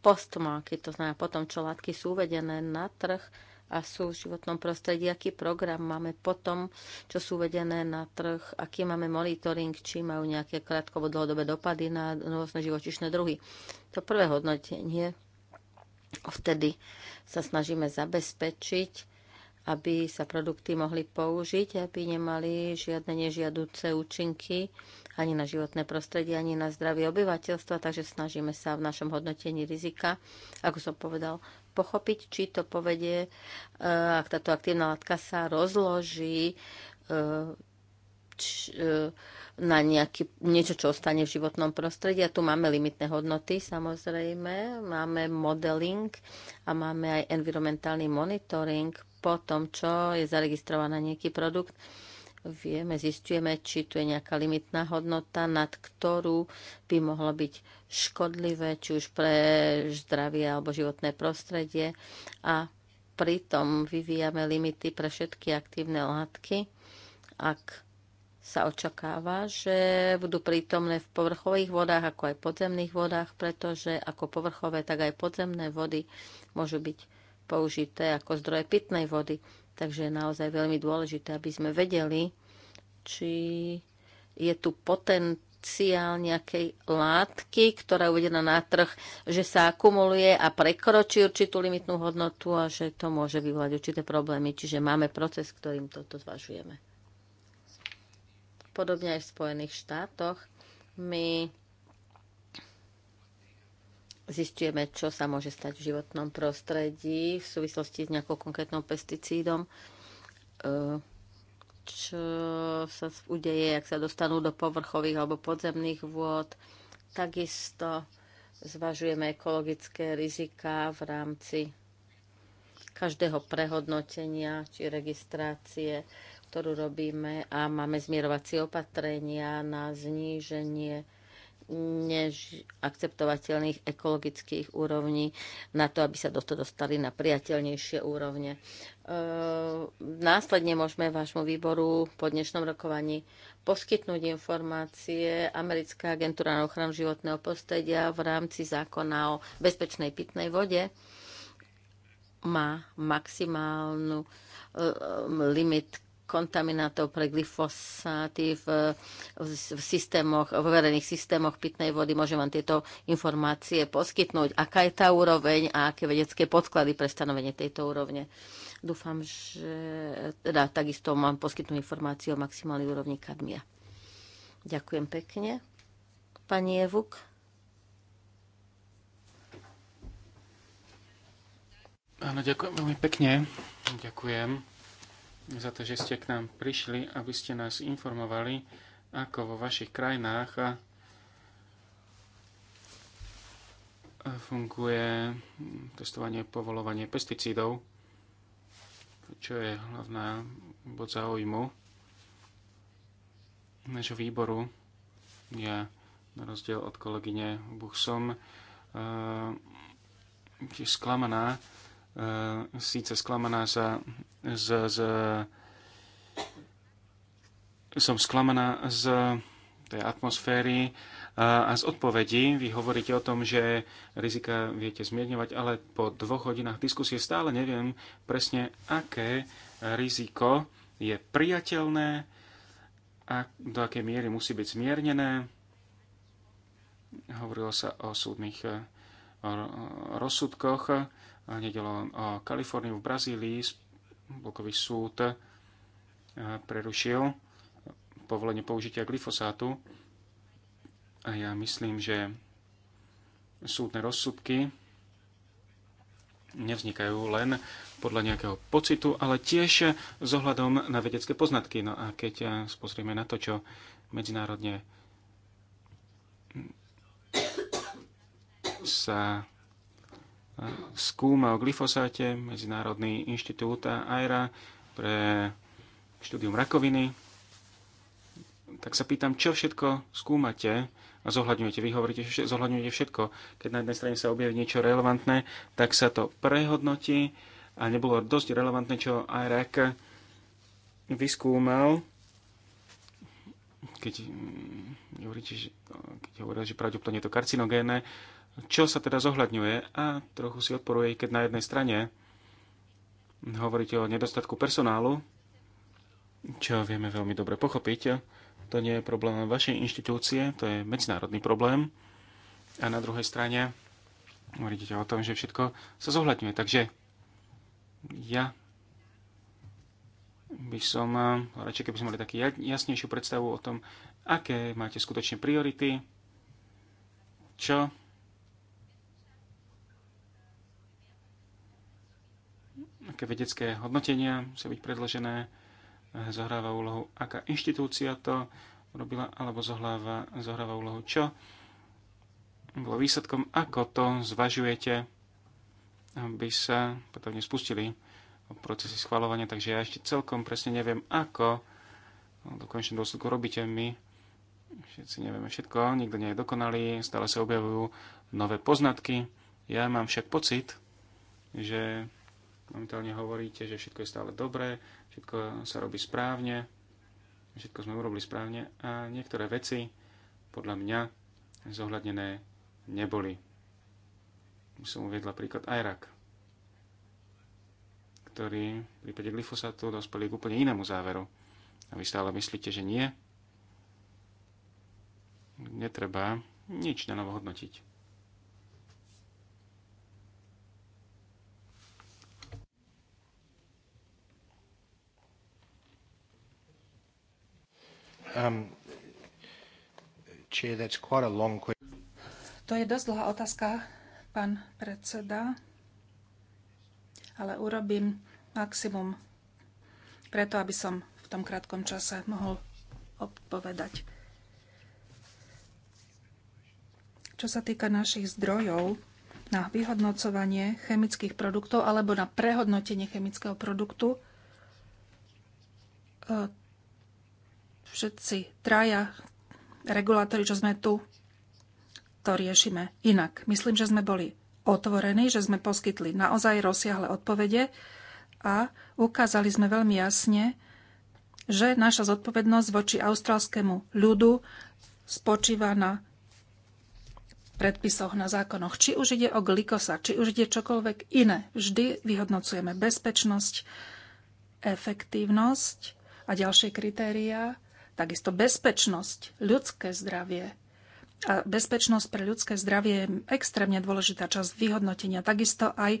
postmarky, to znamená potom, čo látky sú uvedené na trh a sú v životnom prostredí, aký program máme potom, čo sú uvedené na trh, aký máme monitoring, či majú nejaké krátkovo dlhodobé dopady na rôzne živočišné druhy. To prvé hodnotenie vtedy sa snažíme zabezpečiť, aby sa produkty mohli použiť, aby nemali žiadne nežiaduce účinky ani na životné prostredie, ani na zdravie obyvateľstva, takže snažíme sa v našom hodnotení rizika, ako som povedal, pochopiť, či to povedie, e, ak táto aktívna látka sa rozloží e, e, na nejaký, niečo, čo ostane v životnom prostredí. A tu máme limitné hodnoty, samozrejme. Máme modeling a máme aj environmentálny monitoring po tom, čo je zaregistrovaný nejaký produkt vieme, zistujeme, či tu je nejaká limitná hodnota, nad ktorú by mohlo byť škodlivé, či už pre zdravie alebo životné prostredie. A pritom vyvíjame limity pre všetky aktívne látky, ak sa očakáva, že budú prítomné v povrchových vodách ako aj podzemných vodách, pretože ako povrchové, tak aj podzemné vody môžu byť použité ako zdroje pitnej vody Takže je naozaj veľmi dôležité, aby sme vedeli, či je tu potenciál nejakej látky, ktorá je uvedená na trh, že sa akumuluje a prekročí určitú limitnú hodnotu a že to môže vyvolať určité problémy. Čiže máme proces, ktorým toto zvažujeme. Podobne aj v Spojených štátoch. My zistujeme, čo sa môže stať v životnom prostredí v súvislosti s nejakou konkrétnou pesticídom, e, čo sa udeje, ak sa dostanú do povrchových alebo podzemných vôd. Takisto zvažujeme ekologické rizika v rámci každého prehodnotenia či registrácie, ktorú robíme a máme zmierovacie opatrenia na zníženie než akceptovateľných ekologických úrovní na to, aby sa do toho dostali na priateľnejšie úrovne. E, následne môžeme vášmu výboru po dnešnom rokovaní poskytnúť informácie Americká agentúra na ochranu životného prostredia v rámci zákona o bezpečnej pitnej vode má maximálnu e, limit kontaminátov pre glyfosáty v, v systémoch, v verejných systémoch pitnej vody. Môžem vám tieto informácie poskytnúť, aká je tá úroveň a aké vedecké podklady pre stanovenie tejto úrovne. Dúfam, že teda, takisto mám poskytnú informáciu o maximálnej úrovni kadmia. Ďakujem pekne. Pani Evuk. Áno, ďakujem veľmi pekne. Ďakujem za to, že ste k nám prišli, aby ste nás informovali, ako vo vašich krajinách funguje testovanie, povolovanie pesticídov, čo je hlavná bod záujmu nášho výboru. Ja, na rozdiel od kolegyne Buchsom, e, tiež sklamaná, Eh, síce sklamaná za, za, za, som sklamaná z tej atmosféry a, eh, a z odpovedí. Vy hovoríte o tom, že rizika viete zmierňovať, ale po dvoch hodinách diskusie stále neviem presne, aké riziko je priateľné a do akej miery musí byť zmiernené. Hovorilo sa o súdnych eh, rozsudkoch nedelo o Kaliforniu v Brazílii, blokový súd e, prerušil povolenie použitia glyfosátu a ja myslím, že súdne rozsudky nevznikajú len podľa nejakého pocitu, ale tiež s ohľadom na vedecké poznatky. No a keď e, spozrieme na to, čo medzinárodne sa skúma o glyfosáte, Medzinárodný inštitút AIRA pre štúdium rakoviny. Tak sa pýtam, čo všetko skúmate a zohľadňujete. Vy hovoríte, že zohľadňujete všetko. Keď na jednej strane sa objaví niečo relevantné, tak sa to prehodnotí a nebolo dosť relevantné, čo IRAC vyskúmal. Keď mm, hovoríte, že, keď že pravdepodobne je to karcinogénne, čo sa teda zohľadňuje a trochu si odporuje, keď na jednej strane hovoríte o nedostatku personálu, čo vieme veľmi dobre pochopiť. To nie je problém vašej inštitúcie, to je medzinárodný problém. A na druhej strane hovoríte o tom, že všetko sa zohľadňuje. Takže ja by som, radšej keby sme mali takú jasnejšiu predstavu o tom, aké máte skutočne priority, čo nejaké vedecké hodnotenia musia byť predložené, eh, zohráva úlohu, aká inštitúcia to robila, alebo zohráva, zohráva úlohu čo. Bolo výsledkom, ako to zvažujete, aby sa potom spustili procesy schvalovania, takže ja ešte celkom presne neviem, ako do konečného dôsledku robíte my. Všetci nevieme všetko, nikto nie je dokonalý, stále sa objavujú nové poznatky. Ja mám však pocit, že momentálne hovoríte, že všetko je stále dobré, všetko sa robí správne, všetko sme urobili správne a niektoré veci podľa mňa zohľadnené neboli. Už som uviedla príklad Irak, ktorý v prípade glyfosátu dospeli k úplne inému záveru. A vy stále myslíte, že nie? Netreba nič na novo hodnotiť. Um, chair, that's quite a long question. To je dosť dlhá otázka, pán predseda, ale urobím maximum preto, aby som v tom krátkom čase mohol odpovedať. Čo sa týka našich zdrojov na vyhodnocovanie chemických produktov alebo na prehodnotenie chemického produktu, e, všetci traja regulátori, čo sme tu, to riešime inak. Myslím, že sme boli otvorení, že sme poskytli naozaj rozsiahle odpovede a ukázali sme veľmi jasne, že naša zodpovednosť voči austrálskému ľudu spočíva na predpisoch, na zákonoch. Či už ide o glikosa, či už ide čokoľvek iné. Vždy vyhodnocujeme bezpečnosť, efektívnosť a ďalšie kritériá Takisto bezpečnosť, ľudské zdravie. A bezpečnosť pre ľudské zdravie je extrémne dôležitá časť vyhodnotenia. Takisto aj e,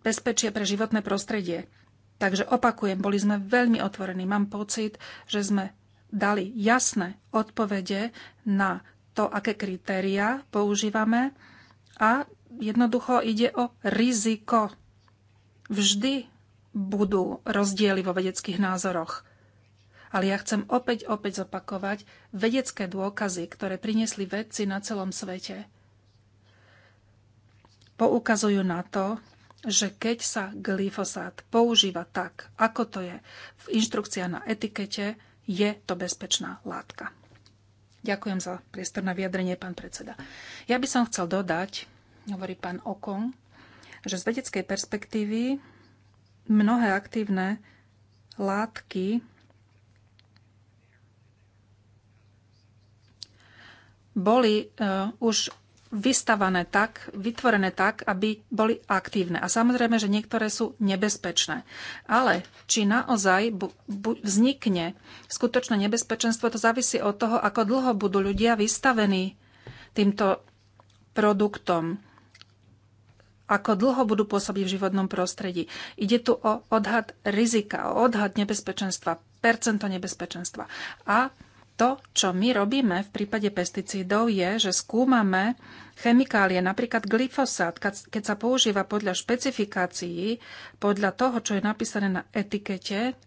bezpečie pre životné prostredie. Takže opakujem, boli sme veľmi otvorení. Mám pocit, že sme dali jasné odpovede na to, aké kritéria používame a jednoducho ide o riziko. Vždy budú rozdiely vo vedeckých názoroch. Ale ja chcem opäť, opäť zopakovať vedecké dôkazy, ktoré priniesli vedci na celom svete. Poukazujú na to, že keď sa glyfosát používa tak, ako to je v inštrukciách na etikete, je to bezpečná látka. Ďakujem za priestor na vyjadrenie, pán predseda. Ja by som chcel dodať, hovorí pán Okon, že z vedeckej perspektívy mnohé aktívne látky boli e, už vystavané tak, vytvorené tak, aby boli aktívne. A samozrejme, že niektoré sú nebezpečné. Ale či naozaj vznikne skutočné nebezpečenstvo, to závisí od toho, ako dlho budú ľudia vystavení týmto produktom, ako dlho budú pôsobiť v životnom prostredí. Ide tu o odhad rizika, o odhad nebezpečenstva, percento nebezpečenstva. A to, čo my robíme v prípade pesticídov, je, že skúmame chemikálie, napríklad glyfosát, keď sa používa podľa špecifikácií, podľa toho, čo je napísané na etikete,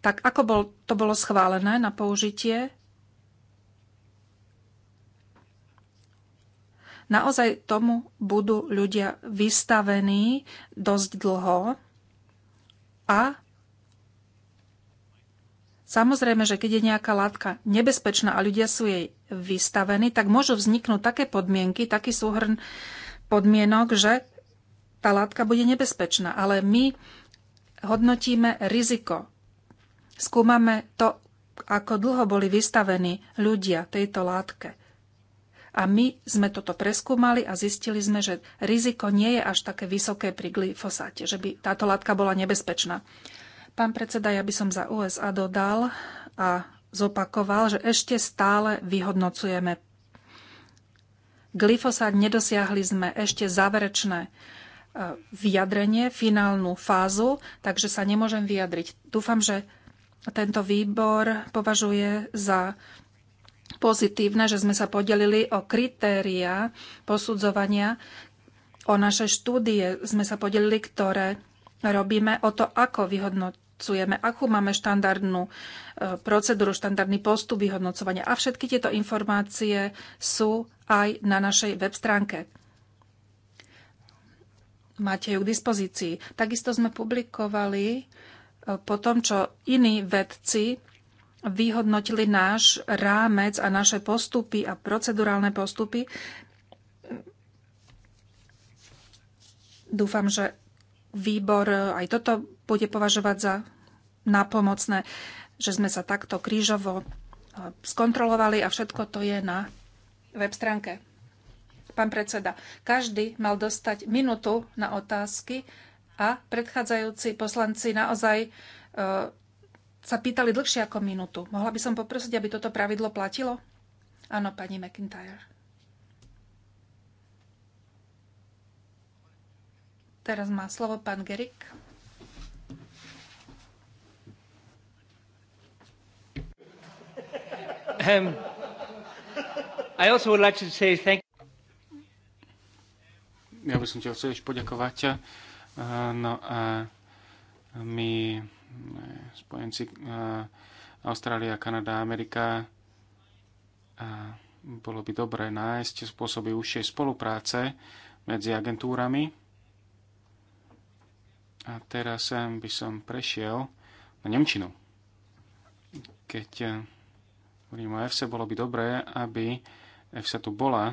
tak ako bol, to bolo schválené na použitie, naozaj tomu budú ľudia vystavení dosť dlho a Samozrejme, že keď je nejaká látka nebezpečná a ľudia sú jej vystavení, tak môžu vzniknúť také podmienky, taký súhrn podmienok, že tá látka bude nebezpečná. Ale my hodnotíme riziko. Skúmame to, ako dlho boli vystavení ľudia tejto látke. A my sme toto preskúmali a zistili sme, že riziko nie je až také vysoké pri glyfosáte, že by táto látka bola nebezpečná. Pán predseda, ja by som za USA dodal a zopakoval, že ešte stále vyhodnocujeme. Glyfosát nedosiahli sme ešte záverečné e, vyjadrenie, finálnu fázu, takže sa nemôžem vyjadriť. Dúfam, že tento výbor považuje za pozitívne, že sme sa podelili o kritéria posudzovania, o naše štúdie sme sa podelili, ktoré robíme, o to, ako vyhodnotiť vyhodnocujeme, akú máme štandardnú e, procedúru, štandardný postup vyhodnocovania. A všetky tieto informácie sú aj na našej web stránke. Máte ju k dispozícii. Takisto sme publikovali e, po tom, čo iní vedci vyhodnotili náš rámec a naše postupy a procedurálne postupy. Dúfam, že výbor aj toto bude považovať za napomocné, že sme sa takto krížovo e, skontrolovali a všetko to je na web stránke. Pán predseda, každý mal dostať minútu na otázky a predchádzajúci poslanci naozaj e, sa pýtali dlhšie ako minútu. Mohla by som poprosiť, aby toto pravidlo platilo? Áno, pani McIntyre. Teraz má slovo pán Gerik. Um, I also would like to say thank ja by som ti chcel ešte poďakovať. Eh, no a my, eh, spojenci eh, Austrália, Kanada, Amerika, a bolo by dobré nájsť spôsoby užšej spolupráce medzi agentúrami. A teraz by som prešiel na Nemčinu. Keď Hovorím o FC, bolo by dobré, aby FC tu bola.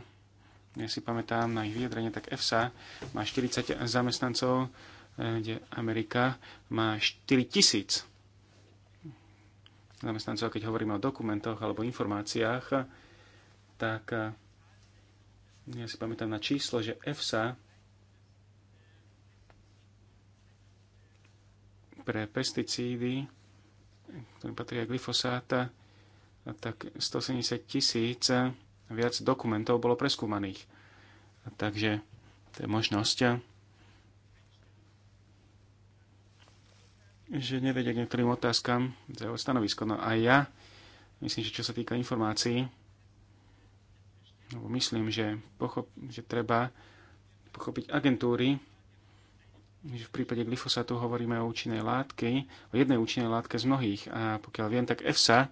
Ja si pamätám na ich vyjadrenie, tak FC má 40 zamestnancov, kde Amerika má 4 tisíc zamestnancov, keď hovoríme o dokumentoch alebo informáciách, tak eh, ja si pamätám na číslo, že EFSA pre pesticídy, ktorý patrí glyfosáta, tak 170 tisíc viac dokumentov bolo preskúmaných. Takže to je možnosť, že nevedia k niektorým otázkam za jeho stanovisko. No a ja myslím, že čo sa týka informácií, no myslím, že, pochop, že treba pochopiť agentúry, že v prípade glyfosátu hovoríme o účinnej látke, o jednej účinnej látke z mnohých. A pokiaľ viem, tak EFSA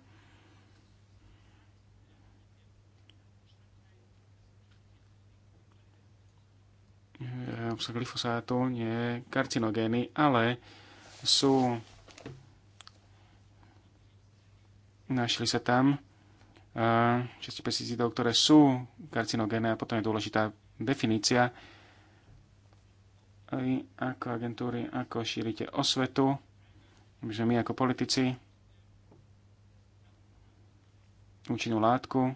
obsah glyfosátu nie je karcinogény, ale sú našli sa tam časti pesticídov, ktoré sú karcinogéne a potom je dôležitá definícia vy ako agentúry, ako šírite osvetu, že my ako politici účinnú látku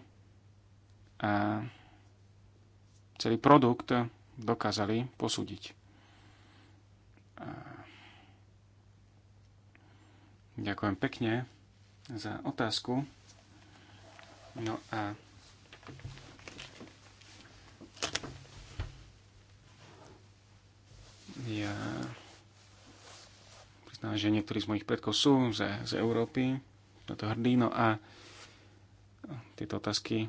a celý produkt dokázali posúdiť. Ďakujem pekne za otázku. No a ja priznám, že niektorí z mojich predkov sú z, z Európy, na to hrdí, no a tieto otázky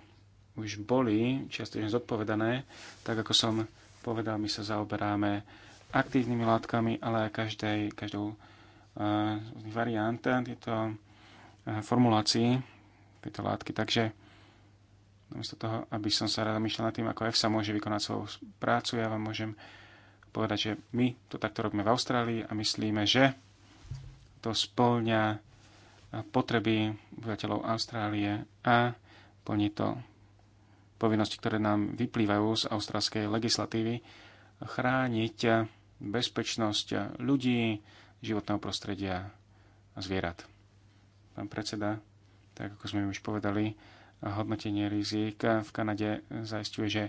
už boli čiastočne zodpovedané, tak ako som povedal, my sa zaoberáme aktívnymi látkami, ale aj každej, každou uh, variant tieto uh, formulácií tejto látky. Takže namiesto toho, aby som sa rada myšľal nad tým, ako EFSA môže vykonať svoju prácu, ja vám môžem povedať, že my to takto robíme v Austrálii a myslíme, že to spĺňa eh, potreby obyvateľov Austrálie a plní to povinnosti, ktoré nám vyplývajú z austrálskej legislatívy, chrániť bezpečnosť ľudí, životného prostredia a zvierat. Pán predseda, tak ako sme už povedali, hodnotenie rizik v Kanade zaistuje, že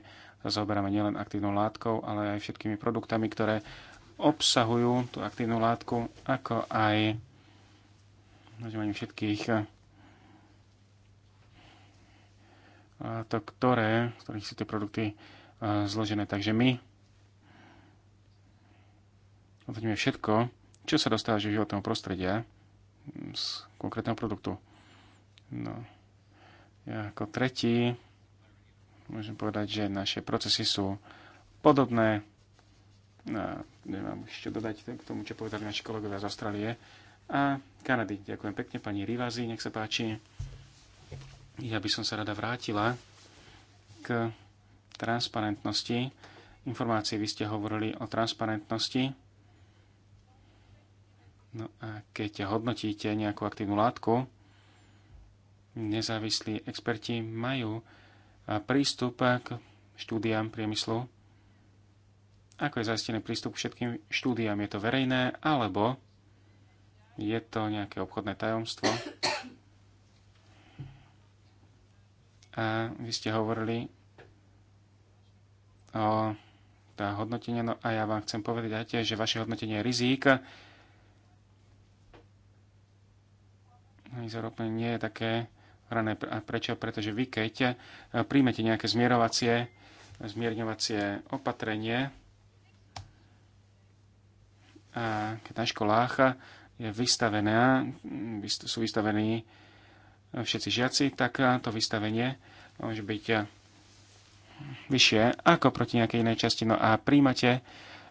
sa zaoberáme nielen aktívnou látkou, ale aj všetkými produktami, ktoré obsahujú tú aktívnu látku, ako aj všetkých to ktoré, z ktorých sú tie produkty zložené. Takže my odhodíme všetko, čo sa dostáva do životného prostredia z konkrétneho produktu. No. Ja ako tretí môžem povedať, že naše procesy sú podobné. No, nemám ešte dodať k tomu, čo povedali naši kolegovia z Austrálie a Kanady. Ďakujem pekne pani Rivazi, nech sa páči. Ja by som sa rada vrátila k transparentnosti informácie. Vy ste hovorili o transparentnosti. No a keď hodnotíte nejakú aktívnu látku, nezávislí experti majú prístup k štúdiám priemyslu. Ako je zaistený prístup k všetkým štúdiám? Je to verejné alebo je to nejaké obchodné tajomstvo? A vy ste hovorili o tá hodnotenie, no a ja vám chcem povedať, že vaše hodnotenie rizík nie je také rané. A prečo? Pretože vy, keď príjmete nejaké zmierovacie, zmierňovacie opatrenie, a keď na školách je vystavená, sú vystavení všetci žiaci, tak to vystavenie môže byť vyššie ako proti nejakej inej časti. No a príjmate e,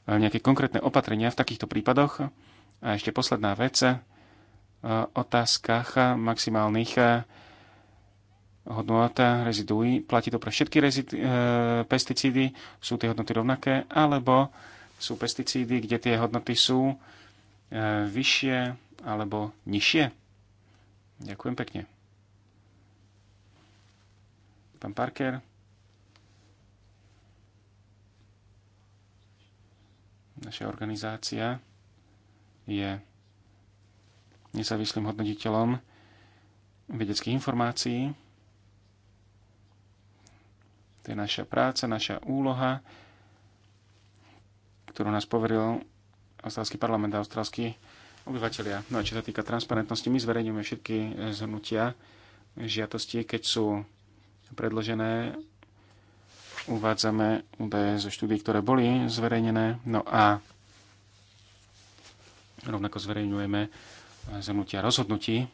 nejaké konkrétne opatrenia v takýchto prípadoch. A ešte posledná vec e, otázkach maximálnych e, hodnot reziduí. Platí to pre všetky rezid, e, pesticídy? Sú tie hodnoty rovnaké? Alebo sú pesticídy, kde tie hodnoty sú e, vyššie alebo nižšie? Ďakujem pekne. Pán Parker. Naša organizácia je nezávislým hodnotiteľom vedeckých informácií. To je naša práca, naša úloha, ktorú nás poveril austrálsky parlament a austrálsky obyvateľia. No a čo sa týka transparentnosti, my zverejňujeme všetky zhrnutia žiadosti, keď sú predložené. Uvádzame údaje zo štúdí, ktoré boli zverejnené. No a rovnako zverejňujeme zhrnutia rozhodnutí.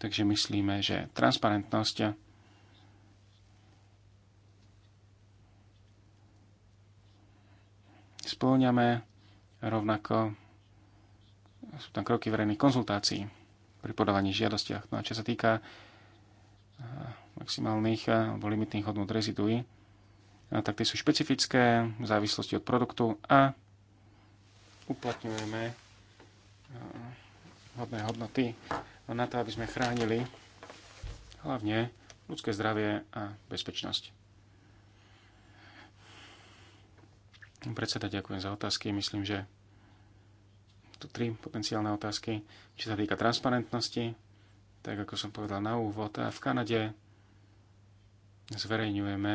Takže myslíme, že transparentnosť spĺňame rovnako sú tam kroky verejných konzultácií pri podávaní žiadostiach. No a čo sa týka maximálnych eh, alebo limitných hodnot reziduí, tak tie sú špecifické v závislosti od produktu a uplatňujeme eh, hodné hodnoty na to, aby sme chránili hlavne ľudské zdravie a bezpečnosť. Predseda, ďakujem za otázky. Myslím, že tu tri potenciálne otázky, čo sa týka transparentnosti, tak ako som povedal na úvod, a v Kanade zverejňujeme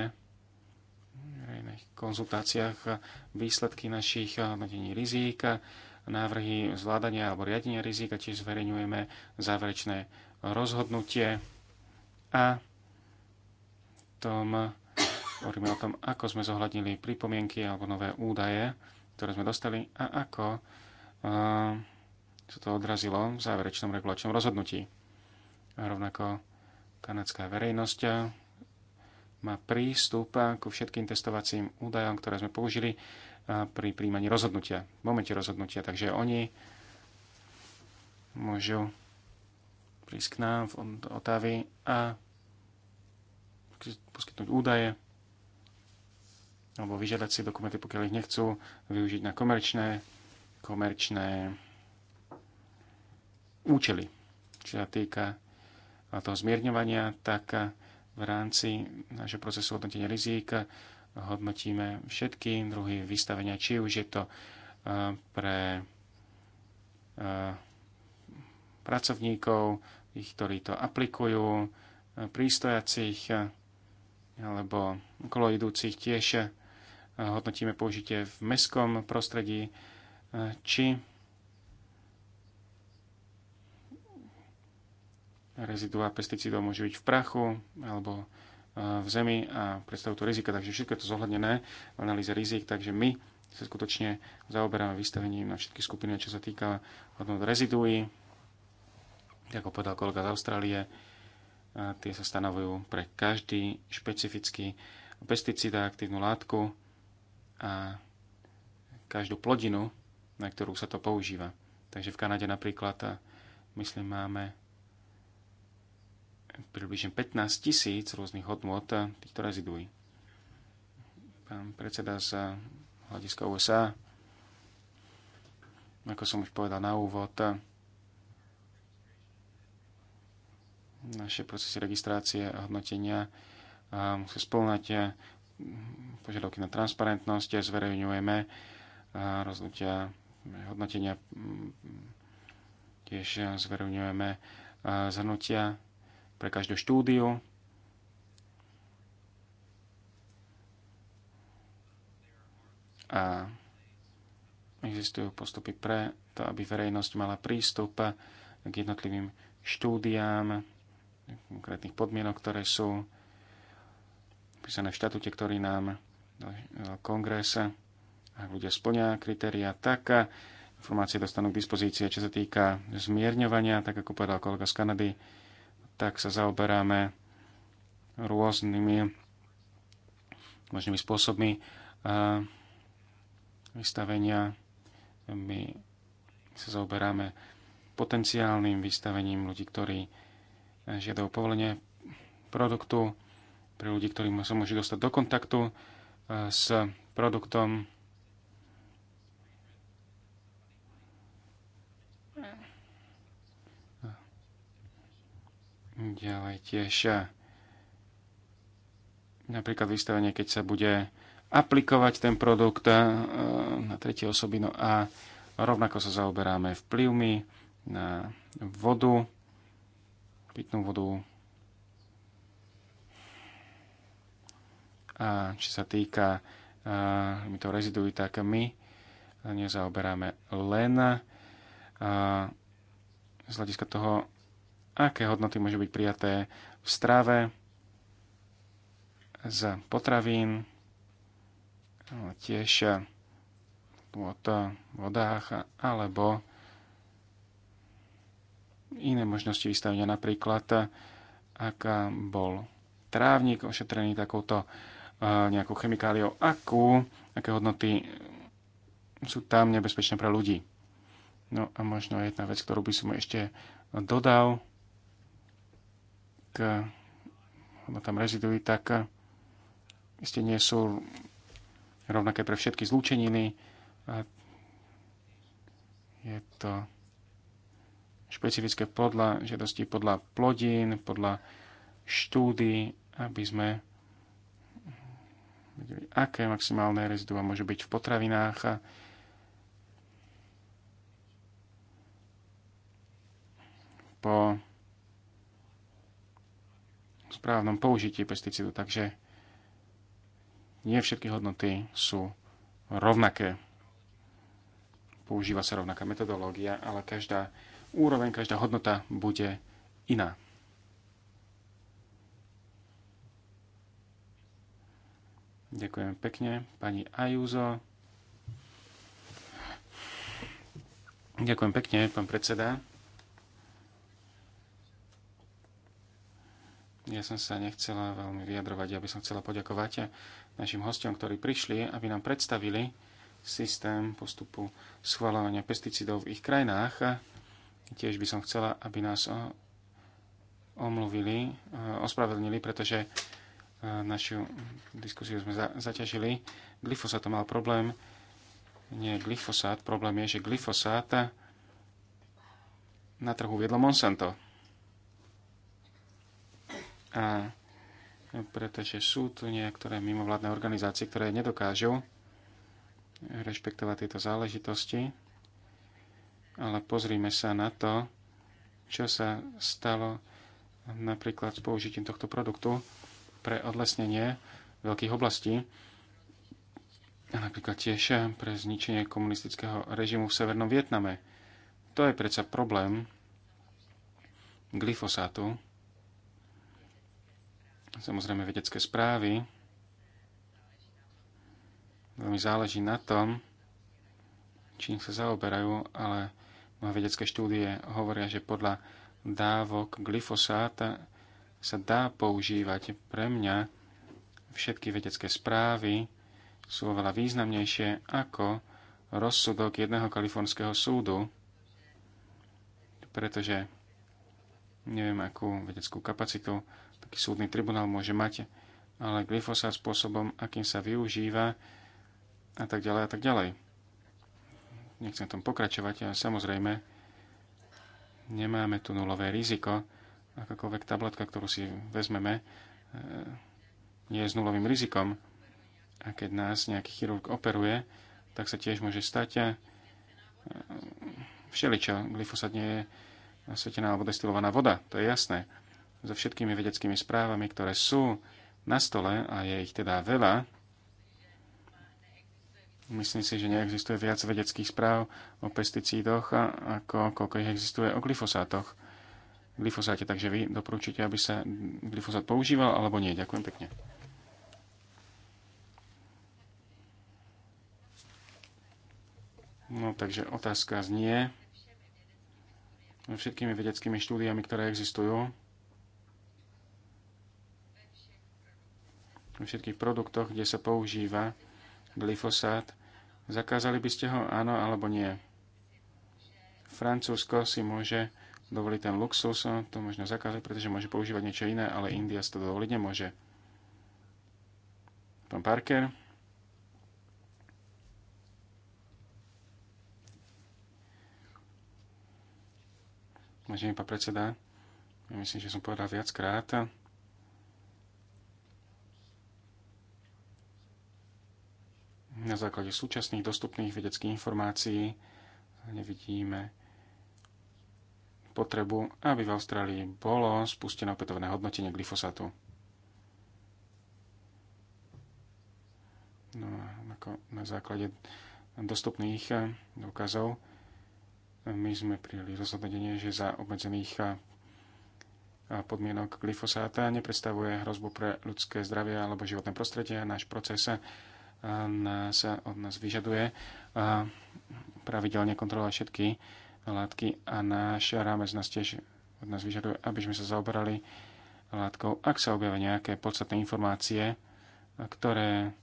v verejných konzultáciách výsledky našich hodnotení rizík, návrhy zvládania alebo riadenia rizika, tiež zverejňujeme záverečné rozhodnutie a tom hovoríme o tom, ako sme zohľadnili pripomienky alebo nové údaje, ktoré sme dostali a ako uh, sa to odrazilo v záverečnom regulačnom rozhodnutí a rovnako kanadská verejnosť má prístup ku všetkým testovacím údajom, ktoré sme použili eh, pri príjmaní rozhodnutia, v momente rozhodnutia. Takže oni môžu prísť k nám v Otavy a poskytnúť údaje alebo vyžiadať si dokumenty, pokiaľ ich nechcú využiť na komerčné, komerčné účely. Čo sa týka toho zmierňovania, tak v rámci nášho procesu hodnotenia rizik hodnotíme všetky druhy vystavenia, či už je to eh, pre eh, pracovníkov, tých, ktorí to aplikujú, eh, prístojacich alebo koloidúcich idúcich tiež hodnotíme použitie v mestskom prostredí, či Rezidua pesticídov môže byť v prachu alebo e, v zemi a predstavujú to rizika, takže všetko je to zohľadnené v analýze rizik, takže my sa skutočne zaoberáme vystavením na všetky skupiny, čo sa týka hodnot reziduí, ako povedal kolega z Austrálie, e, tie sa stanovujú pre každý špecifický pesticída, aktívnu látku a každú plodinu, na ktorú sa to používa. Takže v Kanade napríklad, myslím, máme približne 15 tisíc rôznych hodnot eh, týchto reziduí. Pán predseda z hľadiska USA, ako som už povedal na úvod, eh, naše procesy registrácie a hodnotenia eh, musia spĺňať požiadavky na transparentnosť, zverejňujeme rozhodnutia hodnotenia, hm, tiež zverejňujeme zhrnutia pre každé štúdiu. A existujú postupy pre to, aby verejnosť mala prístup k jednotlivým štúdiám, konkrétnych podmienok, ktoré sú písané v štatúte, ktorý nám kongres, ak ľudia splňa kritéria, tak informácie dostanú k dispozície, čo sa týka zmierňovania, tak ako povedal kolega z Kanady, tak sa zaoberáme rôznymi možnými spôsobmi eh, vystavenia. My sa zaoberáme potenciálnym vystavením ľudí, ktorí eh, žiadajú povolenie produktu, pre ľudí, ktorí sa môžu dostať do kontaktu eh, s produktom, Ďalej tiež eh, napríklad vystavenie, keď sa bude aplikovať ten produkt eh, na tretie osoby. No a rovnako sa zaoberáme vplyvmi na vodu, pitnú vodu. A či sa týka eh, my to rezidujú, tak my nezaoberáme len z hľadiska toho, aké hodnoty môžu byť prijaté v strave, z potravín, tiež od vodách alebo iné možnosti vystavenia. Napríklad, ak bol trávnik ošetrený takouto eh, nejakou chemikáliou, akú, aké hodnoty sú tam nebezpečné pre ľudí. No a možno jedna vec, ktorú by som ešte dodal, alebo eh, tam rezidují, tak ešte eh, nie sú rovnaké pre všetky zlúčeniny. A je to špecifické podľa žiadosti podľa plodín, podľa štúdy, aby sme vedeli, aké maximálne rezidua môže byť v potravinách. A po správnom použití pesticídu. Takže nie všetky hodnoty sú rovnaké. Používa sa rovnaká metodológia, ale každá úroveň, každá hodnota bude iná. Ďakujem pekne. Pani Ajúzo. Ďakujem pekne, pán predseda. Ja som sa nechcela veľmi vyjadrovať, ja by som chcela poďakovať našim hostom, ktorí prišli, aby nám predstavili systém postupu schváľovania pesticidov v ich krajinách. Tiež by som chcela, aby nás omluvili, e, ospravedlnili, pretože e, našu diskusiu sme zaťažili. Glyfosát mal problém, nie glyfosát, problém je, že glyfosát na trhu viedlo Monsanto a no, pretože sú tu niektoré mimovládne organizácie, ktoré nedokážu rešpektovať tieto záležitosti, ale pozrime sa na to, čo sa stalo napríklad s použitím tohto produktu pre odlesnenie veľkých oblastí, a napríklad tiež pre zničenie komunistického režimu v Severnom Vietname. To je predsa problém glyfosátu, samozrejme vedecké správy. Veľmi záleží na tom, čím sa zaoberajú, ale moje vedecké štúdie hovoria, že podľa dávok glyfosáta sa dá používať. Pre mňa všetky vedecké správy sú oveľa významnejšie ako rozsudok jedného kalifornského súdu, pretože neviem, akú vedeckú kapacitu taký súdny tribunál môže mať, ale glyfosát spôsobom, akým sa využíva a tak ďalej a tak ďalej. Nechcem tom pokračovať, ale samozrejme nemáme tu nulové riziko. Akákoľvek tabletka, ktorú si vezmeme, e, nie je s nulovým rizikom. A keď nás nejaký chirurg operuje, tak sa tiež môže stať e, všeličo. Glyfosát nie je svetená alebo destilovaná voda, to je jasné so všetkými vedeckými správami, ktoré sú na stole, a je ich teda veľa, Myslím si, že neexistuje viac vedeckých správ o pesticídoch, ako koľko ich existuje o glyfosátoch. Glyfosáte, takže vy doporučíte, aby sa glyfosát používal, alebo nie? Ďakujem pekne. No, takže otázka znie. Všetkými vedeckými štúdiami, ktoré existujú, všetkých produktoch, kde sa používa glyfosát. Zakázali by ste ho áno alebo nie? Francúzsko si môže dovoliť ten luxus, to možno zakázať, pretože môže používať niečo iné, ale India si to dovoliť nemôže. Pán Parker. Vážený pán predseda, ja myslím, že som povedal viackrát, na základe súčasných dostupných vedeckých informácií nevidíme potrebu, aby v Austrálii bolo spustené opätovné hodnotenie glyfosátu. No, ako na základe dostupných dôkazov my sme prijali rozhodnutie, že za obmedzených podmienok glyfosáta nepredstavuje hrozbu pre ľudské zdravie alebo životné prostredie. Náš proces Ehm, sa od nás vyžaduje pravidelne kontrolovať všetky látky a náš rámec nás tiež od nás vyžaduje, aby sme sa zaoberali látkou, ak sa objavia nejaké podstatné informácie, ktoré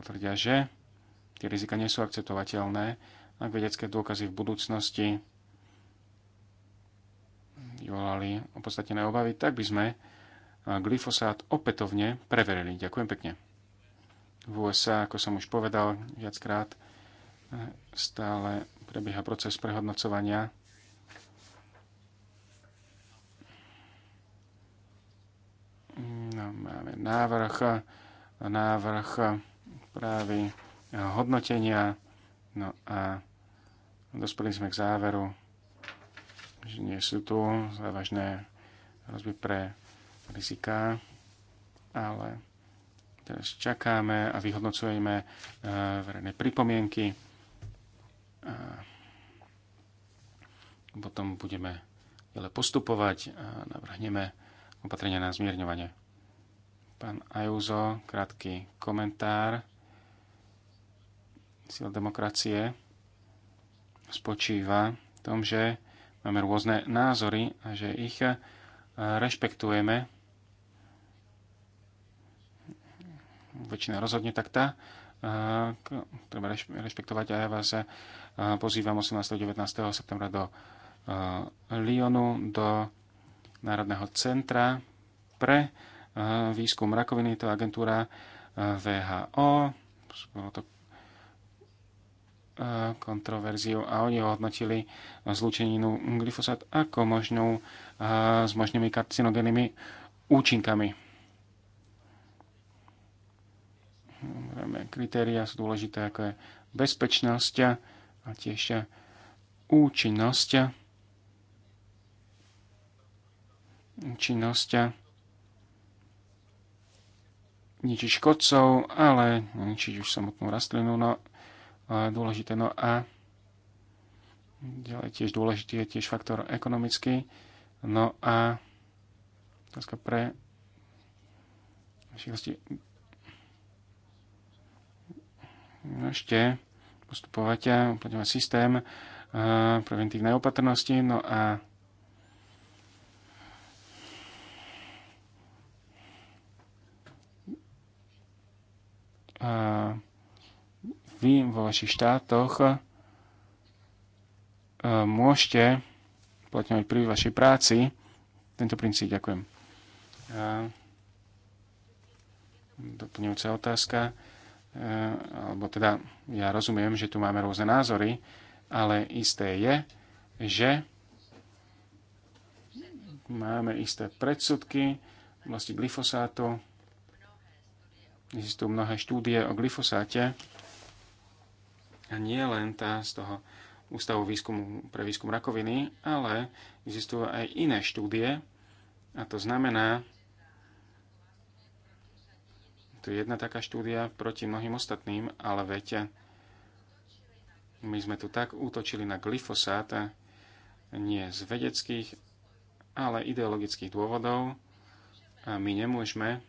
potvrdia, že tie rizika nie sú akceptovateľné, ak vedecké dôkazy v budúcnosti vyvolali opodstatnené obavy, tak by sme glyfosát opätovne preverili. Ďakujem pekne. V USA, ako som už povedal viackrát, stále prebieha proces prehodnocovania no, máme návrh, návrh právy hodnotenia. No a dospeli sme k záveru, že nie sú tu závažné hrozby pre riziká, ale teraz čakáme a vyhodnocujeme eh, verejné pripomienky. A potom budeme ďalej postupovať a navrhneme opatrenia na zmierňovanie. Pán Ajúzo, krátky komentár. Sila demokracie spočíva v tom, že máme rôzne názory a že ich eh, rešpektujeme väčšina rozhodne, tak tá treba rešpektovať a ja vás pozývam 18. 19. septembra do Lyonu, do Národného centra pre výskum rakoviny, to agentúra VHO, bolo to kontroverziu a oni hodnotili zlúčeninu glyfosát ako možnú s možnými karcinogénnymi účinkami kritéria sú dôležité, ako je bezpečnosť a tiež účinnosť. Účinnosť ničiť škodcov, ale ničiť už samotnú rastlinu, no dôležité. No a ďalej tiež dôležitý je tiež faktor ekonomický. No a otázka pre ešte postupovať a uplatňovať systém eh, preventívnej opatrnosti. No a eh, vy vo vašich štátoch eh, môžete uplatňovať pri vašej práci tento princíp. Ďakujem. Doplňujúca otázka Eh, alebo teda ja rozumiem, že tu máme rôzne názory, ale isté je, že máme isté predsudky vlasti glyfosátu. Existujú mnohé štúdie o glyfosáte a nie len tá z toho Ústavu výskumu pre výskum rakoviny, ale existujú aj iné štúdie a to znamená, tu je jedna taká štúdia proti mnohým ostatným, ale viete, my sme tu tak útočili na glyfosát, nie z vedeckých, ale ideologických dôvodov. A my nemôžeme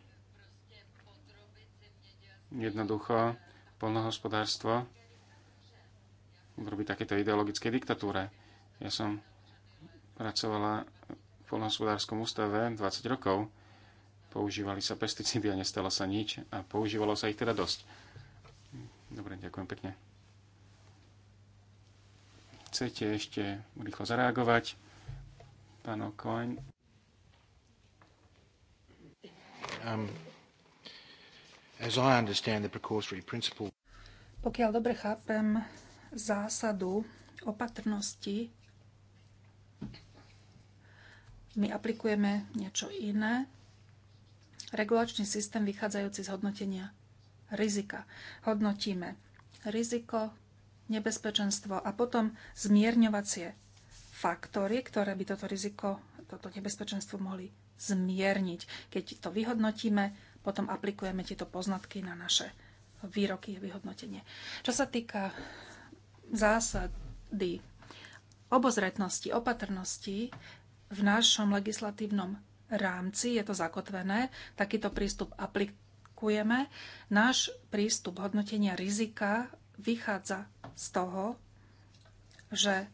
jednoducho polnohospodárstvo robiť takéto ideologické diktatúre. Ja som pracovala v polnohospodárskom ústave 20 rokov používali sa pesticídy a nestalo sa nič a používalo sa ich teda dosť. Dobre, ďakujem pekne. Chcete ešte rýchlo zareagovať? Pán Okoň. Um, as I understand the precautionary principle... Pokiaľ dobre chápem zásadu opatrnosti, my aplikujeme niečo iné, regulačný systém vychádzajúci z hodnotenia rizika. Hodnotíme riziko, nebezpečenstvo a potom zmierňovacie faktory, ktoré by toto riziko, toto nebezpečenstvo mohli zmierniť. Keď to vyhodnotíme, potom aplikujeme tieto poznatky na naše výroky a vyhodnotenie. Čo sa týka zásady obozretnosti, opatrnosti, v našom legislatívnom rámci, je to zakotvené, takýto prístup aplikujeme. Náš prístup hodnotenia rizika vychádza z toho, že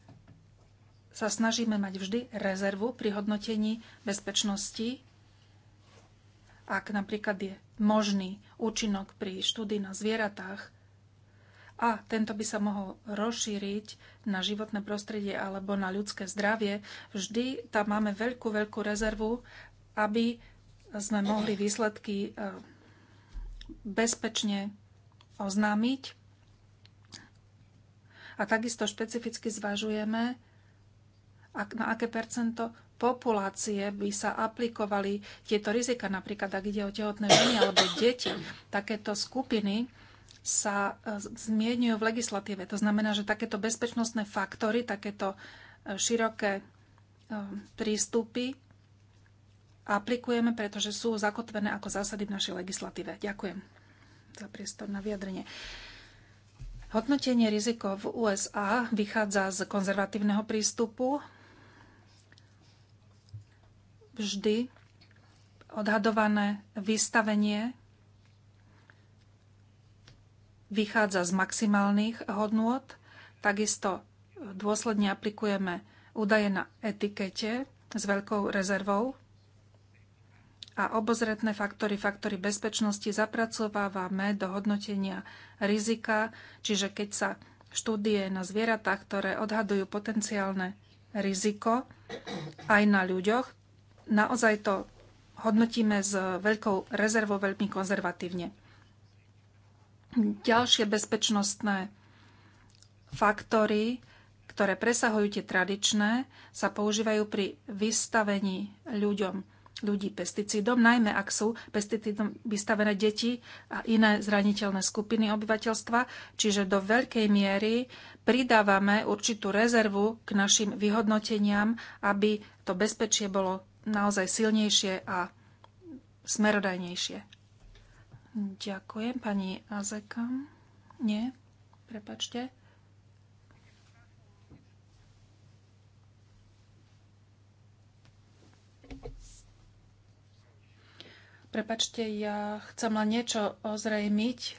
sa snažíme mať vždy rezervu pri hodnotení bezpečnosti. Ak napríklad je možný účinok pri štúdii na zvieratách a tento by sa mohol rozšíriť na životné prostredie alebo na ľudské zdravie, vždy tam máme veľkú, veľkú rezervu, aby sme mohli výsledky e, bezpečne oznámiť. A takisto špecificky zvažujeme, na aké percento populácie by sa aplikovali tieto rizika, napríklad ak ide o tehotné ženy alebo deti. Takéto skupiny sa e, zmieňujú v legislatíve. To znamená, že takéto bezpečnostné faktory, takéto e, široké e, prístupy aplikujeme, pretože sú zakotvené ako zásady v našej legislatíve. Ďakujem za priestor na vyjadrenie. Hodnotenie riziko v USA vychádza z konzervatívneho prístupu. Vždy odhadované vystavenie vychádza z maximálnych hodnôt. Takisto dôsledne aplikujeme údaje na etikete s veľkou rezervou a obozretné faktory, faktory bezpečnosti zapracovávame do hodnotenia rizika, čiže keď sa štúdie na zvieratách, ktoré odhadujú potenciálne riziko aj na ľuďoch, naozaj to hodnotíme s veľkou rezervou veľmi konzervatívne ďalšie bezpečnostné faktory, ktoré presahujú tie tradičné, sa používajú pri vystavení ľuďom, ľudí pesticídom, najmä ak sú pesticídom vystavené deti a iné zraniteľné skupiny obyvateľstva, čiže do veľkej miery pridávame určitú rezervu k našim vyhodnoteniam, aby to bezpečie bolo naozaj silnejšie a smerodajnejšie. Ďakujem. Pani Azeka? Nie? Prepačte. Prepačte, ja chcem len niečo ozrejmiť.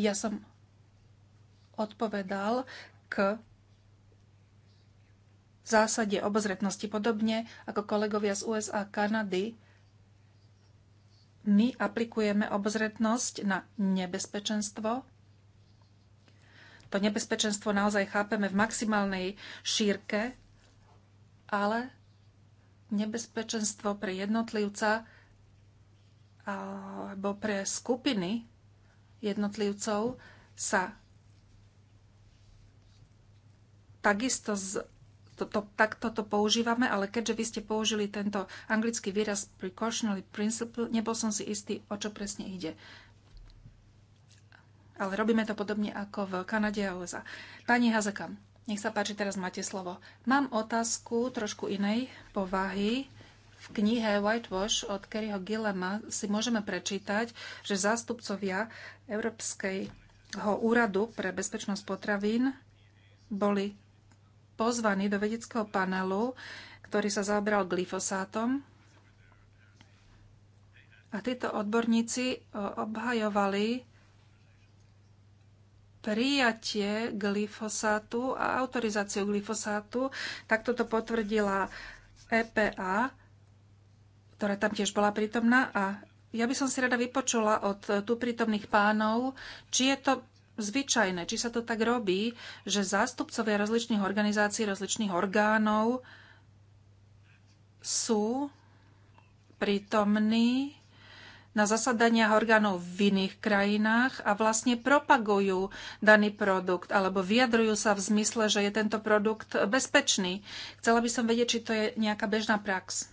Ja som odpovedal k zásade obozretnosti. Podobne ako kolegovia z USA a Kanady, my aplikujeme obozretnosť na nebezpečenstvo. To nebezpečenstvo naozaj chápeme v maximálnej šírke, ale nebezpečenstvo pre jednotlivca alebo pre skupiny jednotlivcov sa takisto to, to, tak toto používame, ale keďže vy ste použili tento anglický výraz precautionary principle, nebol som si istý, o čo presne ide. Ale robíme to podobne ako v Kanade a USA. Pani Hazekam, nech sa páči, teraz máte slovo. Mám otázku trošku inej povahy. V knihe Whitewash od Kerryho Gillema si môžeme prečítať, že zástupcovia Európskeho úradu pre bezpečnosť potravín boli pozvaný do vedeckého panelu, ktorý sa zaoberal glyfosátom. A títo odborníci e, obhajovali prijatie glyfosátu a autorizáciu glyfosátu. Takto to potvrdila EPA, ktorá tam tiež bola prítomná. A ja by som si rada vypočula od tu prítomných pánov, či je to zvyčajné, či sa to tak robí, že zástupcovia rozličných organizácií, rozličných orgánov sú prítomní na zasadaniach orgánov v iných krajinách a vlastne propagujú daný produkt alebo vyjadrujú sa v zmysle, že je tento produkt bezpečný. Chcela by som vedieť, či to je nejaká bežná prax.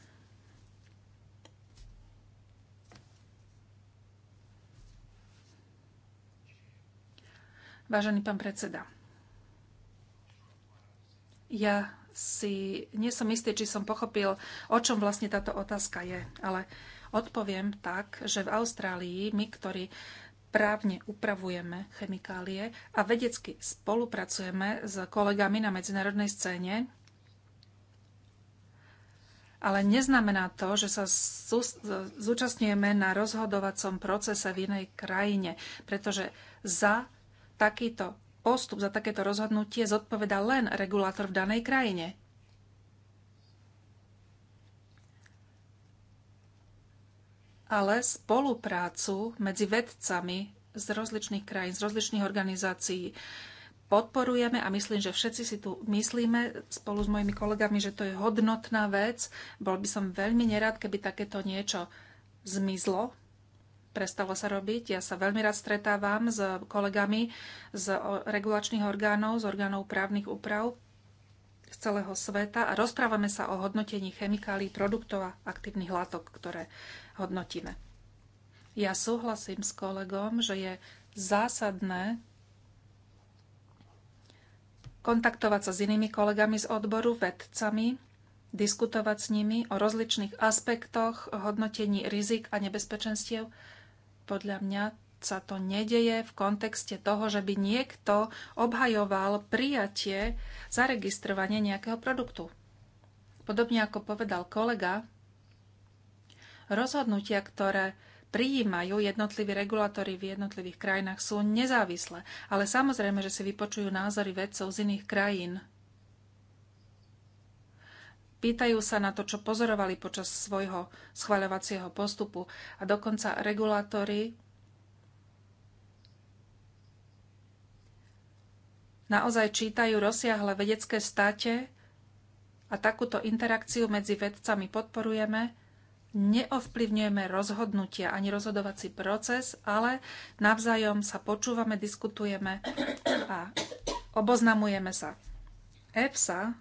Vážený pán predseda, ja si nie som istý, či som pochopil, o čom vlastne táto otázka je, ale odpoviem tak, že v Austrálii my, ktorí právne upravujeme chemikálie a vedecky spolupracujeme s kolegami na medzinárodnej scéne, ale neznamená to, že sa zúčastňujeme na rozhodovacom procese v inej krajine, pretože za takýto postup, za takéto rozhodnutie zodpoveda len regulátor v danej krajine. Ale spoluprácu medzi vedcami z rozličných krajín, z rozličných organizácií podporujeme a myslím, že všetci si tu myslíme spolu s mojimi kolegami, že to je hodnotná vec. Bol by som veľmi nerád, keby takéto niečo zmizlo prestalo sa robiť. Ja sa veľmi rád stretávam s kolegami z regulačných orgánov, z orgánov právnych úprav z celého sveta a rozprávame sa o hodnotení chemikálií, produktov a aktívnych látok, ktoré hodnotíme. Ja súhlasím s kolegom, že je zásadné kontaktovať sa s inými kolegami z odboru, vedcami, diskutovať s nimi o rozličných aspektoch hodnotení rizik a nebezpečenstiev podľa mňa sa to nedeje v kontexte toho, že by niekto obhajoval prijatie, zaregistrovanie nejakého produktu. Podobne ako povedal kolega, rozhodnutia, ktoré prijímajú jednotliví regulátory v jednotlivých krajinách, sú nezávislé. Ale samozrejme, že si vypočujú názory vedcov z iných krajín pýtajú sa na to, čo pozorovali počas svojho schvaľovacieho postupu a dokonca regulátory naozaj čítajú rozsiahle vedecké státe a takúto interakciu medzi vedcami podporujeme, neovplyvňujeme rozhodnutia ani rozhodovací proces, ale navzájom sa počúvame, diskutujeme a oboznamujeme sa. EFSA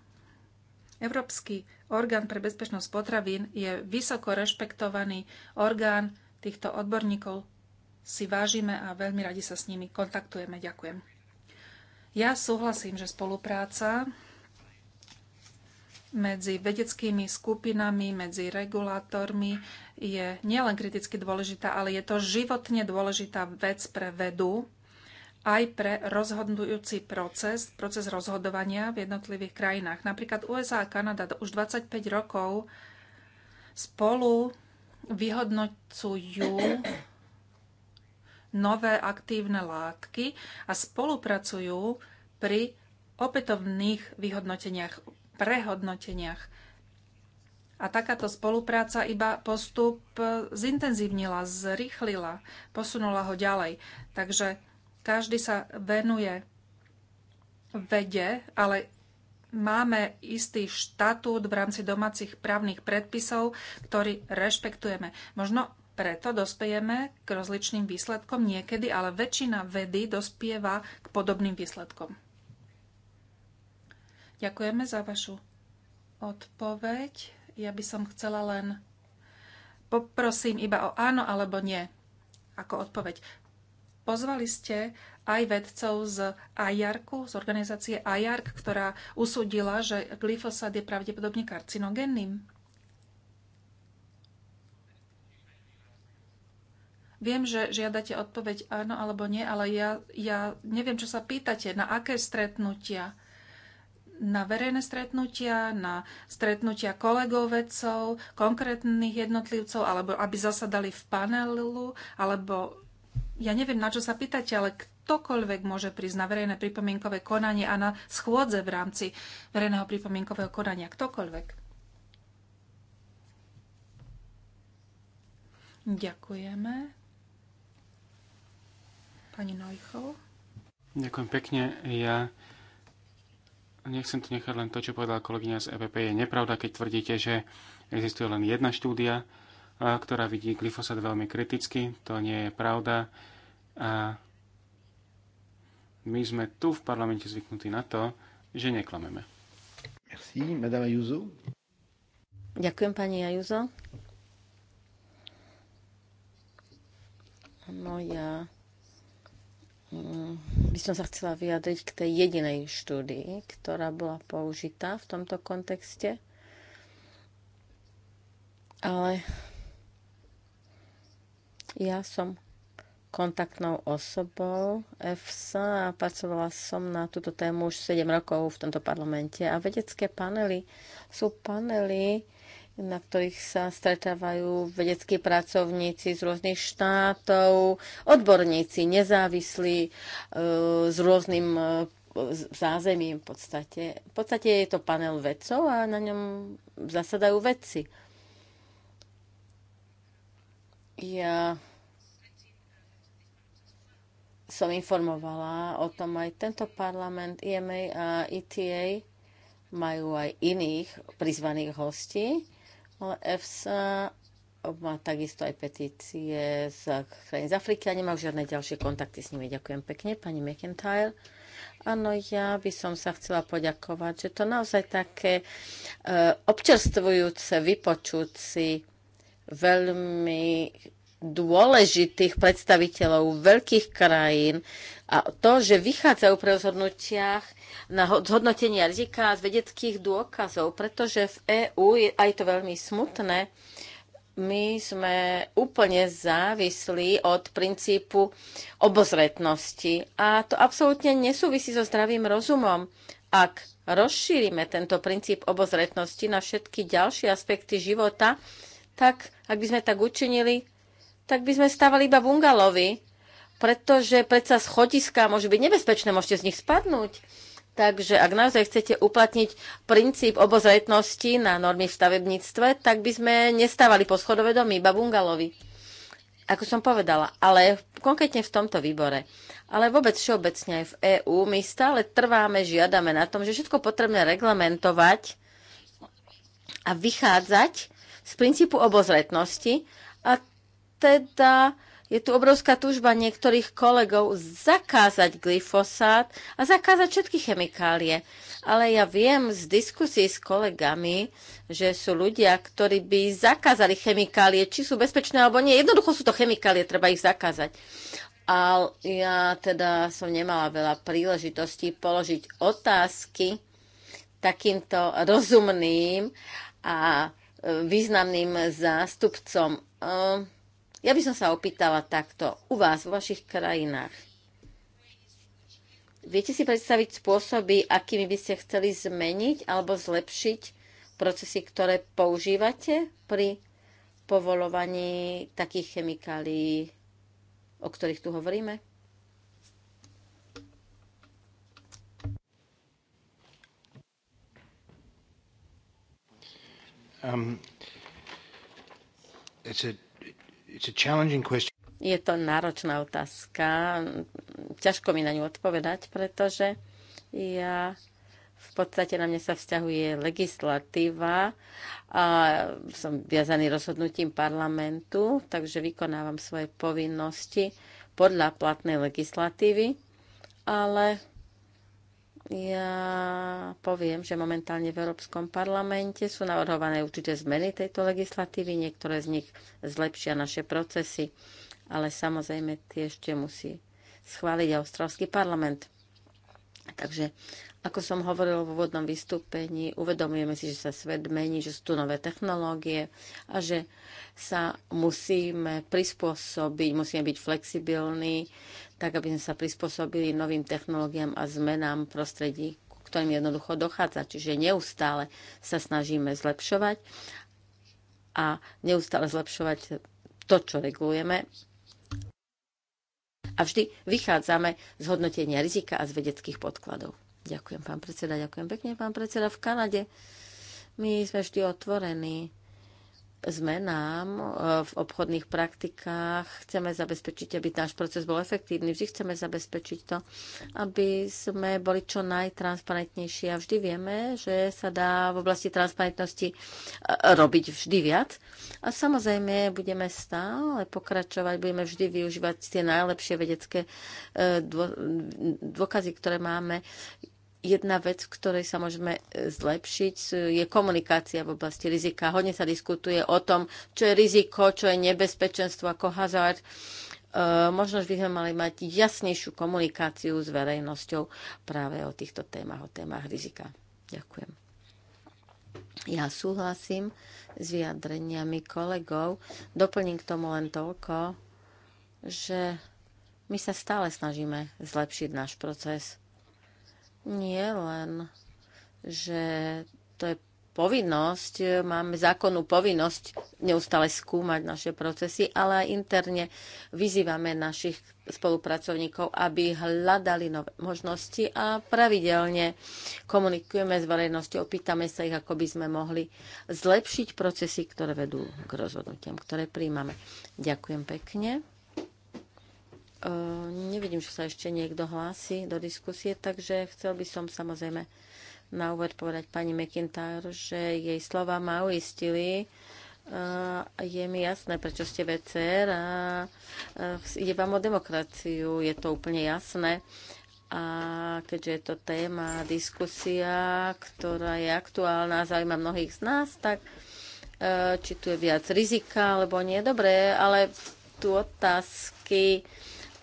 Európsky orgán pre bezpečnosť potravín je vysoko rešpektovaný orgán týchto odborníkov. Si vážime a veľmi radi sa s nimi kontaktujeme. Ďakujem. Ja súhlasím, že spolupráca medzi vedeckými skupinami, medzi regulátormi je nielen kriticky dôležitá, ale je to životne dôležitá vec pre vedu aj pre rozhodujúci proces, proces rozhodovania v jednotlivých krajinách. Napríklad USA a Kanada už 25 rokov spolu vyhodnocujú nové aktívne látky a spolupracujú pri opätovných vyhodnoteniach, prehodnoteniach. A takáto spolupráca iba postup zintenzívnila, zrýchlila, posunula ho ďalej. Takže každý sa venuje vede, ale máme istý štatút v rámci domácich právnych predpisov, ktorý rešpektujeme. Možno preto dospejeme k rozličným výsledkom niekedy, ale väčšina vedy dospieva k podobným výsledkom. Ďakujeme za vašu odpoveď. Ja by som chcela len... Poprosím iba o áno alebo nie ako odpoveď. Pozvali ste aj vedcov z IARC, z organizácie IARC, ktorá usúdila, že glyfosát je pravdepodobne karcinogenným. Viem, že žiadate odpoveď áno alebo nie, ale ja, ja neviem, čo sa pýtate. Na aké stretnutia? Na verejné stretnutia, na stretnutia kolegov vedcov, konkrétnych jednotlivcov, alebo aby zasadali v panelu, alebo ja neviem, na čo sa pýtate, ale ktokoľvek môže prísť na verejné pripomienkové konanie a na schôdze v rámci verejného pripomienkového konania. Ktokoľvek. Ďakujeme. Pani Nojchov. Ďakujem pekne. Ja nechcem tu nechať len to, čo povedala kolegyňa z EPP. Je nepravda, keď tvrdíte, že existuje len jedna štúdia, ktorá vidí glyfosát veľmi kriticky. To nie je pravda. A my sme tu v parlamente zvyknutí na to, že neklameme. Merci, madame Ayuso. Ďakujem, pani Ayuso. No, ja mm, by som sa chcela vyjadriť k tej jedinej štúdii, ktorá bola použitá v tomto kontexte. Ale ja som kontaktnou osobou EFSA a pracovala som na túto tému už 7 rokov v tomto parlamente. A vedecké panely sú panely, na ktorých sa stretávajú vedeckí pracovníci z rôznych štátov, odborníci, nezávislí, e, s rôzným e, zázemím v podstate. V podstate je to panel vedcov a na ňom zasadajú vedci. Ja som informovala o tom aj tento parlament, EMA a ETA e majú aj iných prizvaných hostí, ale EFSA má takisto aj petície z krajín z Afriky a nemám žiadne ďalšie kontakty s nimi. Ďakujem pekne, pani McIntyre. Áno, ja by som sa chcela poďakovať, že to naozaj také e, občerstvujúce vypočúci. si veľmi dôležitých predstaviteľov veľkých krajín a to, že vychádzajú pri rozhodnutiach na zhodnotenie rizika z vedeckých dôkazov, pretože v EÚ je aj to veľmi smutné. My sme úplne závislí od princípu obozretnosti a to absolútne nesúvisí so zdravým rozumom. Ak rozšírime tento princíp obozretnosti na všetky ďalšie aspekty života, tak ak by sme tak učinili, tak by sme stávali iba bungalovy, pretože predsa schodiska môžu byť nebezpečné, môžete z nich spadnúť. Takže ak naozaj chcete uplatniť princíp obozretnosti na normy v stavebníctve, tak by sme nestávali schodové domy, iba bungalovy. Ako som povedala, ale konkrétne v tomto výbore, ale vôbec všeobecne aj v EÚ, my stále trváme, žiadame na tom, že všetko potrebné reglamentovať a vychádzať z princípu obozretnosti a teda je tu obrovská túžba niektorých kolegov zakázať glyfosát a zakázať všetky chemikálie. Ale ja viem z diskusí s kolegami, že sú ľudia, ktorí by zakázali chemikálie, či sú bezpečné alebo nie. Jednoducho sú to chemikálie, treba ich zakázať. A ja teda som nemala veľa príležitostí položiť otázky takýmto rozumným a významným zástupcom. Ja by som sa opýtala takto. U vás, vo vašich krajinách, viete si predstaviť spôsoby, akými by ste chceli zmeniť alebo zlepšiť procesy, ktoré používate pri povolovaní takých chemikálií, o ktorých tu hovoríme? Um, Je to náročná otázka. Ťažko mi na ňu odpovedať, pretože ja v podstate na mňa sa vzťahuje legislatíva a som viazaný rozhodnutím parlamentu, takže vykonávam svoje povinnosti podľa platnej legislatívy, ale ja poviem, že momentálne v Európskom parlamente sú navrhované určite zmeny tejto legislatívy, niektoré z nich zlepšia naše procesy, ale samozrejme tie ešte musí schváliť Austrálsky parlament. Takže, ako som hovoril v úvodnom vystúpení, uvedomujeme si, že sa svet mení, že sú tu nové technológie a že sa musíme prispôsobiť, musíme byť flexibilní, tak aby sme sa prispôsobili novým technológiám a zmenám prostredí, ku ktorým jednoducho dochádza. Čiže neustále sa snažíme zlepšovať a neustále zlepšovať to, čo regulujeme. A vždy vychádzame z hodnotenia rizika a z vedeckých podkladov. Ďakujem, pán predseda, ďakujem pekne, pán predseda. V Kanade my sme vždy otvorení zmenám e, v obchodných praktikách. Chceme zabezpečiť, aby náš proces bol efektívny. Vždy chceme zabezpečiť to, aby sme boli čo najtransparentnejší. A vždy vieme, že sa dá v oblasti transparentnosti e, robiť vždy viac. A samozrejme budeme stále pokračovať, budeme vždy využívať tie najlepšie vedecké e, dôkazy, ktoré máme jedna vec, v ktorej sa môžeme e, zlepšiť, je komunikácia v oblasti rizika. Hodne sa diskutuje o tom, čo je riziko, čo je nebezpečenstvo ako hazard. E, možno, že by sme mali mať jasnejšiu komunikáciu s verejnosťou práve o týchto témach, o témach rizika. Ďakujem. Ja súhlasím s vyjadreniami kolegov. Doplním k tomu len toľko, že my sa stále snažíme zlepšiť náš proces. Nie len, že to je povinnosť, máme zákonnú povinnosť neustále skúmať naše procesy, ale aj interne vyzývame našich spolupracovníkov, aby hľadali nové možnosti a pravidelne komunikujeme s verejnosťou, pýtame sa ich, ako by sme mohli zlepšiť procesy, ktoré vedú k rozhodnutiam, ktoré príjmame. Ďakujem pekne. Ehm, nevidím, že sa ešte niekto hlási do diskusie, takže chcel by som samozrejme na úvod povedať pani McIntyre, že jej slova ma uistili. Ehm, je mi jasné, prečo ste VCR a e, ide vám o demokraciu, je to úplne jasné. A keďže je to téma, diskusia, ktorá je aktuálna a zaujíma mnohých z nás, tak e, či tu je viac rizika alebo nie. Dobre, ale tu otázky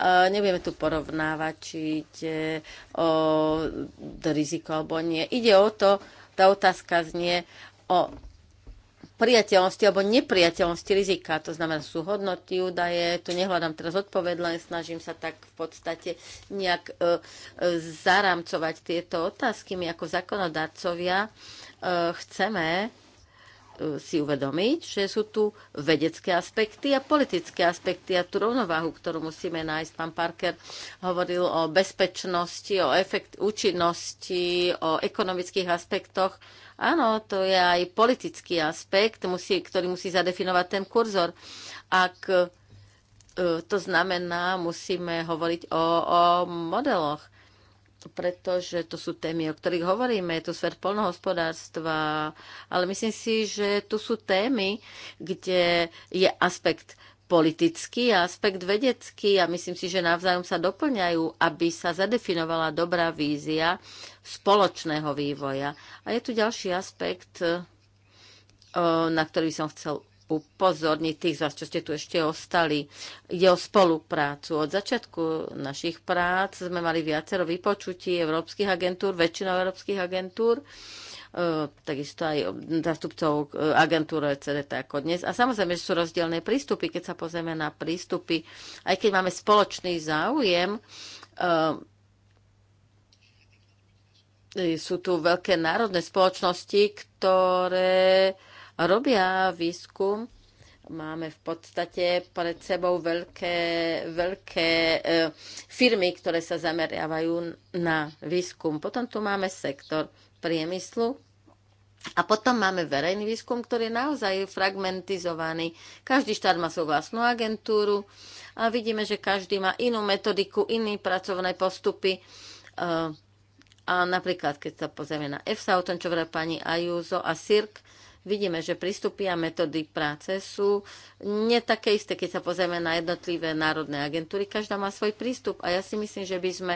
Nevieme tu porovnávať, či ide o riziko alebo nie. Ide o to, tá otázka znie o priateľnosti alebo nepriateľnosti rizika. To znamená, sú hodnoty, údaje, tu nehľadám teraz odpoveď, len snažím sa tak v podstate nejak e, e zaramcovať tieto otázky. My ako zákonodarcovia e, chceme si uvedomiť, že sú tu vedecké aspekty a politické aspekty a tú rovnováhu, ktorú musíme nájsť. Pán Parker hovoril o bezpečnosti, o efekt účinnosti, o ekonomických aspektoch. Áno, to je aj politický aspekt, musí, ktorý musí zadefinovať ten kurzor. Ak e, to znamená, musíme hovoriť o, o modeloch pretože to sú témy, o ktorých hovoríme, je to svet polnohospodárstva, ale myslím si, že tu sú témy, kde je aspekt politický a aspekt vedecký a myslím si, že navzájom sa doplňajú, aby sa zadefinovala dobrá vízia spoločného vývoja. A je tu ďalší aspekt, na ktorý som chcel upozorniť tých z vás, čo ste tu ešte ostali. Ide o spoluprácu. Od začiatku našich prác sme mali viacero vypočutí európskych agentúr, väčšinou európskych agentúr, e, takisto aj zastupcov e, agentúr OECD, ako dnes. A samozrejme, že sú rozdielne prístupy, keď sa pozrieme na prístupy. Aj keď máme spoločný záujem, e, sú tu veľké národné spoločnosti, ktoré robia výskum. Máme v podstate pred sebou veľké, veľké e, firmy, ktoré sa zameriavajú na výskum. Potom tu máme sektor priemyslu, a potom máme verejný výskum, ktorý je naozaj fragmentizovaný. Každý štát má svoju vlastnú agentúru a vidíme, že každý má inú metodiku, iné pracovné postupy. E, a napríklad, keď sa pozrieme na EFSA, o tom, čo vraj pani Ajúzo a SIRK, vidíme, že prístupy a metódy práce sú nie také isté, keď sa pozrieme na jednotlivé národné agentúry. Každá má svoj prístup a ja si myslím, že by sme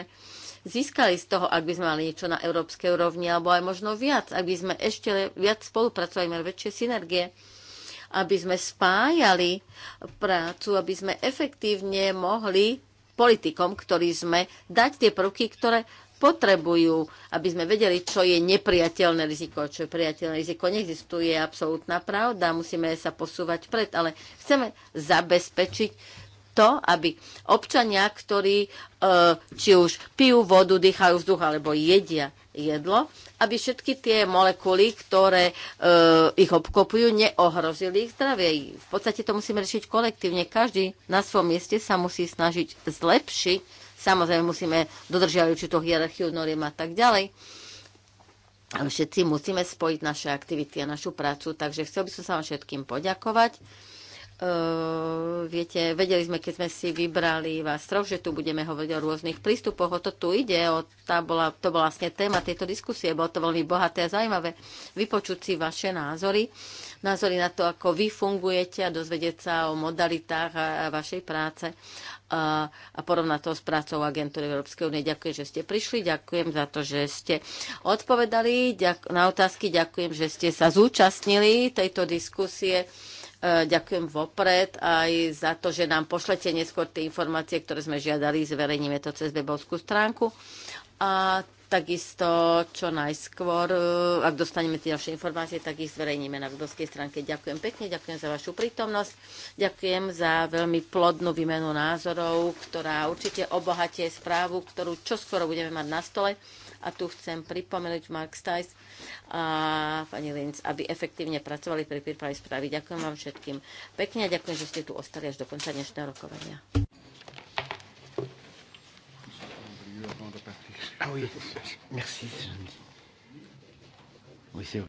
získali z toho, ak by sme mali niečo na európskej úrovni, alebo aj možno viac, ak by sme ešte viac spolupracovali, mali väčšie synergie aby sme spájali prácu, aby sme efektívne mohli politikom, ktorí sme, dať tie prvky, ktoré potrebujú, aby sme vedeli, čo je nepriateľné riziko, čo je priateľné riziko. Neexistuje absolútna pravda, musíme sa posúvať pred, ale chceme zabezpečiť to, aby občania, ktorí e, či už pijú vodu, dýchajú vzduch alebo jedia jedlo, aby všetky tie molekuly, ktoré e, ich obkopujú, neohrozili ich zdravie. V podstate to musíme riešiť kolektívne. Každý na svojom mieste sa musí snažiť zlepšiť Samozrejme musíme dodržiavať určitú hierarchiu noriem a tak ďalej. Ale všetci musíme spojiť naše aktivity a našu prácu, takže chcel by som sa vám všetkým poďakovať. Uh, viete, vedeli sme, keď sme si vybrali vás troch, že tu budeme hovoriť o rôznych prístupoch. O to tu ide, o tá bola, to bola vlastne téma tejto diskusie. Bolo to veľmi bohaté a zaujímavé vypočuť si vaše názory, názory na to, ako vy fungujete a dozvedieť sa o modalitách a, a vašej práce a, a porovnať to s prácou agentúry Európskej únie. Ďakujem, že ste prišli, ďakujem za to, že ste odpovedali ďak- na otázky, ďakujem, že ste sa zúčastnili tejto diskusie. E, ďakujem vopred aj za to, že nám pošlete neskôr tie informácie, ktoré sme žiadali, zverejníme to cez webovskú stránku. A Takisto čo najskôr, e, ak dostaneme tie ďalšie informácie, tak ich zverejníme na webovskej stránke. Ďakujem pekne, ďakujem za vašu prítomnosť, ďakujem za veľmi plodnú výmenu názorov, ktorá určite obohatie správu, ktorú čoskoro budeme mať na stole. A tu chcem pripomenúť Mark Stajs a pani Linz, aby efektívne pracovali pri príprave správy. Ďakujem vám všetkým pekne a ďakujem, že ste tu ostali až do konca dnešného rokovania. Ah oui, merci. Oui, c'est vrai.